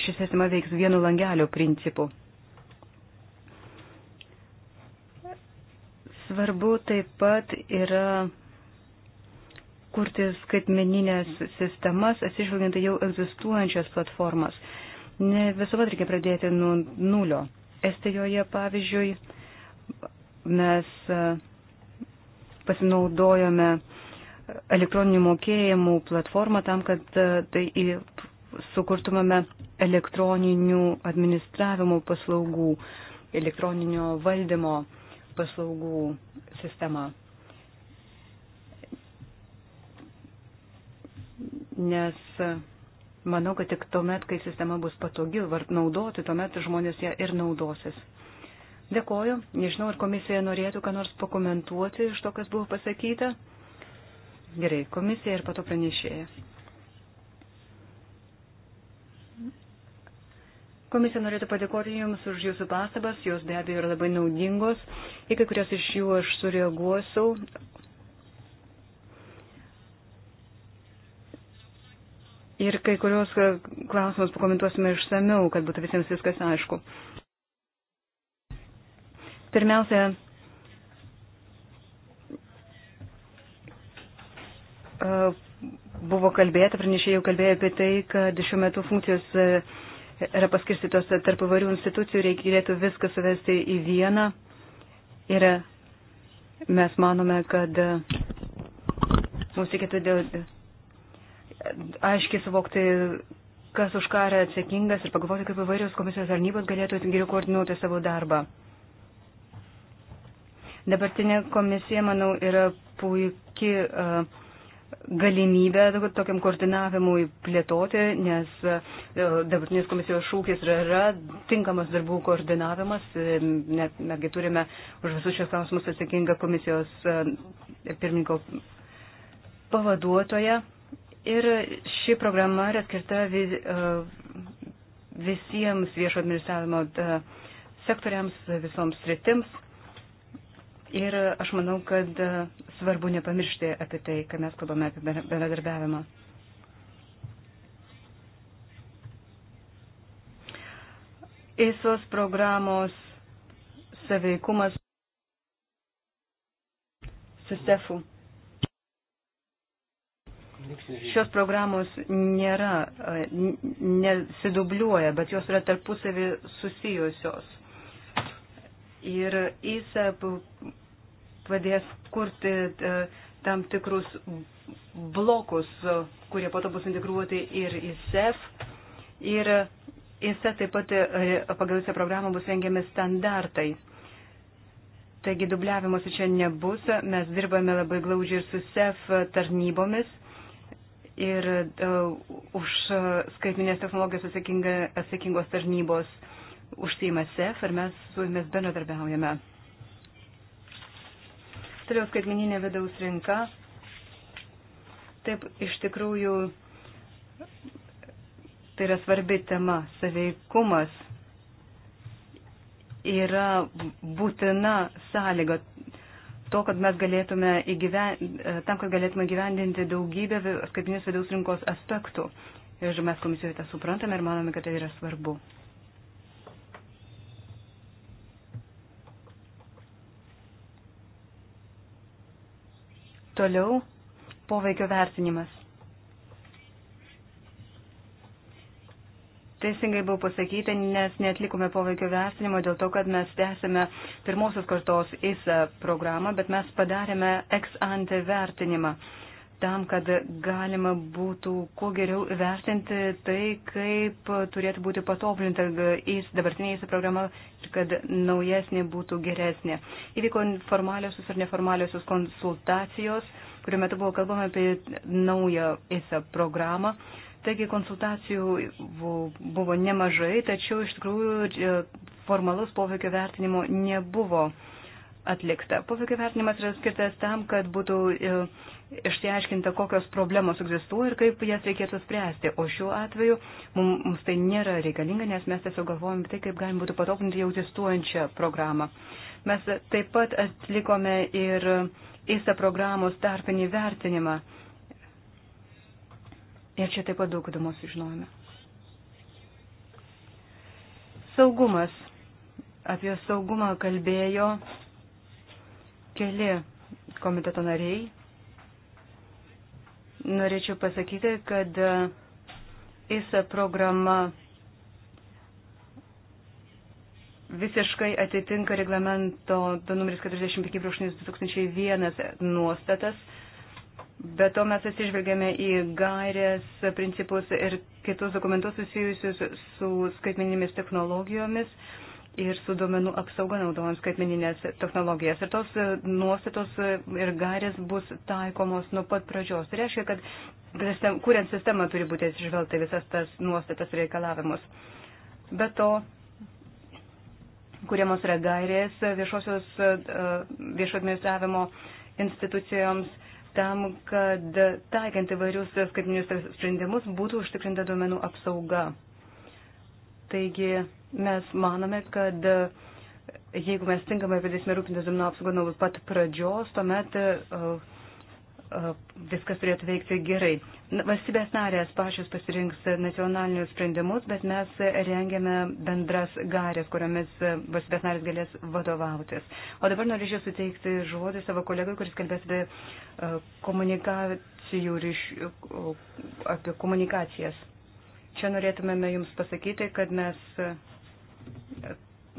[SPEAKER 1] ši sistema veiks vienu langelio principu. Svarbu taip pat yra kurti skaitmeninės sistemas, atsižvelgiant jau egzistuojančias platformas. Ne visuomet reikia pradėti nuo nulio. Estijoje, pavyzdžiui, mes e, pasinaudojome uh, elektroninių mokėjimų platformą tam, kad e, tai sukurtumėme elektroninių administravimo paslaugų, elektroninio valdymo paslaugų sistemą. Nes e, manau, kad tik tuomet, kai sistema bus patogi naudoti, tuomet žmonės ją ir naudosis. Dėkoju. Nežinau, ar komisija norėtų ką nors pakomentuoti iš to, kas buvo pasakyta. Gerai, komisija ir pato pranešėja. Komisija norėtų padėkoti Jums už Jūsų pastabas, jos be abejo yra labai naudingos, į kai kurias iš jų aš sureaguosiu. Ir kai kurios klausimus pakomentuosime išsameu, kad būtų visiems viskas aišku. Pirmiausia, E, buvo kalbėta, pranešėjau kalbėjo apie tai, kad šiuo metu funkcijos e, yra paskirstytos tarp įvairių institucijų, reikėtų viską suvesti į vieną. Ir mes manome, kad e, mums reikėtų aiškiai suvokti, kas už ką yra atsakingas ir pagalvoti, kaip įvairios komisijos tarnybos galėtų geriau koordinuoti savo darbą. Dabartinė komisija, manau, yra puikiai uh, galimybę tokiam koordinavimui plėtoti, nes e, dabartinės komisijos šūkis yra, yra tinkamas darbų koordinavimas. E, net, netgi turime už visus šios klausimus atsakingą komisijos e, pirmininko pavaduotoją. Ir ši programa yra skirta vis, visiems viešo administravimo sektoriams, visoms sritims. Ir aš manau, kad e, svarbu nepamiršti apie tai, kai mes kalbame apie bendradarbiavimą. ESOS programos saveikumas su SEFU. Šios programos nėra, e, nesidubliuoja, bet jos yra tarpusavį susijusios ir jis padės kurti e, tam tikrus blokus, kurie po to bus integruoti ir į SEF. Ir ISA e taip pat e, pagal visą programą bus rengiami standartai. Taigi dubliavimuose čia nebus, mes dirbame labai glaudžiai ir su SEF tarnybomis ir uh, už skaitminės technologijos atsakingos tarnybos uh, užsima SEF ir mes su jumis bendradarbiaujame. Toliau skaitmininė vidaus rinka. Taip, iš tikrųjų, tai yra svarbi tema. Saveikumas yra būtina sąlyga to, kad mes galėtume įgyven, tam, kad galėtume gyvendinti daugybę skaitminės vidaus rinkos aspektų. Ir mes komisijoje tą suprantame ir manome, kad tai yra svarbu. Toliau poveikio vertinimas. Teisingai buvo pasakyta, nes netlikome poveikio vertinimo dėl to, kad mes tęsėme pirmosios kartos ISA programą, bet mes padarėme ex ante vertinimą tam, kad galima būtų kuo geriau vertinti tai, kaip turėtų būti patobulinta dabartinė įsi programa ir kad naujesnė būtų geresnė. Įvyko formaliosios ir neformaliosios konsultacijos, kuriuo metu buvo kalbama apie naują įsi programą. Taigi konsultacijų buvo nemažai, tačiau iš tikrųjų e, formalus poveikio vertinimo nebuvo atlikta. Poveikio vertinimas yra skirtas tam, kad būtų e, išsiaiškinta, kokios problemos egzistuoja ir kaip jas reikėtų spręsti. O šiuo atveju mums tai nėra reikalinga, nes mes tiesiog galvojame tai, kaip galim būtų patobulinti jau egzistuojančią programą. Mes taip pat atlikome ir įsta programos tarpinį vertinimą. Ir čia taip pat daug įdomus sužinojome. Saugumas. Apie saugumą kalbėjo keli komiteto nariai. Norėčiau pasakyti, kad ISA programa visiškai atitinka reglamento numeris 45.2001 nuostatas, bet to mes atsižvelgiame į gairės, principus ir kitus dokumentus susijusius su skaitmeninėmis technologijomis ir su duomenų apsauga naudojant skaitmeninės technologijas. Ir tos e, nuostatos e, ir garės bus taikomos nuo pat pradžios. Tai reiškia, kad kuriant sistemą turi būti atsižvelgta visas tas nuostatas reikalavimus. Be to, kuriamos yra gairės viešosios e, viešo administravimo institucijoms tam, kad taikiant įvairius skaitminius sprendimus būtų užtikrinta duomenų apsauga. Taigi, Mes manome, kad e, jeigu mes tinkamai pradėsime tai rūpintis duomenų apsaugą nuo pat pradžios, tuomet uh, uh, viskas turėtų veikti gerai. Valstybės narės pačios pasirinks nacionalinius sprendimus, bet mes rengiame bendras garės, kuriomis valstybės narės galės vadovautis. O dabar norėčiau suteikti žodį savo kolegui, kuris kalbės apie uh, komunikacijų ryš, apie komunikacijas. Čia norėtumėme Jums pasakyti, kad mes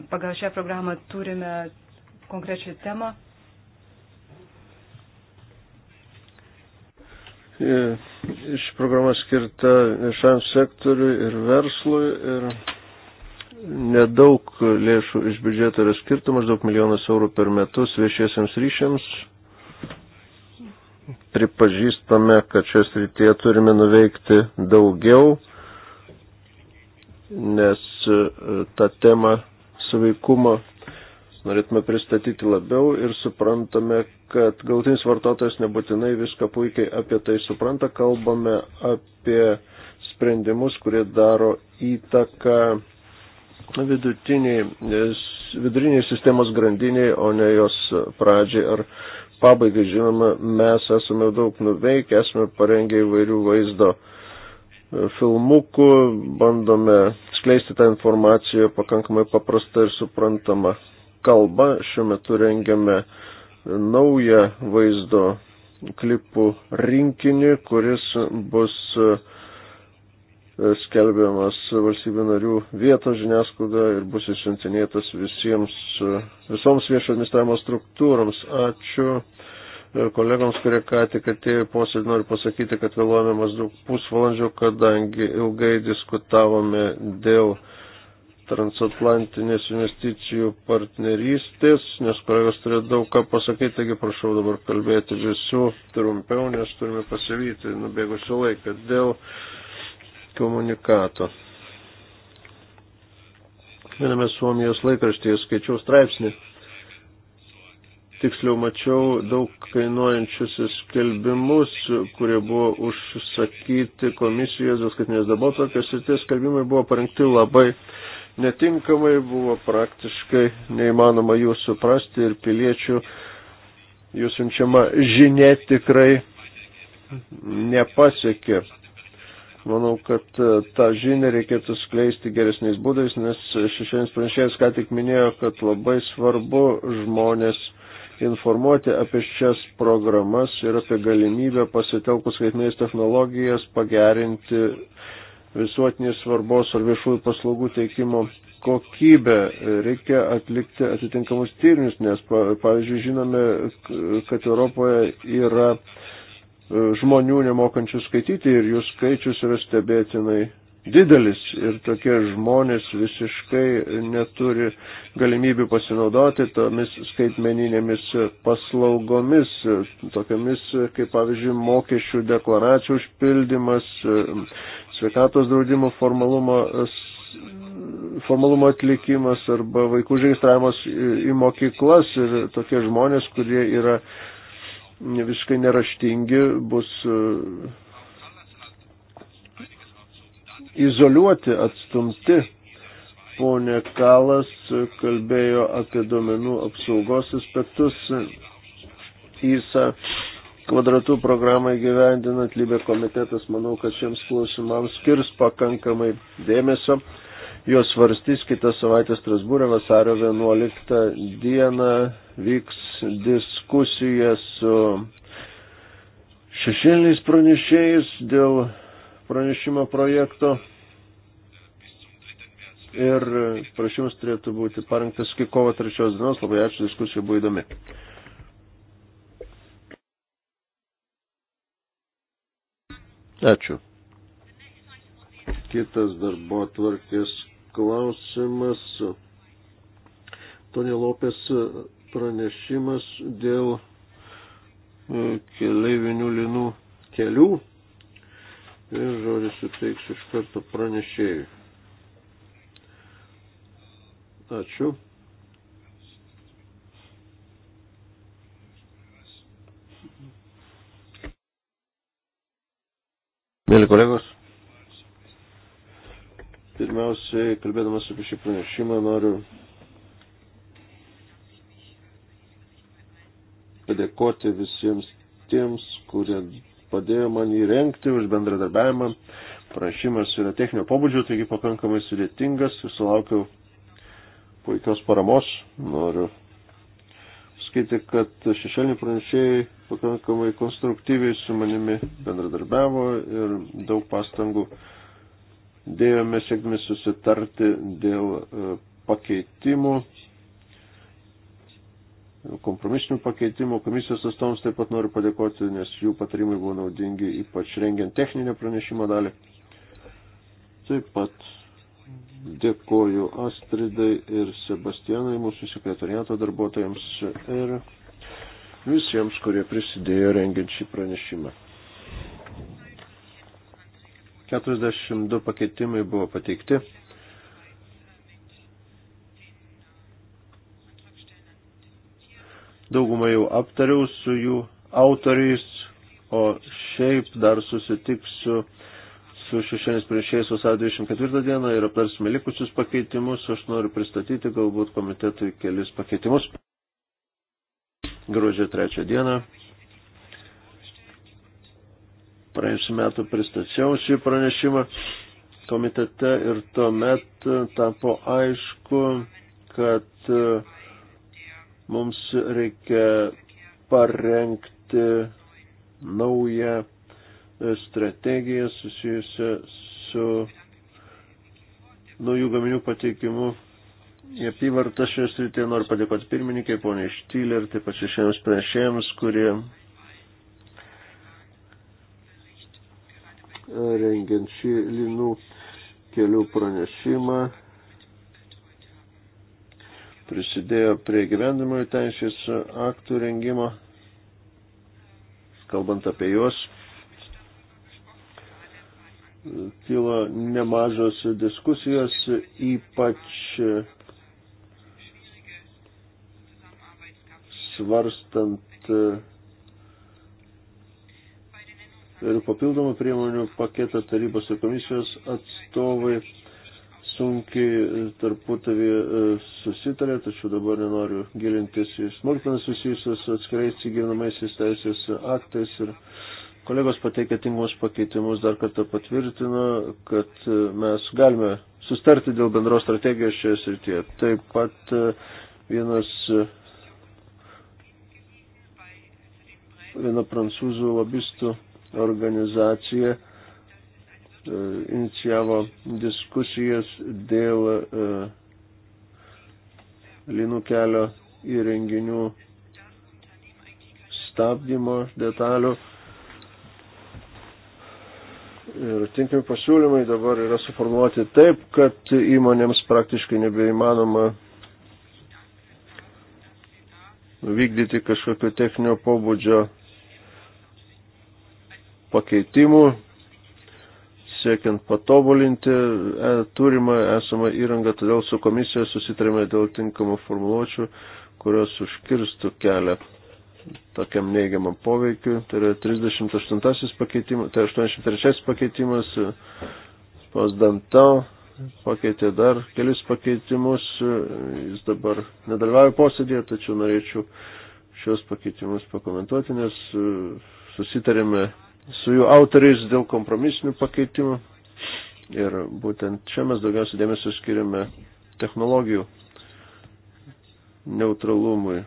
[SPEAKER 1] Pagal šią programą turime konkrečią temą.
[SPEAKER 2] E, iš programa skirta viešam sektoriui ir verslui ir nedaug lėšų iš biudžeto yra skirta, maždaug milijonas eurų per metus viešiesiams ryšiams. Pripažįstame, kad šios rytie turime nuveikti daugiau nes e, tą temą suveikumo norėtume pristatyti labiau ir suprantame, kad galtinis vartotojas nebūtinai viską puikiai apie tai supranta, kalbame apie sprendimus, kurie daro įtaką vidutiniai, viduriniai sistemos grandiniai, o ne jos pradžiai ar pabaigai. Žinoma, mes esame daug nuveikę, esame parengę įvairių vaizdo uh, filmukų, bandome skleisti tą informaciją pakankamai paprastą ir suprantamą kalbą. Šiuo metu rengiame naują vaizdo klipų rinkinį, kuris bus e, skelbiamas valstybių narių vietos žiniasklaida ir bus išsiuntinėtas visiems, e, visoms viešo administravimo struktūroms. Ačiū kolegoms, kurie ką tik atėjo posėdį, noriu pasakyti, kad vėluojame maždaug pusvalandžio, kadangi ilgai diskutavome dėl transatlantinės investicijų partnerystės, nes kolegos turėjo daug ką pasakyti, taigi prašau dabar kalbėti visų trumpiau, nes turime pasivyti nubėgusiu laiką dėl komunikato. Viename Suomijos laikraštyje skaičiau straipsnį tiksliau mačiau daug kainuojančius skelbimus, kurie buvo užsakyti komisijos dėl skaitinės darbo tokios ir tie skelbimai buvo parengti labai netinkamai, buvo praktiškai neįmanoma jų suprasti ir piliečių jų siunčiama žinia tikrai nepasiekė. Manau, kad e, tą žinią reikėtų skleisti geresniais būdais, nes šešienis pranešėjas ką tik minėjo, kad labai svarbu žmonės informuoti apie šias programas ir apie galimybę pasitelkus skaitmės technologijas pagerinti visuotinės svarbos ar viešųjų paslaugų teikimo kokybę. Reikia atlikti atitinkamus tyrimus, nes, pavyzdžiui, žinome, kad Europoje yra žmonių nemokančių skaityti ir jų skaičius yra stebėtinai didelis ir tokie žmonės visiškai neturi galimybių pasinaudoti tomis skaitmeninėmis paslaugomis, tokiamis kaip pavyzdžiui mokesčių deklaracijų užpildymas, sveikatos draudimo formalumo formalumo atlikimas arba vaikų žaistravimas į mokyklas ir tokie žmonės, kurie yra visiškai neraštingi, bus izoliuoti, atstumti. Pone Kalas kalbėjo apie duomenų apsaugos aspektus įsa kvadratų programą įgyvendinant. Lybė komitetas, manau, kad šiems klausimams skirs pakankamai dėmesio. Jos svarstys kitą savaitę Strasbūrė vasario 11 dieną vyks diskusija su šešėliniais pranešėjais dėl pranešimo projekto ir prašymas turėtų būti parengtas iki kovo trečios dienos. Labai ačiū, diskusija buvo įdomi. Ačiū. Kitas darbo tvarkės klausimas. Tonė Lopės pranešimas dėl e, keleivinių linų kelių ir žodį suteiksiu iš karto pranešėjui. Ačiū. Mėly kolegos, pirmiausiai, kalbėdamas apie šį pranešimą, noriu padėkoti visiems tiems, kurie padėjo man įrengti, už bendradarbiavimą. Prašymas yra techninio pobūdžio, taigi pakankamai sudėtingas, susilaukiau puikios paramos. Noriu pasakyti, kad šešėliniai pranešėjai pakankamai konstruktyviai su manimi bendradarbiavo ir daug pastangų dėjome siekdami susitarti dėl e, pakeitimų kompromisinių pakeitimų. Komisijos atstovams taip pat noriu padėkoti, nes jų patarimai buvo naudingi, ypač rengiant techninę pranešimo dalį. Taip pat dėkoju Astridai ir Sebastianai, mūsų sekretariato darbuotojams ir visiems, kurie prisidėjo rengiant šį pranešimą. 42 pakeitimai buvo pateikti. daugumą jau aptariau su jų autoriais, o šiaip dar susitiksiu su šešienis priešėjais vasario 24 dieną ir aptarsime likusius pakeitimus. Aš noriu pristatyti galbūt komitetui kelis pakeitimus. Gruodžio 3 dieną. Praėjusiu metu pristačiau šį pranešimą komitete ir tuomet tapo aišku, kad uh, Mums reikia parengti naują strategiją susijusią su naujų gaminių pateikimu į apyvartą šioje srityje. Noriu padėkoti pirmininkai, poniai Štylė ir taip pat šešiems priešiems, kurie rengiant šį linų kelių pranešimą prisidėjo prie gyvendimųjų teisės aktų rengimo, kalbant apie juos, kilo nemažos diskusijos, ypač svarstant ir papildomų priemonių paketą tarybos ir komisijos atstovai sunkiai tarpusavį e, susitarė, tačiau dabar nenoriu gilintis į smulkmenas susijusius su atskirais įgyvenamaisiais teisės aktais ir kolegos pateikė tinkamus pakeitimus dar kartą patvirtino, kad e, mes galime sustarti dėl bendros strategijos šioje srityje. Taip pat e, vienas viena prancūzų lobistų organizacija E, inicijavo diskusijas dėl e, linų kelio įrenginių stabdymo detalių. Ir tinkami pasiūlymai dabar yra suformuoti taip, kad įmonėms praktiškai nebeįmanoma vykdyti kažkokio techninio pobūdžio pakeitimų, siekiant patobulinti e, turimą esamą įrangą, todėl su komisija susitarėme dėl tinkamų formuluočių, kurios užkirstų kelią tokiam neigiamam poveikiu. Tai yra 38 pakeitimas, tai 83 pakeitimas, pas Dantau pakeitė dar kelis pakeitimus, jis dabar nedalyvauja posėdėje, tačiau norėčiau šios pakeitimus pakomentuoti, nes e, susitarėme su jų autoriais dėl kompromisinių pakeitimų. Ir būtent čia mes daugiausia dėmesio skiriame technologijų neutralumui.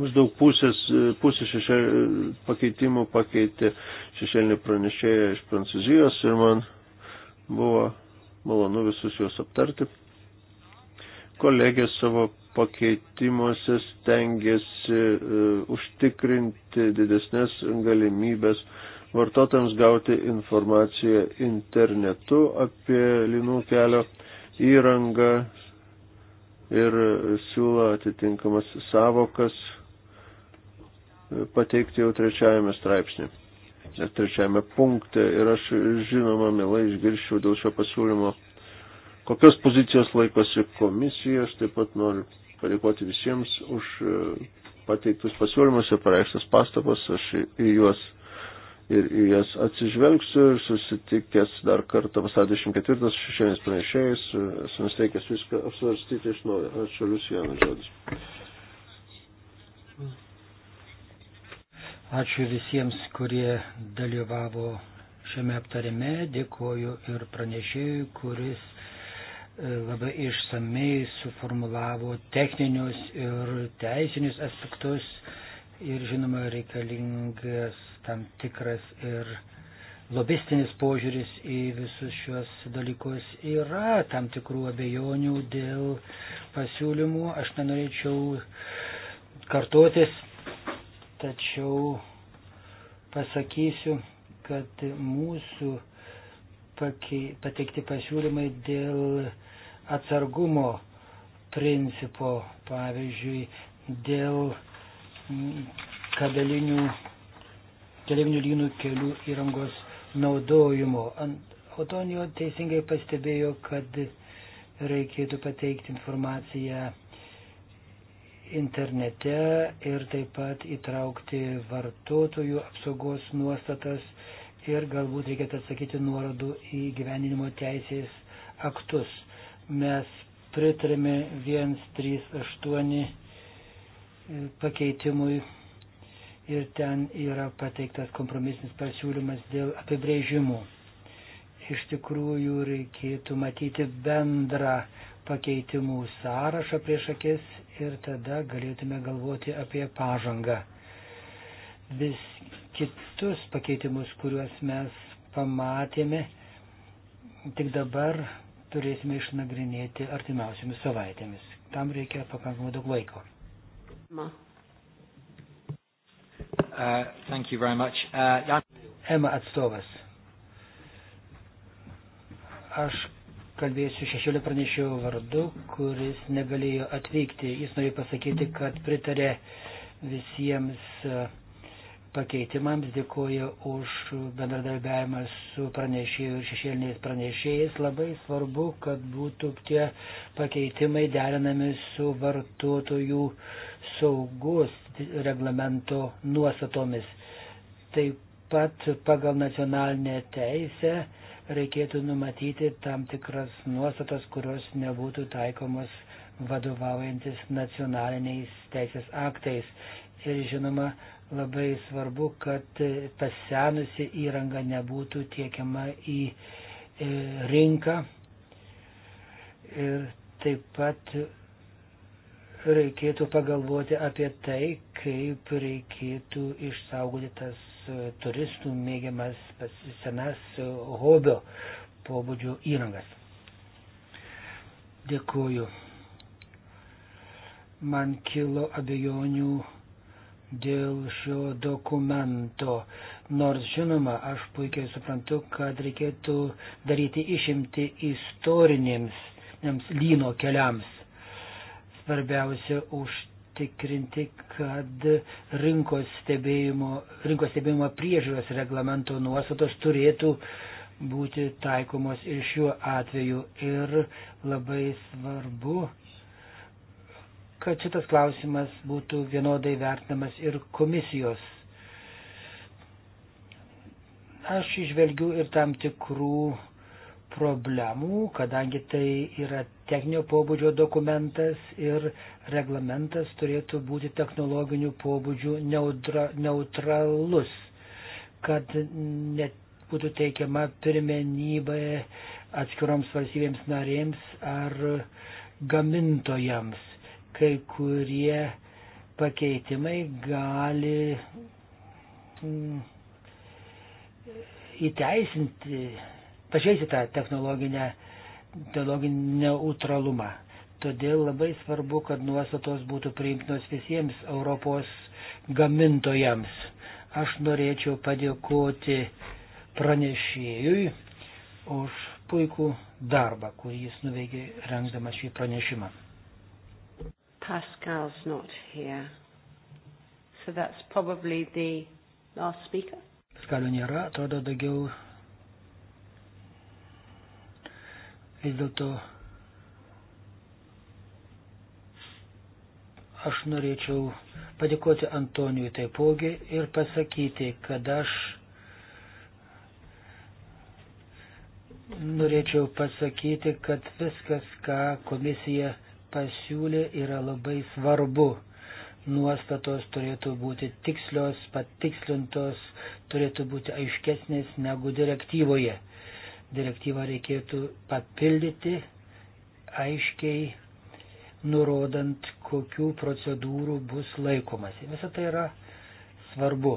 [SPEAKER 2] Maždaug pusės, pusė šešėl, pakeitimų pakeitė šešėlinį pranešėją iš Prancūzijos ir man buvo malonu visus juos aptarti. Kolegė savo pakeitimuose stengiasi e, užtikrinti didesnės galimybės vartotojams gauti informaciją internetu apie linų kelio įrangą ir siūlo atitinkamas savokas e, pateikti jau trečiajame straipsnėje trečiame punkte ir aš žinoma, mielai išgirščiau dėl šio pasiūlymo, kokios pozicijos laikosi komisija, aš taip pat noriu padėkoti visiems už e, pateiktus pasiūlymus ir pareikštas pastabas. Aš į juos ir į jas atsižvelgsiu ir susitikęs dar kartą vasarį 24 šešėnės pranešėjais, e, esu nusteikęs viską apsvarstyti iš naujo. Ačiū Liusijanas žodis.
[SPEAKER 3] Ačiū visiems, kurie dalyvavo šiame aptarime, dėkoju ir pranešėjui, kuris labai išsamei suformulavo techninius ir teisinius aspektus ir žinoma reikalingas tam tikras ir lobistinis požiūris į visus šiuos dalykus yra tam tikrų abejonių dėl pasiūlymų. Aš nenorėčiau kartotis, tačiau pasakysiu, kad mūsų pateikti pasiūlymai dėl atsargumo principo, pavyzdžiui, dėl mm, kabelinių, keliavinių lynų kelių įrangos naudojimo. Otonijo teisingai pastebėjo, kad reikėtų pateikti informaciją internete ir taip pat įtraukti vartotojų apsaugos nuostatas ir galbūt reikėtų atsakyti nuorodų į gyveninimo teisės aktus. Mes pritarėme 138 e, pakeitimui ir ten yra pateiktas kompromisinis pasiūlymas dėl apibrėžimų. Iš tikrųjų reikėtų matyti bendrą pakeitimų sąrašą prieš akis ir tada galėtume galvoti apie pažangą. Vis kitus pakeitimus, kuriuos mes pamatėme, tik dabar turėsime išnagrinėti artimiausiamis savaitėmis. Tam reikia pakankamai daug laiko. Ma. Uh, thank you very much. Uh, yeah. Ema atstovas. Aš kalbėsiu šešėlio pranešėjo vardu, kuris negalėjo atvykti. Jis norėjo pasakyti, kad pritarė visiems uh, pakeitimams, dėkoju už bendradarbiavimą su pranešėjų ir šešėliniais pranešėjais. Labai svarbu, kad būtų tie pakeitimai derinami su vartotojų saugos reglamento nuostatomis. Taip pat pagal nacionalinę teisę reikėtų numatyti tam tikras nuostatas, kurios nebūtų taikomos vadovaujantis nacionaliniais teisės aktais. Ir žinoma, Labai svarbu, kad pasenusi įranga nebūtų tiekiama į e, rinką. Ir taip pat reikėtų pagalvoti apie tai, kaip reikėtų išsaugoti tas e, turistų mėgiamas senas e, hobio pobūdžio įrangas. Dėkuoju. Man kilo abejonių dėl šio dokumento. Nors žinoma, aš puikiai suprantu, kad reikėtų daryti išimti istorinėms lyno keliams. Svarbiausia užtikrinti, kad rinkos stebėjimo, rinkos stebėjimo priežiūros reglamento nuostatos turėtų būti taikomos ir šiuo atveju. Ir labai svarbu kad šitas klausimas būtų vienodai vertinamas ir komisijos. Aš išvelgiu ir tam tikrų problemų, kadangi tai yra techninio pobūdžio dokumentas ir reglamentas turėtų būti technologinių pobūdžių neutra, neutralus, kad net būtų teikiama pirmenybė atskiroms valstybėms narėms ar gamintojams kai kurie pakeitimai gali mm, įteisinti, pažeisti tą technologinę, technologinį neutralumą. Todėl labai svarbu, kad nuostatos būtų priimtinos visiems Europos gamintojams. Aš norėčiau padėkoti pranešėjui už puikų darbą, kurį jis nuveikė rengdamas šį pranešimą.
[SPEAKER 1] Pascal's not here. So that's probably the last speaker.
[SPEAKER 3] Pascalio nėra, atrodo daugiau vis dėlto aš norėčiau padėkoti Antonijui taipogi ir pasakyti, kad aš norėčiau pasakyti, kad viskas, ką komisija pasiūlė, yra labai svarbu. Nuostatos turėtų būti tikslios, patikslintos, turėtų būti aiškesnės negu direktyvoje. Direktyvą reikėtų papildyti aiškiai, nurodant, kokių procedūrų bus laikomasi. Visą tai yra svarbu.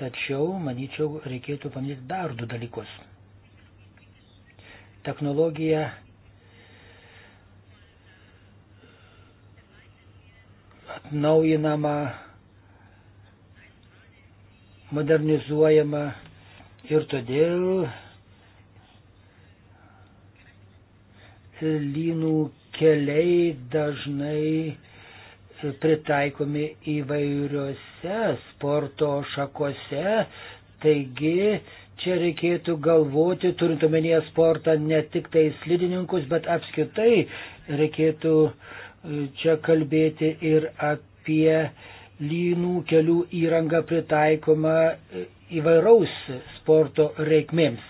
[SPEAKER 3] Tačiau, manyčiau, reikėtų paminėti dar du dalykus. Technologija atnaujinama, modernizuojama ir todėl lynų keliai dažnai pritaikomi įvairiose sporto šakose, taigi čia reikėtų galvoti, turint omenyje sportą, ne tik tai slidininkus, bet apskritai reikėtų čia kalbėti ir apie lynų kelių įrangą pritaikomą įvairaus sporto reikmėms.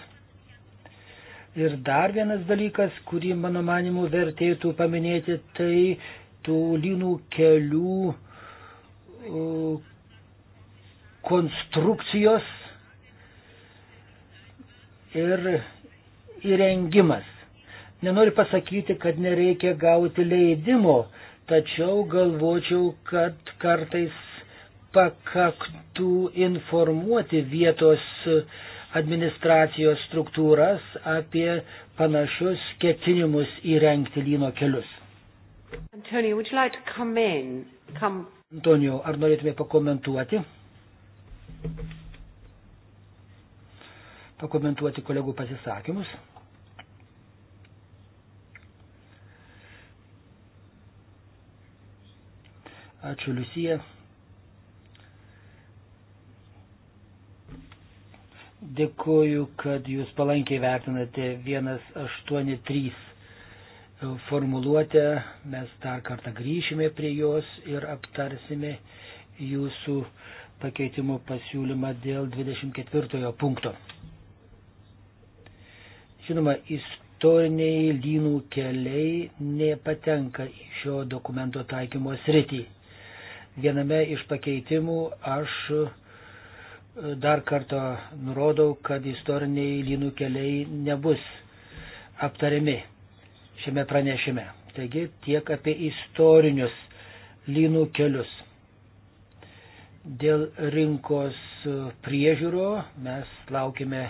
[SPEAKER 3] Ir dar vienas dalykas, kurį mano manimu vertėtų paminėti, tai tų lynų kelių konstrukcijos ir įrengimas. Nenoriu pasakyti, kad nereikia gauti leidimo, tačiau galvočiau, kad kartais pakaktų informuoti vietos administracijos struktūras apie panašius ketinimus įrengti lyno kelius. Antonio, would you like to come in? Come... Antonio, ar norėtume pakomentuoti? Pakomentuoti kolegų pasisakymus. Ačiū, Liusija. Dėkuoju, kad jūs palankiai vertinate 183 formuluotę. Mes dar kartą grįšime prie jos ir aptarsime jūsų pakeitimo pasiūlymą dėl 24 punkto. Žinoma, istoriniai lynų keliai nepatenka į šio dokumento taikymo sritį. Viename iš pakeitimų aš e, dar kartą nurodau, kad istoriniai lynų keliai nebus aptariami šiame pranešime. Taigi tiek apie istorinius lynų kelius. Dėl rinkos priežiūro mes laukime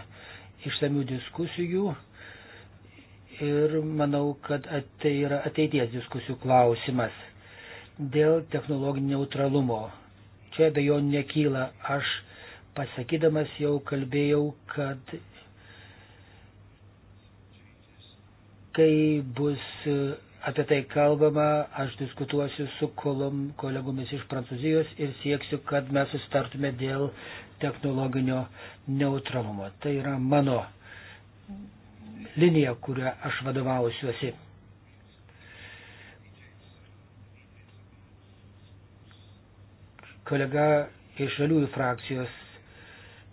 [SPEAKER 3] išsamių diskusijų ir manau, kad tai yra ateities diskusijų klausimas dėl technologinio neutralumo. Čia be jo nekyla. Aš pasakydamas jau kalbėjau, kad kai bus e, apie tai kalbama, aš diskutuosiu su kolom, kolegomis iš Prancūzijos ir sieksiu, kad mes sustartume dėl technologinio neutralumo. Tai yra mano linija, kurią aš vadovausiuosi. Kolega iš žaliųjų frakcijos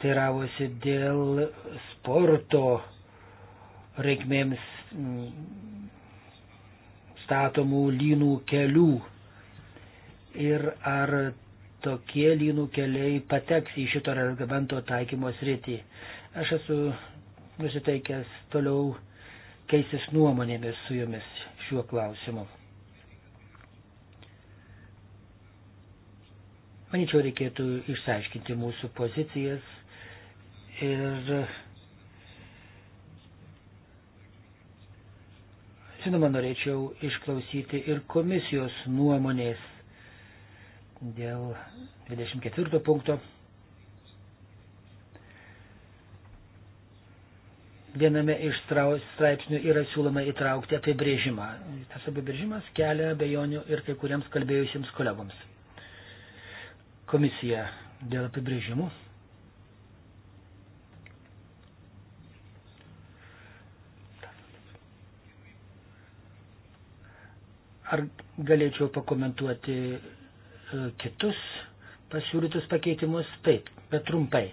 [SPEAKER 3] teiravosi dėl sporto reikmėms mm, statomų lynų kelių ir ar tokie lynų keliai pateks į šito reglamento taikymo sritį. Aš esu nusiteikęs toliau keistis nuomonėmis su jumis šiuo klausimu. Manyčiau, reikėtų išsiaiškinti mūsų pozicijas ir žinoma, norėčiau išklausyti ir komisijos nuomonės dėl 24 punkto. viename iš straipsnių yra siūloma įtraukti apibrėžimą. Tas apibrėžimas kelia bejonių ir kai kuriems kalbėjusiems kolegoms komisiją dėl apibrėžimų. Ar galėčiau pakomentuoti e, kitus pasiūlytus pakeitimus? Taip, bet trumpai.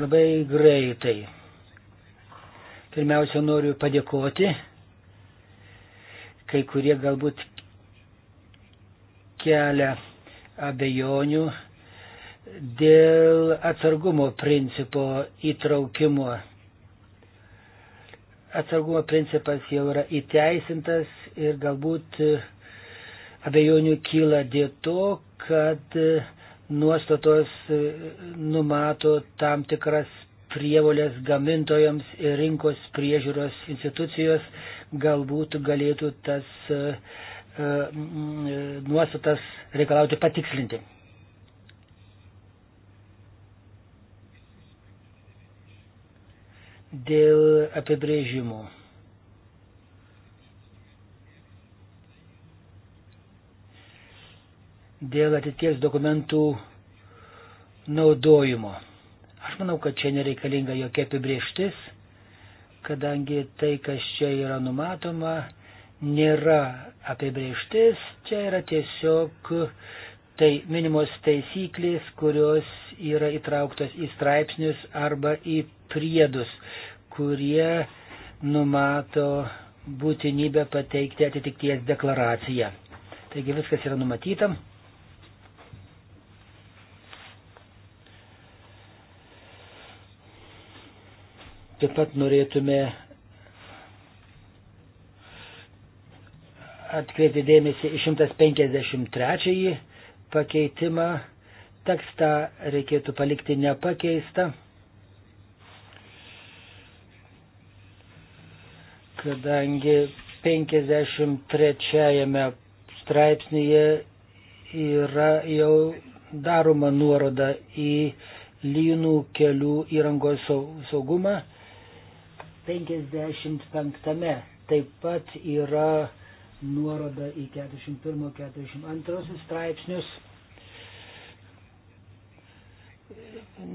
[SPEAKER 3] Labai greitai. Pirmiausia, noriu padėkoti kai kurie galbūt kelia abejonių dėl atsargumo principo įtraukimo. Atsargumo principas jau yra įteisintas ir galbūt abejonių kyla dėl to, kad nuostatos numato tam tikras prievolės gamintojams ir rinkos priežiūros institucijos galbūt galėtų tas e, e, e, nuostatas reikalauti patikslinti. Dėl apibrėžimų. Dėl atities dokumentų naudojimo. Aš manau, kad čia nereikalinga jokia apibrieštis kadangi tai, kas čia yra numatoma, nėra apibrieštis, čia yra tiesiog tai minimos taisyklės, kurios yra įtrauktos į straipsnius arba į priedus, kurie numato būtinybę pateikti atitikties deklaraciją. Taigi viskas yra numatyta. Taip pat norėtume atkreipti dėmesį į 153 pakeitimą. Tekstą reikėtų palikti nepakeistą, kadangi 53 straipsnėje yra jau daroma nuoroda į lynų kelių įrangos saugumą 55 taip pat yra nuoroda į 41-42 straipsnius.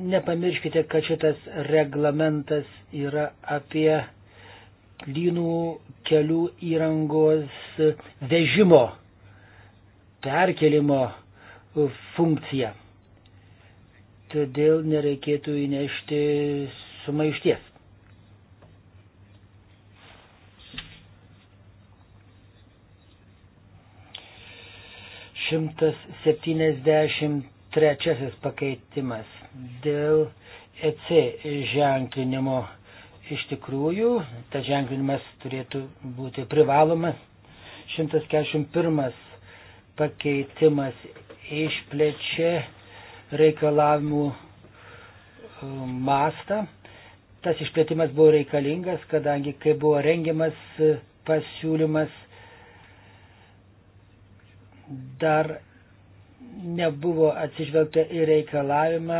[SPEAKER 3] Nepamirškite, kad šitas reglamentas yra apie plynų kelių įrangos vežimo, perkelimo funkciją. Todėl nereikėtų įnešti sumaišties. 173 pakeitimas dėl EC ženklinimo. Iš tikrųjų, tas ženklinimas turėtų būti privalomas. 141 pakeitimas išplečia reikalavimų e, mastą. Tas išplėtimas buvo reikalingas, kadangi kai buvo rengiamas e, pasiūlymas dar nebuvo atsižvelgta į reikalavimą,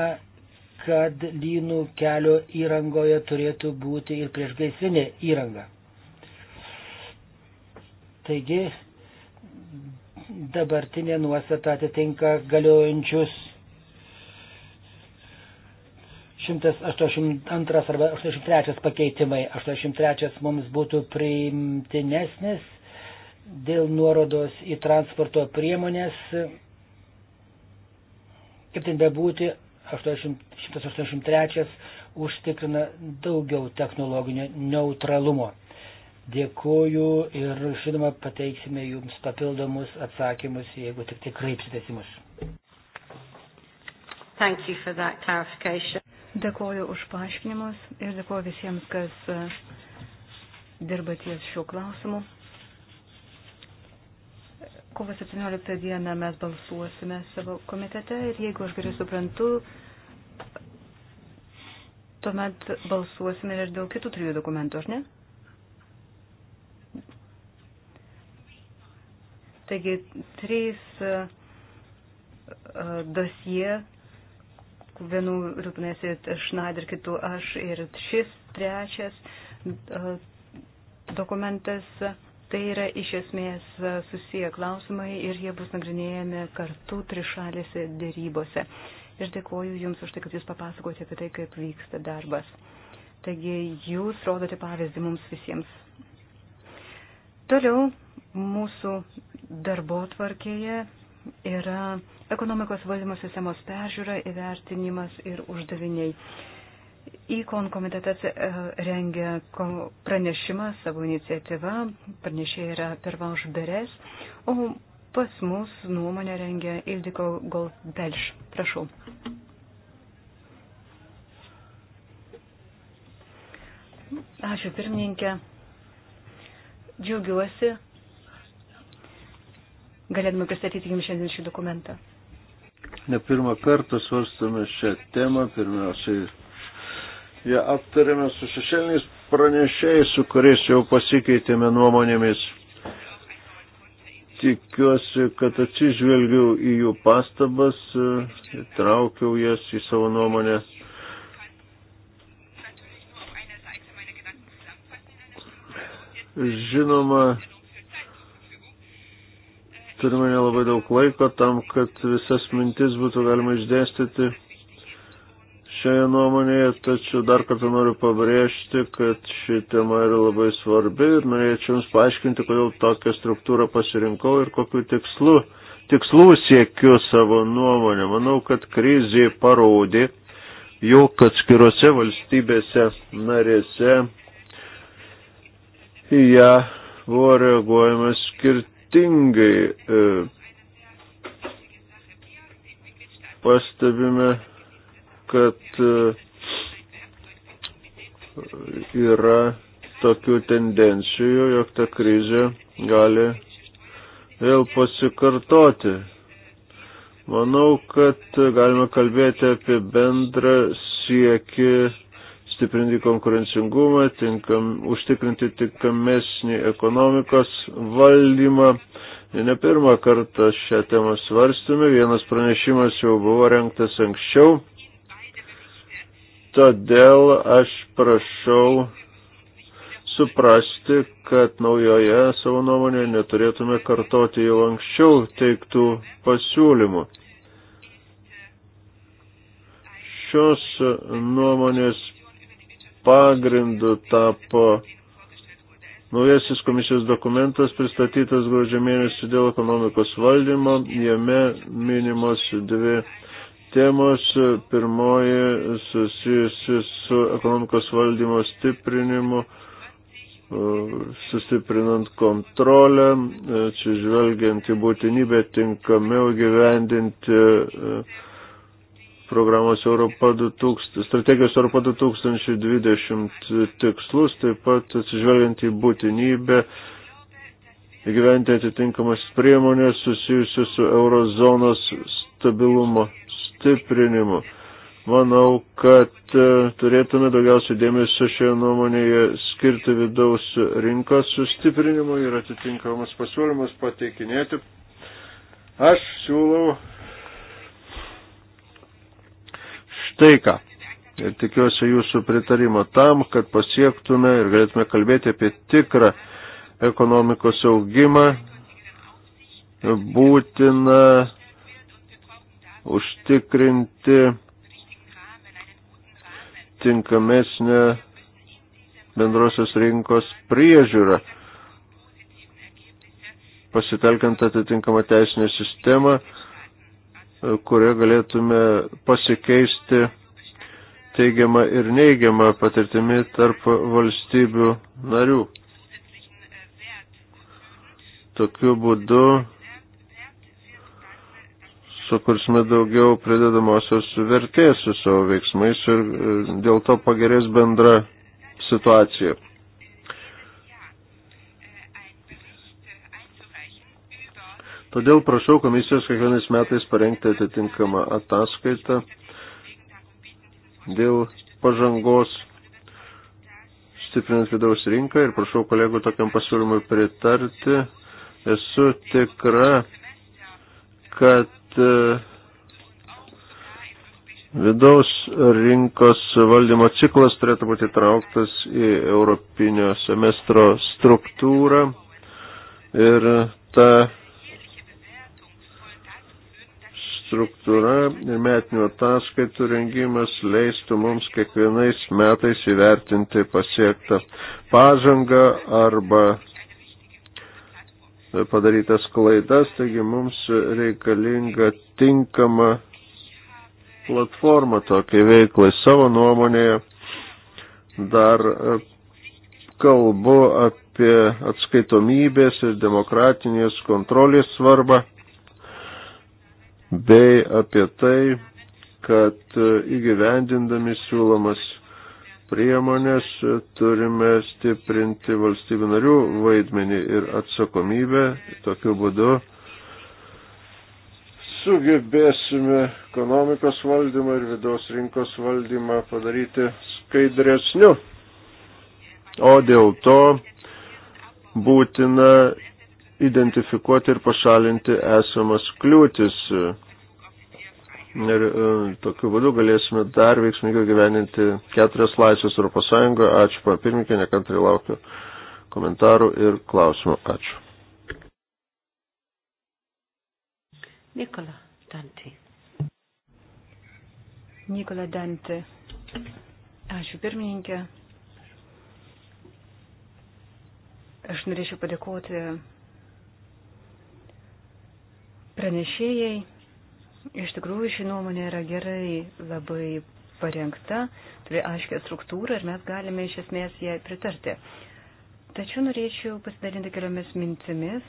[SPEAKER 3] kad lynų kelio įrangoje turėtų būti ir priešgaisrinė įranga. Taigi dabartinė nuostata atitinka galiojančius 182 arba 83 pakeitimai. 83 mums būtų priimtinesnis dėl nuorodos į transporto priemonės, kaip ten bebūti, 183 užtikrina daugiau technologinio neutralumo. Dėkuoju ir žinoma pateiksime jums papildomus atsakymus, jeigu tik tai kreipsitės į mus.
[SPEAKER 1] Dėkuoju už paaiškinimus ir dėkuoju visiems, kas dirba ties šiuo klausimu kovo 17 dieną mes balsuosime savo komitete ir jeigu aš gerai suprantu, tuomet balsuosime ir dėl kitų trijų dokumentų, ar ne? Taigi, trys e, e, dosie, vienų rūpinasi Šnaid ir kitų aš ir šis trečias e, dokumentas. Uh, Tai yra iš esmės susiję klausimai ir jie bus nagrinėjami kartu trišalėse dėrybose. Ir dėkoju Jums už tai, kad Jūs papasakote apie tai, kaip vyksta darbas. Taigi Jūs rodote pavyzdį mums visiems. Toliau mūsų darbo tvarkėje yra ekonomikos valdymo sistemos peržiūra, įvertinimas ir uždaviniai. Įkon komitetas e, rengia pranešimą savo iniciatyvą, pranešė yra Pervanš Beres, o pas mus nuomonę rengia Ildiko Goldbelš. Prašau. Ačiū pirmininkė. Džiaugiuosi, galėdami pristatyti jums šiandien
[SPEAKER 2] šį dokumentą. Ne pirmą kartą svarstame šią temą, pirmiausiai ją ja, aptarėme su šešėliniais pranešėjais, su kuriais jau pasikeitėme nuomonėmis. Tikiuosi, kad atsižvelgiau į jų pastabas, e, traukiau jas į savo nuomonę. Žinoma, turime nelabai daug laiko tam, kad visas mintis būtų galima išdėstyti šioje nuomonėje, tačiau dar kartą noriu pabrėžti, kad ši tema yra labai svarbi ir norėčiau Jums paaiškinti, kodėl tokią struktūrą pasirinkau ir kokiu tikslu, tikslų siekiu savo nuomonę. Manau, kad krizė parodė, jog atskirose valstybėse narėse į ją buvo reaguojama skirtingai. E, pastebime kad e, yra tokių tendencijų, jog ta krizė gali vėl pasikartoti. Manau, kad galima kalbėti apie bendrą siekį stiprinti konkurencingumą, tinkam, užtikrinti tinkamesnį ekonomikos valdymą. Ne pirmą kartą šią temą svarstėme, vienas pranešimas jau buvo renktas anksčiau. Todėl aš prašau suprasti, kad naujoje savo nuomonėje neturėtume kartoti jau anksčiau teiktų pasiūlymų. Šios nuomonės pagrindu tapo naujasis komisijos dokumentas pristatytas gruodžio mėnesį dėl ekonomikos valdymo. Jame minimos dvi temos. Pirmoji susijusi su ekonomikos valdymo stiprinimu, sustiprinant kontrolę, čia žvelgiant į būtinybę tinkamiau gyvendinti programos Europa 2000, strategijos Europa 2020 tikslus, taip pat atsižvelgiant į būtinybę įgyventi atitinkamas priemonės susijusius su eurozonos stabilumo stiprinimu. Manau, kad e, turėtume daugiausiai dėmesio šioje nuomonėje skirti vidaus rinkos sustiprinimui ir atitinkamus pasiūlymus pateikinėti. Aš siūlau štai ką. Ir tikiuosi jūsų pritarimo tam, kad pasiektume ir galėtume kalbėti apie tikrą ekonomikos augimą, būtina užtikrinti tinkamesnę bendrosios rinkos priežiūrą, pasitelkiant atitinkamą teisinę sistemą, kurioje galėtume pasikeisti teigiamą ir neigiamą patirtimi tarp valstybių narių. Tokiu būdu sukursime daugiau pridedamosios vertės su savo veiksmais ir e, dėl to pagerės bendra situacija. Todėl prašau komisijos kiekvienais metais parengti atitinkamą ataskaitą dėl pažangos stiprinant vidaus rinką ir prašau kolegų tokiam pasiūlymui pritarti. Esu tikra, kad E, vidaus rinkos valdymo ciklas turėtų būti trauktas į Europinio semestro struktūrą ir ta struktūra ir metinių ataskaitų rengimas leistų mums kiekvienais metais įvertinti pasiektą pažangą arba E, padarytas klaidas, taigi mums reikalinga tinkama platforma tokiai veiklai. Savo nuomonėje dar e, kalbu apie atskaitomybės ir demokratinės kontrolės svarbą bei apie tai, kad e, įgyvendindami siūlomas priemonės, turime stiprinti valstybių narių vaidmenį ir atsakomybę. Tokiu būdu sugebėsime ekonomikos valdymą ir vidaus rinkos valdymą padaryti skaidresniu. O dėl to būtina identifikuoti ir pašalinti esamas kliūtis Ir e, tokiu būdu galėsime dar veiksmingiau gyveninti keturias laisvės Europos Sąjungoje. Ačiū, papirminkė, nekantrai laukiu komentarų ir klausimų. Ačiū.
[SPEAKER 1] Nikola Dantį. Nikola Dantį. Ačiū, pirmininkė. Aš norėčiau padėkoti pranešėjai Iš tikrųjų, ši nuomonė yra gerai labai parengta, turi aiškę struktūrą ir mes galime iš esmės jai pritarti. Tačiau norėčiau pasidalinti keliomis mintimis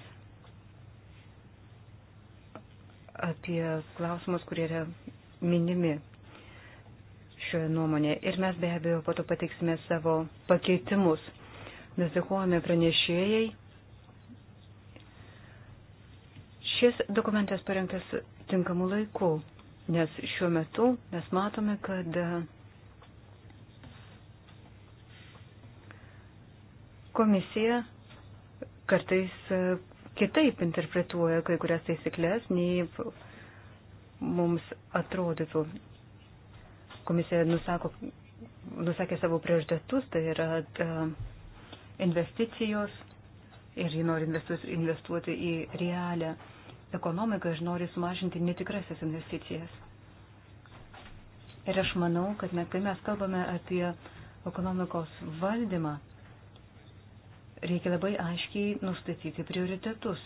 [SPEAKER 1] apie klausimus, kurie yra minimi šioje nuomonėje. Ir mes be abejo po to pateiksime savo pakeitimus. Mes dėkojame pranešėjai. Šis dokumentas parengtas tinkamu laiku, nes šiuo metu mes matome, kad komisija kartais kitaip interpretuoja kai kurias taisyklės, nei mums atrodytų. Komisija nusako, nusakė savo prioritetus, tai yra e, investicijos ir ji nori investuoti į realią ekonomiką ir nori sumažinti netikrasias investicijas. Ir aš manau, kad mes, kai mes kalbame apie ekonomikos valdymą, reikia labai aiškiai nustatyti prioritetus.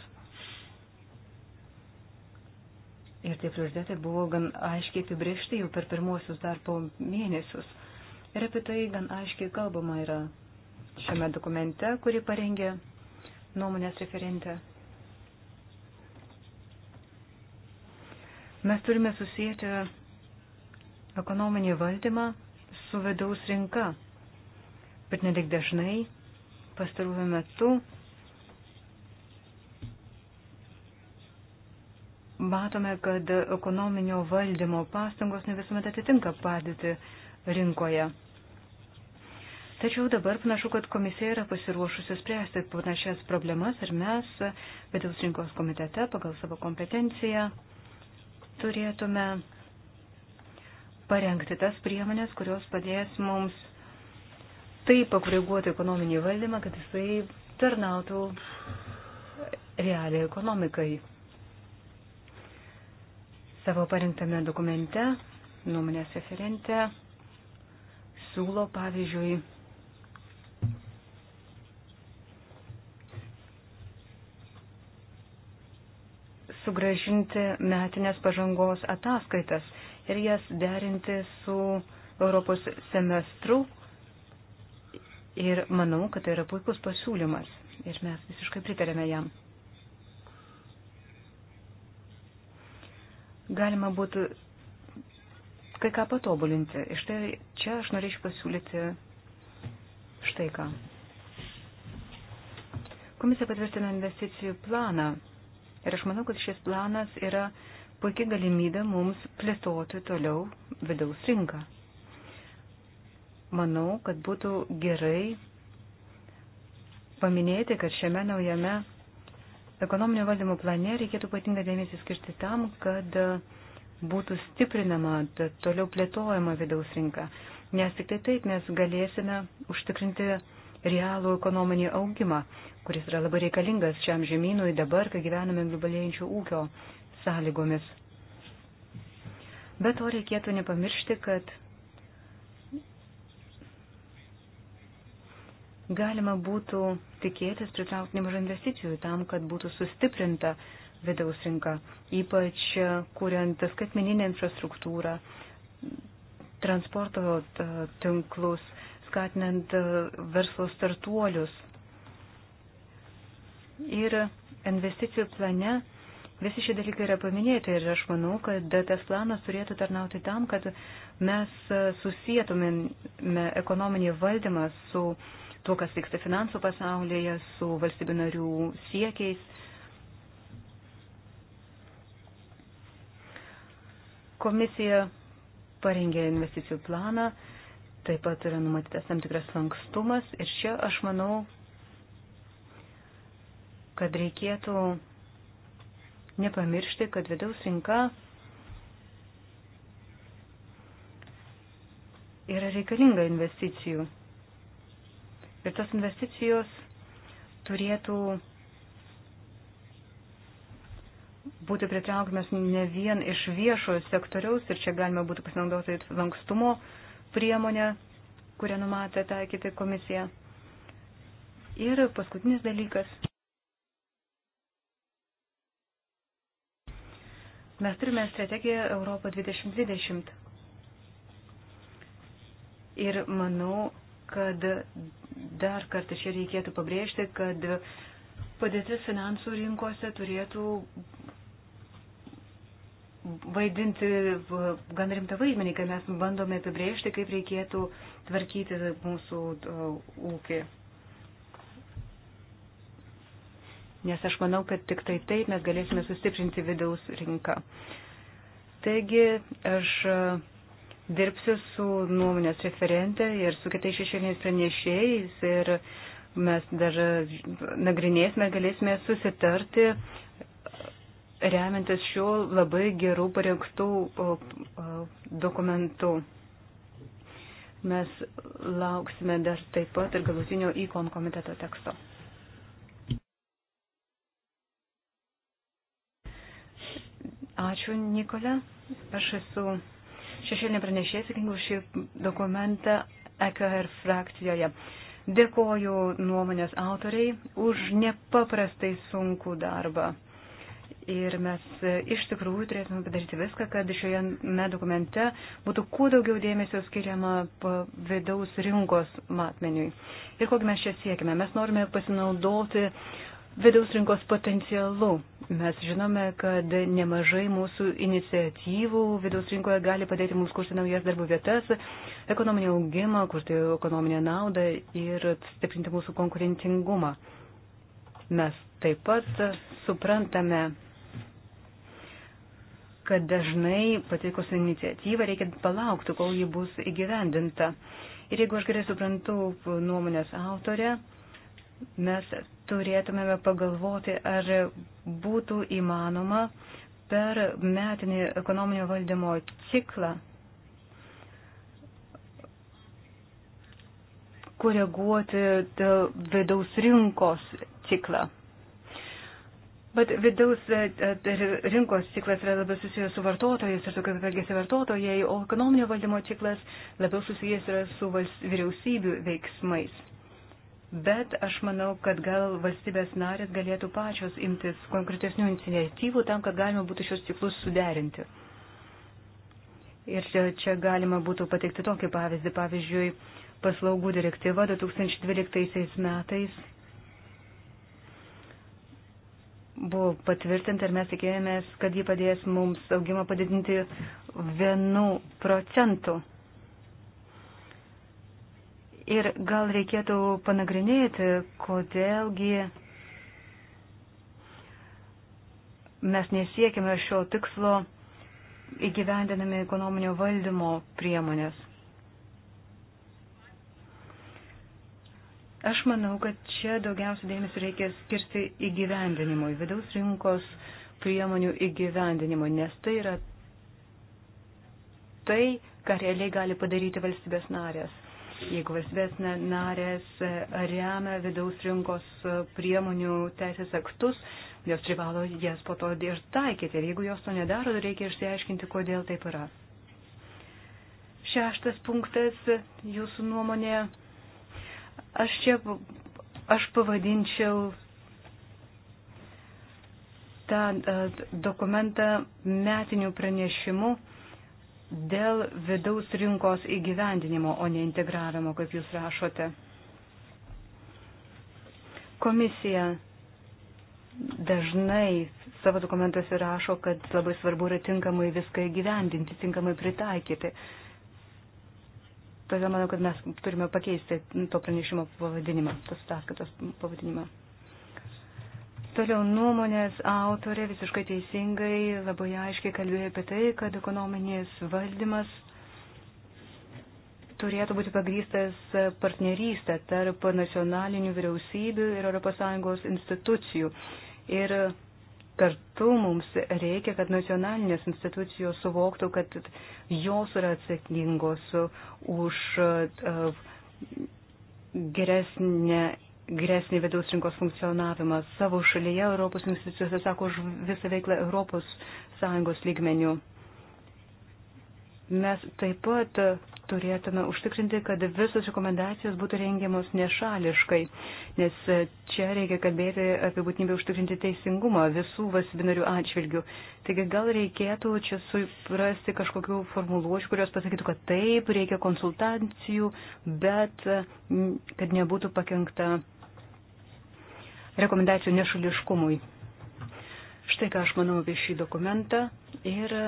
[SPEAKER 1] Ir tie prioritetai buvo gan aiškiai apibriežti jau per pirmosius darbo mėnesius. Ir apie tai gan aiškiai kalbama yra šiame dokumente, kurį parengė nuomonės referentė. Mes turime susijęti ekonominį valdymą su vidaus rinka. Bet nedik dažnai pastarųjų metų matome, kad ekonominio valdymo pastangos ne visuomet atitinka padėti rinkoje. Tačiau dabar panašu, kad komisija yra pasiruošusi spręsti panašias problemas ir mes, vidaus rinkos komitete, pagal savo kompetenciją, turėtume parengti tas priemonės, kurios padės mums taip pakoreguoti ekonominį valdymą, kad jisai tarnautų realiai ekonomikai. Savo parinktame dokumente nuomonės referente siūlo, pavyzdžiui, sugražinti metinės pažangos ataskaitas ir jas derinti su Europos semestru. Ir manau, kad tai yra puikus pasiūlymas ir mes visiškai pritarėme jam. Galima būtų kai ką patobulinti. Iš tai čia aš norėčiau pasiūlyti štai ką. Komisija patvirtino investicijų planą Ir aš manau, kad šis planas yra puikia galimybė mums plėtoti toliau vidaus rinką. Manau, kad būtų gerai paminėti, kad šiame naujame ekonominio valdymo plane reikėtų ypatingą dėmesį skirti tam, kad būtų stiprinama, toliau plėtojama vidaus rinka. Nes tik tai taip mes galėsime užtikrinti realų ekonominį augimą, kuris yra labai reikalingas šiam žemynui dabar, kai gyvename globalėjančių ūkio sąlygomis. Bet to reikėtų nepamiršti, kad galima būtų tikėtis pritraukti nemažai investicijų tam, kad būtų sustiprinta vidaus rinka, ypač kuriant skaitmeninę infrastruktūrą, transporto e, tinklus, skatinant e, verslo startuolius. Ir investicijų plane visi šie dalykai yra paminėti ir aš manau, kad tas planas turėtų tarnauti tam, kad mes e, susijėtumėme ekonominį valdymą su tuo, kas vyksta finansų pasaulyje, su valstybių narių siekiais. Komisija parengė investicijų planą Taip pat yra numatytas tam tikras lankstumas ir čia aš manau, kad reikėtų nepamiršti, kad vidaus rinka yra reikalinga investicijų. Ir tos investicijos turėtų būti pritraukiamas ne vien iš viešojo sektoriaus ir čia galima būtų pasinaudoti lankstumo priemonę, kurią numatė taikyti komisija. Ir paskutinis dalykas. Mes turime strategiją Europą 2020. Ir manau, kad dar kartą čia reikėtų pabrėžti, kad padėtis finansų rinkose turėtų vaidinti gan rimtą vaidmenį, kai mes bandome apibrėžti, kaip reikėtų tvarkyti mūsų uh, ūkį. Nes aš manau, kad tik tai taip mes galėsime sustiprinti vidaus rinką. Taigi aš uh, dirbsiu su nuomonės referente ir su kitais šešėliniais pranešėjais ir mes dar uh, nagrinėsime, galėsime susitarti remiantis šiuo labai gerų parengtų dokumentų. Mes lauksime dar taip pat ir galutinio įkon komiteto teksto. Ačiū, Nikolė. Aš esu šešėlinė pranešėja, sakinga už šį dokumentą EKR frakcijoje. Dėkoju nuomonės autoriai už nepaprastai sunkų darbą. Ir mes iš tikrųjų turėtume padaryti viską, kad šioje dokumente būtų kuo daugiau dėmesio skiriama vidaus rinkos matmeniui. Ir kokį mes čia siekime? Mes norime pasinaudoti vidaus rinkos potencialu. Mes žinome, kad nemažai mūsų iniciatyvų vidaus rinkoje gali padėti mums kurti naujas darbų vietas, ekonominį augimą, kurti ekonominę naudą ir stiprinti mūsų konkurentingumą. Mes taip pat suprantame, kad dažnai pateikus iniciatyvą reikia palaukti, kol ji bus įgyvendinta. Ir jeigu aš gerai suprantu nuomonės autorę, mes turėtumėme pagalvoti, ar būtų įmanoma per metinį ekonominio valdymo ciklą koreguoti vidaus rinkos ciklą. Bet vidaus e, e, tai rinkos ciklas yra labiau susijęs su vartotojais ir su kaip elgesi vartotojai, o ekonominio valdymo ciklas labiau susijęs yra su vyriausybių veiksmais. Bet aš manau, kad gal valstybės narės galėtų pačios imtis konkretesnių iniciatyvų tam, kad galima būtų šios ciklus suderinti. Ir čia, čia galima būtų pateikti tokį pavyzdį, pavyzdžiui, paslaugų direktyva 2012 metais buvo patvirtinta ir mes tikėjomės, kad ji padės mums augimą padidinti vienu procentu. Ir gal reikėtų panagrinėti, kodėlgi mes nesiekime šio tikslo įgyvendinami ekonominio valdymo priemonės. Aš manau, kad čia daugiausia dėmesio reikia skirti įgyvendinimui, vidaus rinkos priemonių įgyvendinimui, nes tai yra tai, ką realiai gali padaryti valstybės narės. Jeigu valstybės narės e, remia vidaus rinkos e, priemonių teisės aktus, jos privalo jas po to ir taikyti. Ir jeigu jos to nedaro, tai reikia išsiaiškinti, kodėl taip yra. Šeštas punktas jūsų nuomonė aš čia aš pavadinčiau tą e, dokumentą metinių pranešimų dėl vidaus rinkos įgyvendinimo, o ne integravimo, kaip jūs rašote. Komisija dažnai savo dokumentuose rašo, kad labai svarbu yra tinkamai viską įgyvendinti, tinkamai pritaikyti. Uh, Todėl manau, kad mes turime pakeisti to pranešimo pavadinimą, tos ataskaitos pavadinimą. Toliau nuomonės autorė visiškai teisingai labai aiškiai kalbėjo apie tai, kad ekonominis valdymas turėtų būti pagrystas partnerystė tarp nacionalinių vyriausybių ir ES institucijų. Ir Kartu mums reikia, kad nacionalinės institucijos suvoktų, kad jos yra atsakingos už e, geresnę geresnį vidaus rinkos funkcionavimą savo šalyje Europos institucijose, sako, už visą veiklą Europos Sąjungos lygmenių. Mes taip pat turėtume užtikrinti, kad visos rekomendacijos būtų rengiamos nešališkai, nes čia reikia kalbėti apie būtinybę užtikrinti teisingumą visų valstybinarių atžvilgių. Taigi gal reikėtų čia suprasti kažkokių formuluočių, kurios pasakytų, kad taip, reikia konsultacijų, bet kad nebūtų pakengta rekomendacijų nešališkumui. Štai ką aš manau apie šį dokumentą ir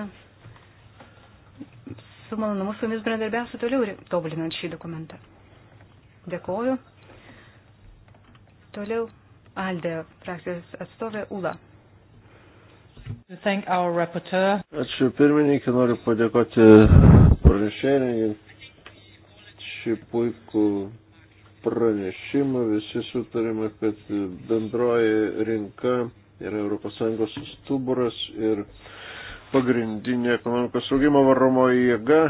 [SPEAKER 1] su malonumu su jumis bendradarbiausiu toliau ir tobulinant šį dokumentą. Dėkoju. Toliau Alde frakcijos atstovė Ula. Ačiū
[SPEAKER 2] pirmininkė, noriu padėkoti pranešėjai šį puikų pranešimą. Visi sutarėme, kad bendroji rinka yra ES stuburas ir pagrindinė ekonomikos augimo varomo jėga.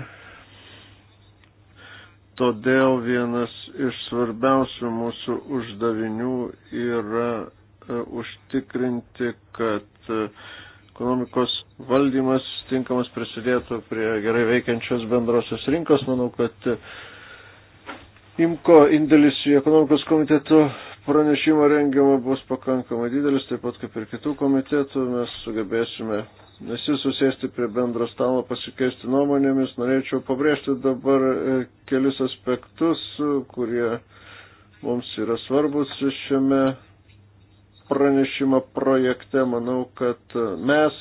[SPEAKER 2] Todėl vienas iš svarbiausių mūsų uždavinių yra e, užtikrinti, kad e, ekonomikos valdymas tinkamas prisidėtų prie gerai veikiančios bendrosios rinkos. Manau, kad e, Imko indėlis į ekonomikos komiteto pranešimo rengimo bus pakankamai didelis, taip pat kaip ir kitų komitetų, mes sugebėsime visi susėsti prie bendro stalo, pasikeisti nuomonėmis. Norėčiau pabrėžti dabar e, kelis aspektus, kurie mums yra svarbus šiame pranešimo projekte. Manau, kad mes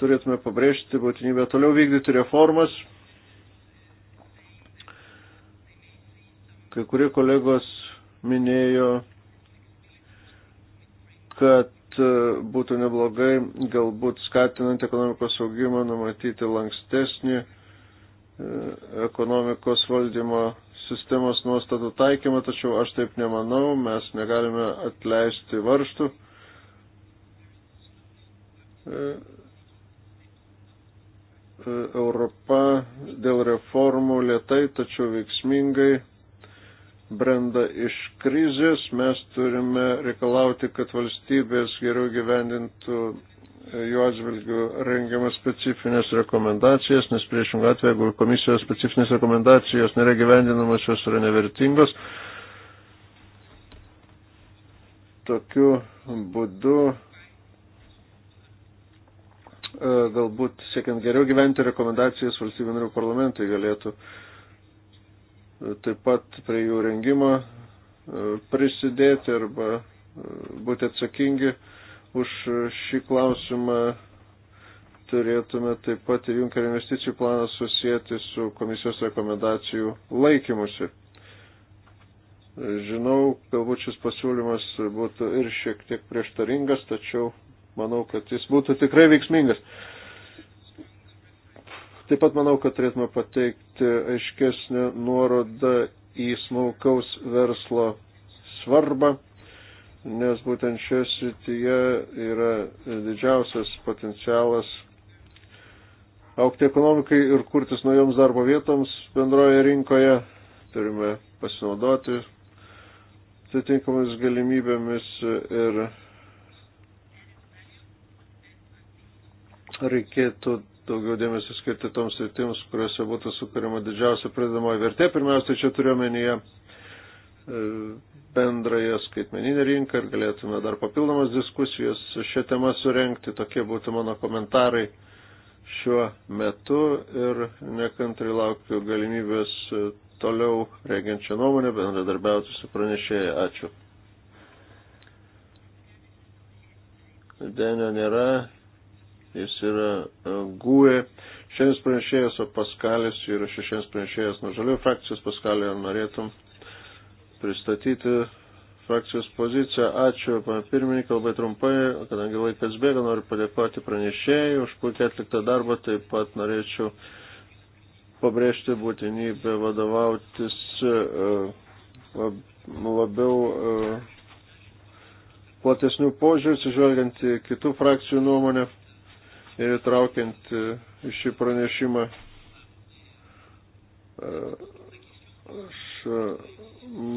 [SPEAKER 2] turėtume pabrėžti būtinybę toliau vykdyti reformas. Kai kurie kolegos minėjo, kad e, būtų neblogai galbūt skatinant ekonomikos augimą numatyti lankstesnį e, ekonomikos valdymo sistemos nuostatų taikymą, tačiau aš taip nemanau, mes negalime atleisti varštų. E, Europa dėl reformų lietai, tačiau veiksmingai brenda iš krizės, mes turime reikalauti, kad valstybės geriau gyvendintų jų atžvilgių rengiamas specifines rekomendacijas, nes priešingą atveju, jeigu komisijos specifinės rekomendacijos nėra gyvendinamas, jos yra nevertingos. Tokiu būdu e, galbūt siekiant geriau gyventi rekomendacijas valstybių narių parlamentai galėtų uh, taip pat prie jų rengimo e, prisidėti arba e, būti atsakingi už šį klausimą. Turėtume taip pat ir Junkerio investicijų planą susijęti su komisijos rekomendacijų laikymusi. Žinau, galbūt šis pasiūlymas būtų ir šiek tiek prieštaringas, tačiau manau, kad jis būtų tikrai veiksmingas. Taip pat manau, kad turėtume pateikti aiškesnį nuorodą į smulkaus verslo svarbą, nes būtent šioje srityje yra didžiausias potencialas aukti ekonomikai ir kurtis naujoms darbo vietoms bendroje rinkoje. Turime pasinaudoti atitinkamomis galimybėmis ir reikėtų daugiau dėmesio skirti toms sritims, kuriuose būtų sukūrima didžiausia pridedamoji vertė. Pirmiausia, čia turiuomenyje e, bendrąją skaitmeninę rinką ir galėtume dar papildomas diskusijas šią temą surenkti. Tokie būtų mano komentarai šiuo metu ir nekantrai laukiu galimybės toliau rengiančią nuomonę bendradarbiauti su pranešėjai. Ačiū. Denio nėra, jis yra e, GUE, šiandien pranešėjas, o Paskalis yra šešiems pranešėjas nuo žalių frakcijos. Paskalį, ar norėtum pristatyti frakcijos poziciją? Ačiū, pana pirmininkai, labai trumpai, kadangi laikas bėga, noriu padėkoti pranešėjai už puikiai atliktą darbą, taip pat norėčiau pabrėžti būtinybę vadovautis e, e, labiau platesnių požiūrį, atsižvelgiant į kitų frakcijų nuomonę traukiant e, šį pranešimą. E, aš e,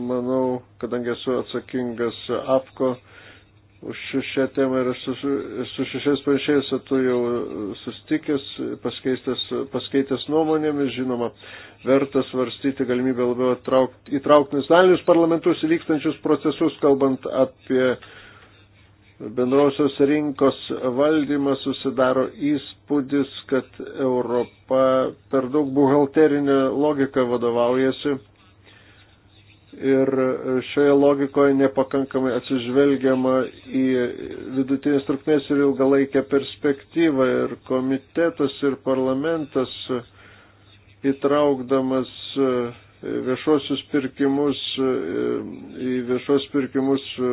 [SPEAKER 2] manau, kadangi esu atsakingas APKO už šią temą ir su, su šešiais pranešėjais tu jau sustikęs, paskeitęs nuomonėmis, žinoma, verta svarstyti galimybę labiau įtraukti nacionalinius parlamentus įvykstančius procesus, kalbant apie uh, bendrosios rinkos valdymas susidaro įspūdis, kad Europa per daug buhalterinę logiką vadovaujasi ir šioje logikoje nepakankamai atsižvelgiama į vidutinės trukmės ir ilgalaikę perspektyvą ir komitetas ir parlamentas įtraukdamas viešuosius pirkimus, e, į viešuosius pirkimus e,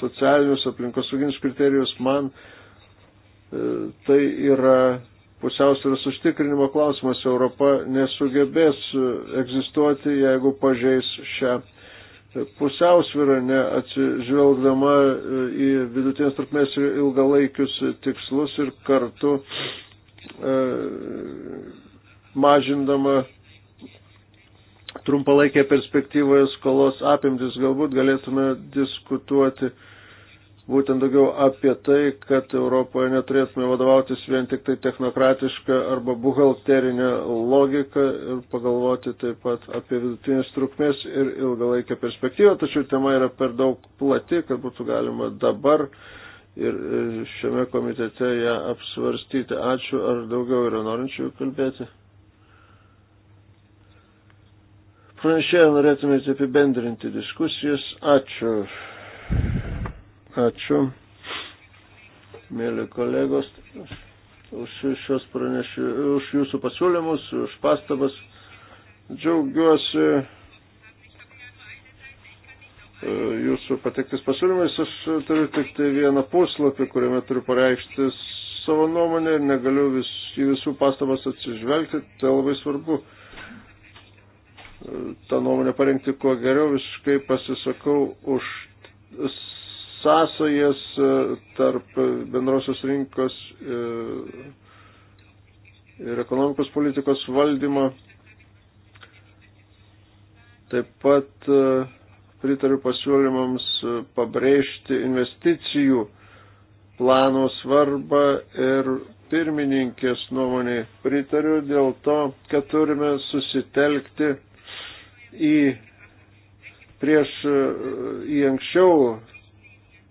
[SPEAKER 2] socialinius aplinkosauginius kriterijus, man e, tai yra pusiausvėros užtikrinimo klausimas. Europa nesugebės egzistuoti, jeigu pažeis šią pusiausvyrą, neatsižvelgdama į vidutinės trukmės ir ilgalaikius tikslus ir kartu mažindama trumpalaikėje perspektyvoje skolos apimtis. Galbūt galėtume diskutuoti būtent daugiau apie tai, kad Europoje neturėtume vadovautis vien tik tai technokratišką arba buhalterinę logiką ir pagalvoti taip pat apie vidutinės trukmės ir ilgalaikę perspektyvą, tačiau tema yra per daug plati, kad būtų galima dabar ir šiame komitete ją apsvarstyti. Ačiū, ar daugiau yra norinčių kalbėti? Pranešėją norėtumėte apibendrinti diskusijas. Ačiū. Ačiū, mėly kolegos, už, šios pranešių, už jūsų pasiūlymus, už pastabas. Džiaugiuosi e, jūsų patektis pasiūlymais. Aš turiu tik tai vieną puslapį, kuriame turiu pareikšti savo nuomonę ir negaliu vis, į visų pastabas atsižvelgti. Tai labai svarbu tą nuomonę parengti kuo geriau, visiškai pasisakau už sąsajas e, tarp bendrosios rinkos e, ir ekonomikos politikos valdymo. Taip pat e, pritariu pasiūlymams pabrėžti investicijų plano svarbą ir pirmininkės nuomonė pritariu dėl to, kad turime susitelkti į prieš į anksčiau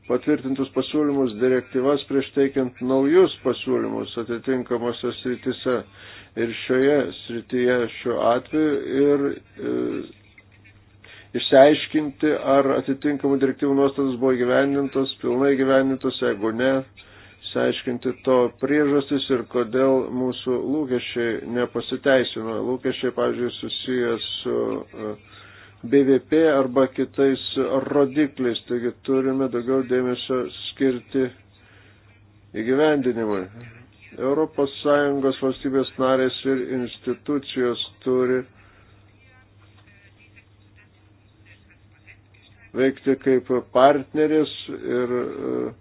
[SPEAKER 2] patvirtintus pasiūlymus direktyvas prieš teikiant naujus pasiūlymus atitinkamose sritise. Ir šioje srityje šiuo atveju ir e, išsiaiškinti, ar atitinkamų direktyvų nuostatos buvo gyvenintos, pilnai gyvenintos, jeigu ne, išsiaiškinti to priežastis ir kodėl mūsų lūkesčiai nepasiteisino. Lūkesčiai, pavyzdžiui, susijęs su e, BVP arba kitais rodikliais, taigi turime daugiau dėmesio skirti įgyvendinimui. ES valstybės narės ir institucijos turi veikti kaip partneris ir uh,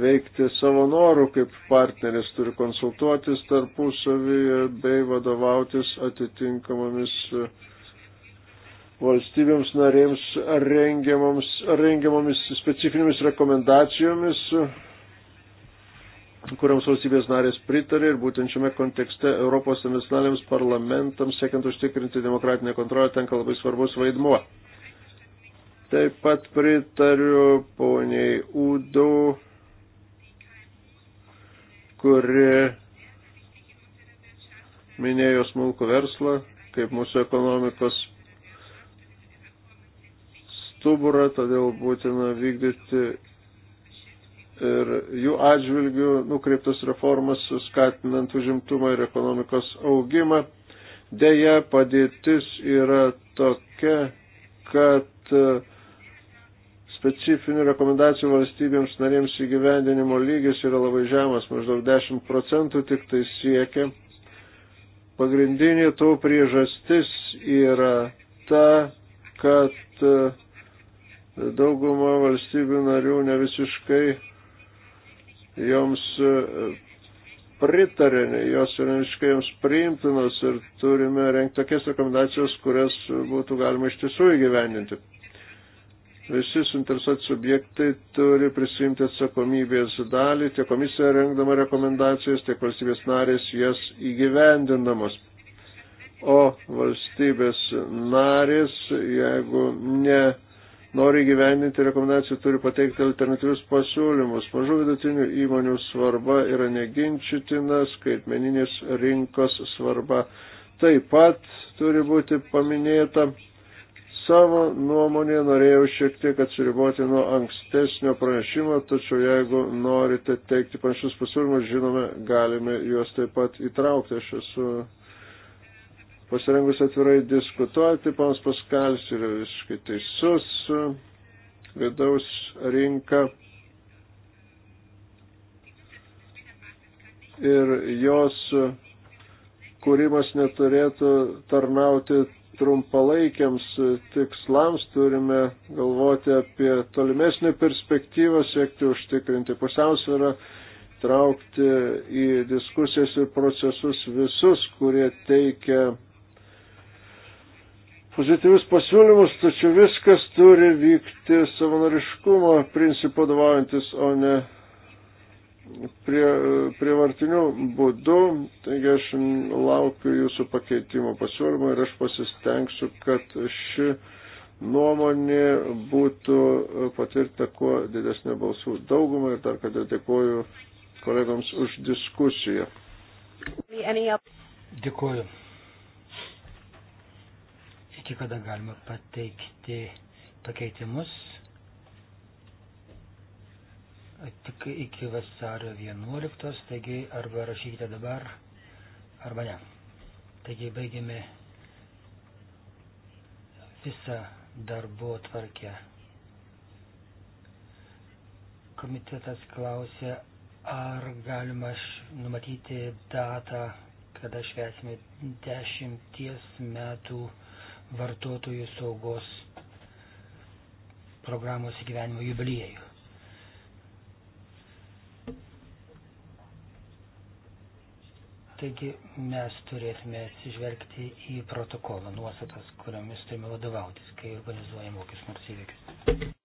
[SPEAKER 2] veikti savo norų kaip partneris, turi konsultuotis tarpusavį bei vadovautis atitinkamomis e, valstybėms narėms rengiamomis specifinėmis rekomendacijomis, kuriams valstybės narės pritarė ir būtent šiame kontekste Europos nacionaliniams parlamentams, siekiant užtikrinti demokratinę kontrolę, tenka labai svarbus vaidmuo. Taip pat pritariu poniai Udo kuri minėjo smulkų verslą kaip mūsų ekonomikos stuburą, todėl būtina vykdyti ir jų atžvilgių nukreiptas reformas, skatinant užimtumą ir ekonomikos augimą. Deja, padėtis yra tokia, kad specifinių rekomendacijų valstybėms narėms įgyvendinimo lygis yra labai žemas, maždaug 10 procentų tik tai siekia. Pagrindinė to priežastis yra ta, kad e, dauguma valstybių narių ne visiškai joms e, pritarė, jos yra visiškai joms priimtinos ir turime renkti tokias rekomendacijas, kurias būtų galima iš tiesų įgyvendinti. Visi suinteresuoti subjektai turi prisimti atsakomybės dalį, tiek komisija rengdama rekomendacijas, tiek valstybės narės jas įgyvendinamos. O valstybės narės, jeigu ne nori gyveninti rekomendacijų, turi pateikti alternatyvius pasiūlymus. Mažų vidutinių įmonių svarba yra neginčitina, skaitmeninės rinkos svarba taip pat turi būti paminėta savo nuomonėje norėjau šiek tiek atsiriboti nuo ankstesnio pranešimo, tačiau jeigu norite teikti panašius pasiūlymus, žinome, galime juos taip pat įtraukti. Aš esu pasirengus atvirai diskutuoti, panas Paskalis yra visiškai teisus, vidaus rinka. Ir jos kūrimas neturėtų tarnauti trumpalaikiams tikslams, turime galvoti apie tolimesnį perspektyvą, siekti užtikrinti pusiausvyrą, traukti į diskusijas ir procesus visus, kurie teikia pozityvius pasiūlymus, tačiau viskas turi vykti savanoriškumo principu vadovaujantis, o ne prie, prievartiniu būdu, taigi aš laukiu jūsų pakeitimo pasiūlymą ir aš pasistengsiu, kad ši nuomonė būtų patvirtinta kuo didesnė balsų daugumą ir dar kartą dėkoju kolegams už diskusiją. Dėkoju.
[SPEAKER 3] Iki kada galima pateikti pakeitimus? tik iki vasario 11, taigi arba rašykite dabar, arba ne. Taigi baigėme visą darbo tvarkę. Komitetas klausė, ar galima numatyti datą, kada švesime dešimties metų vartotojų saugos programos įgyvenimo jubiliejų. Taigi mes turėtume atsižvelgti į protokolą nuostatas, kuriomis turime vadovautis, kai organizuojam kokius nors įvykius.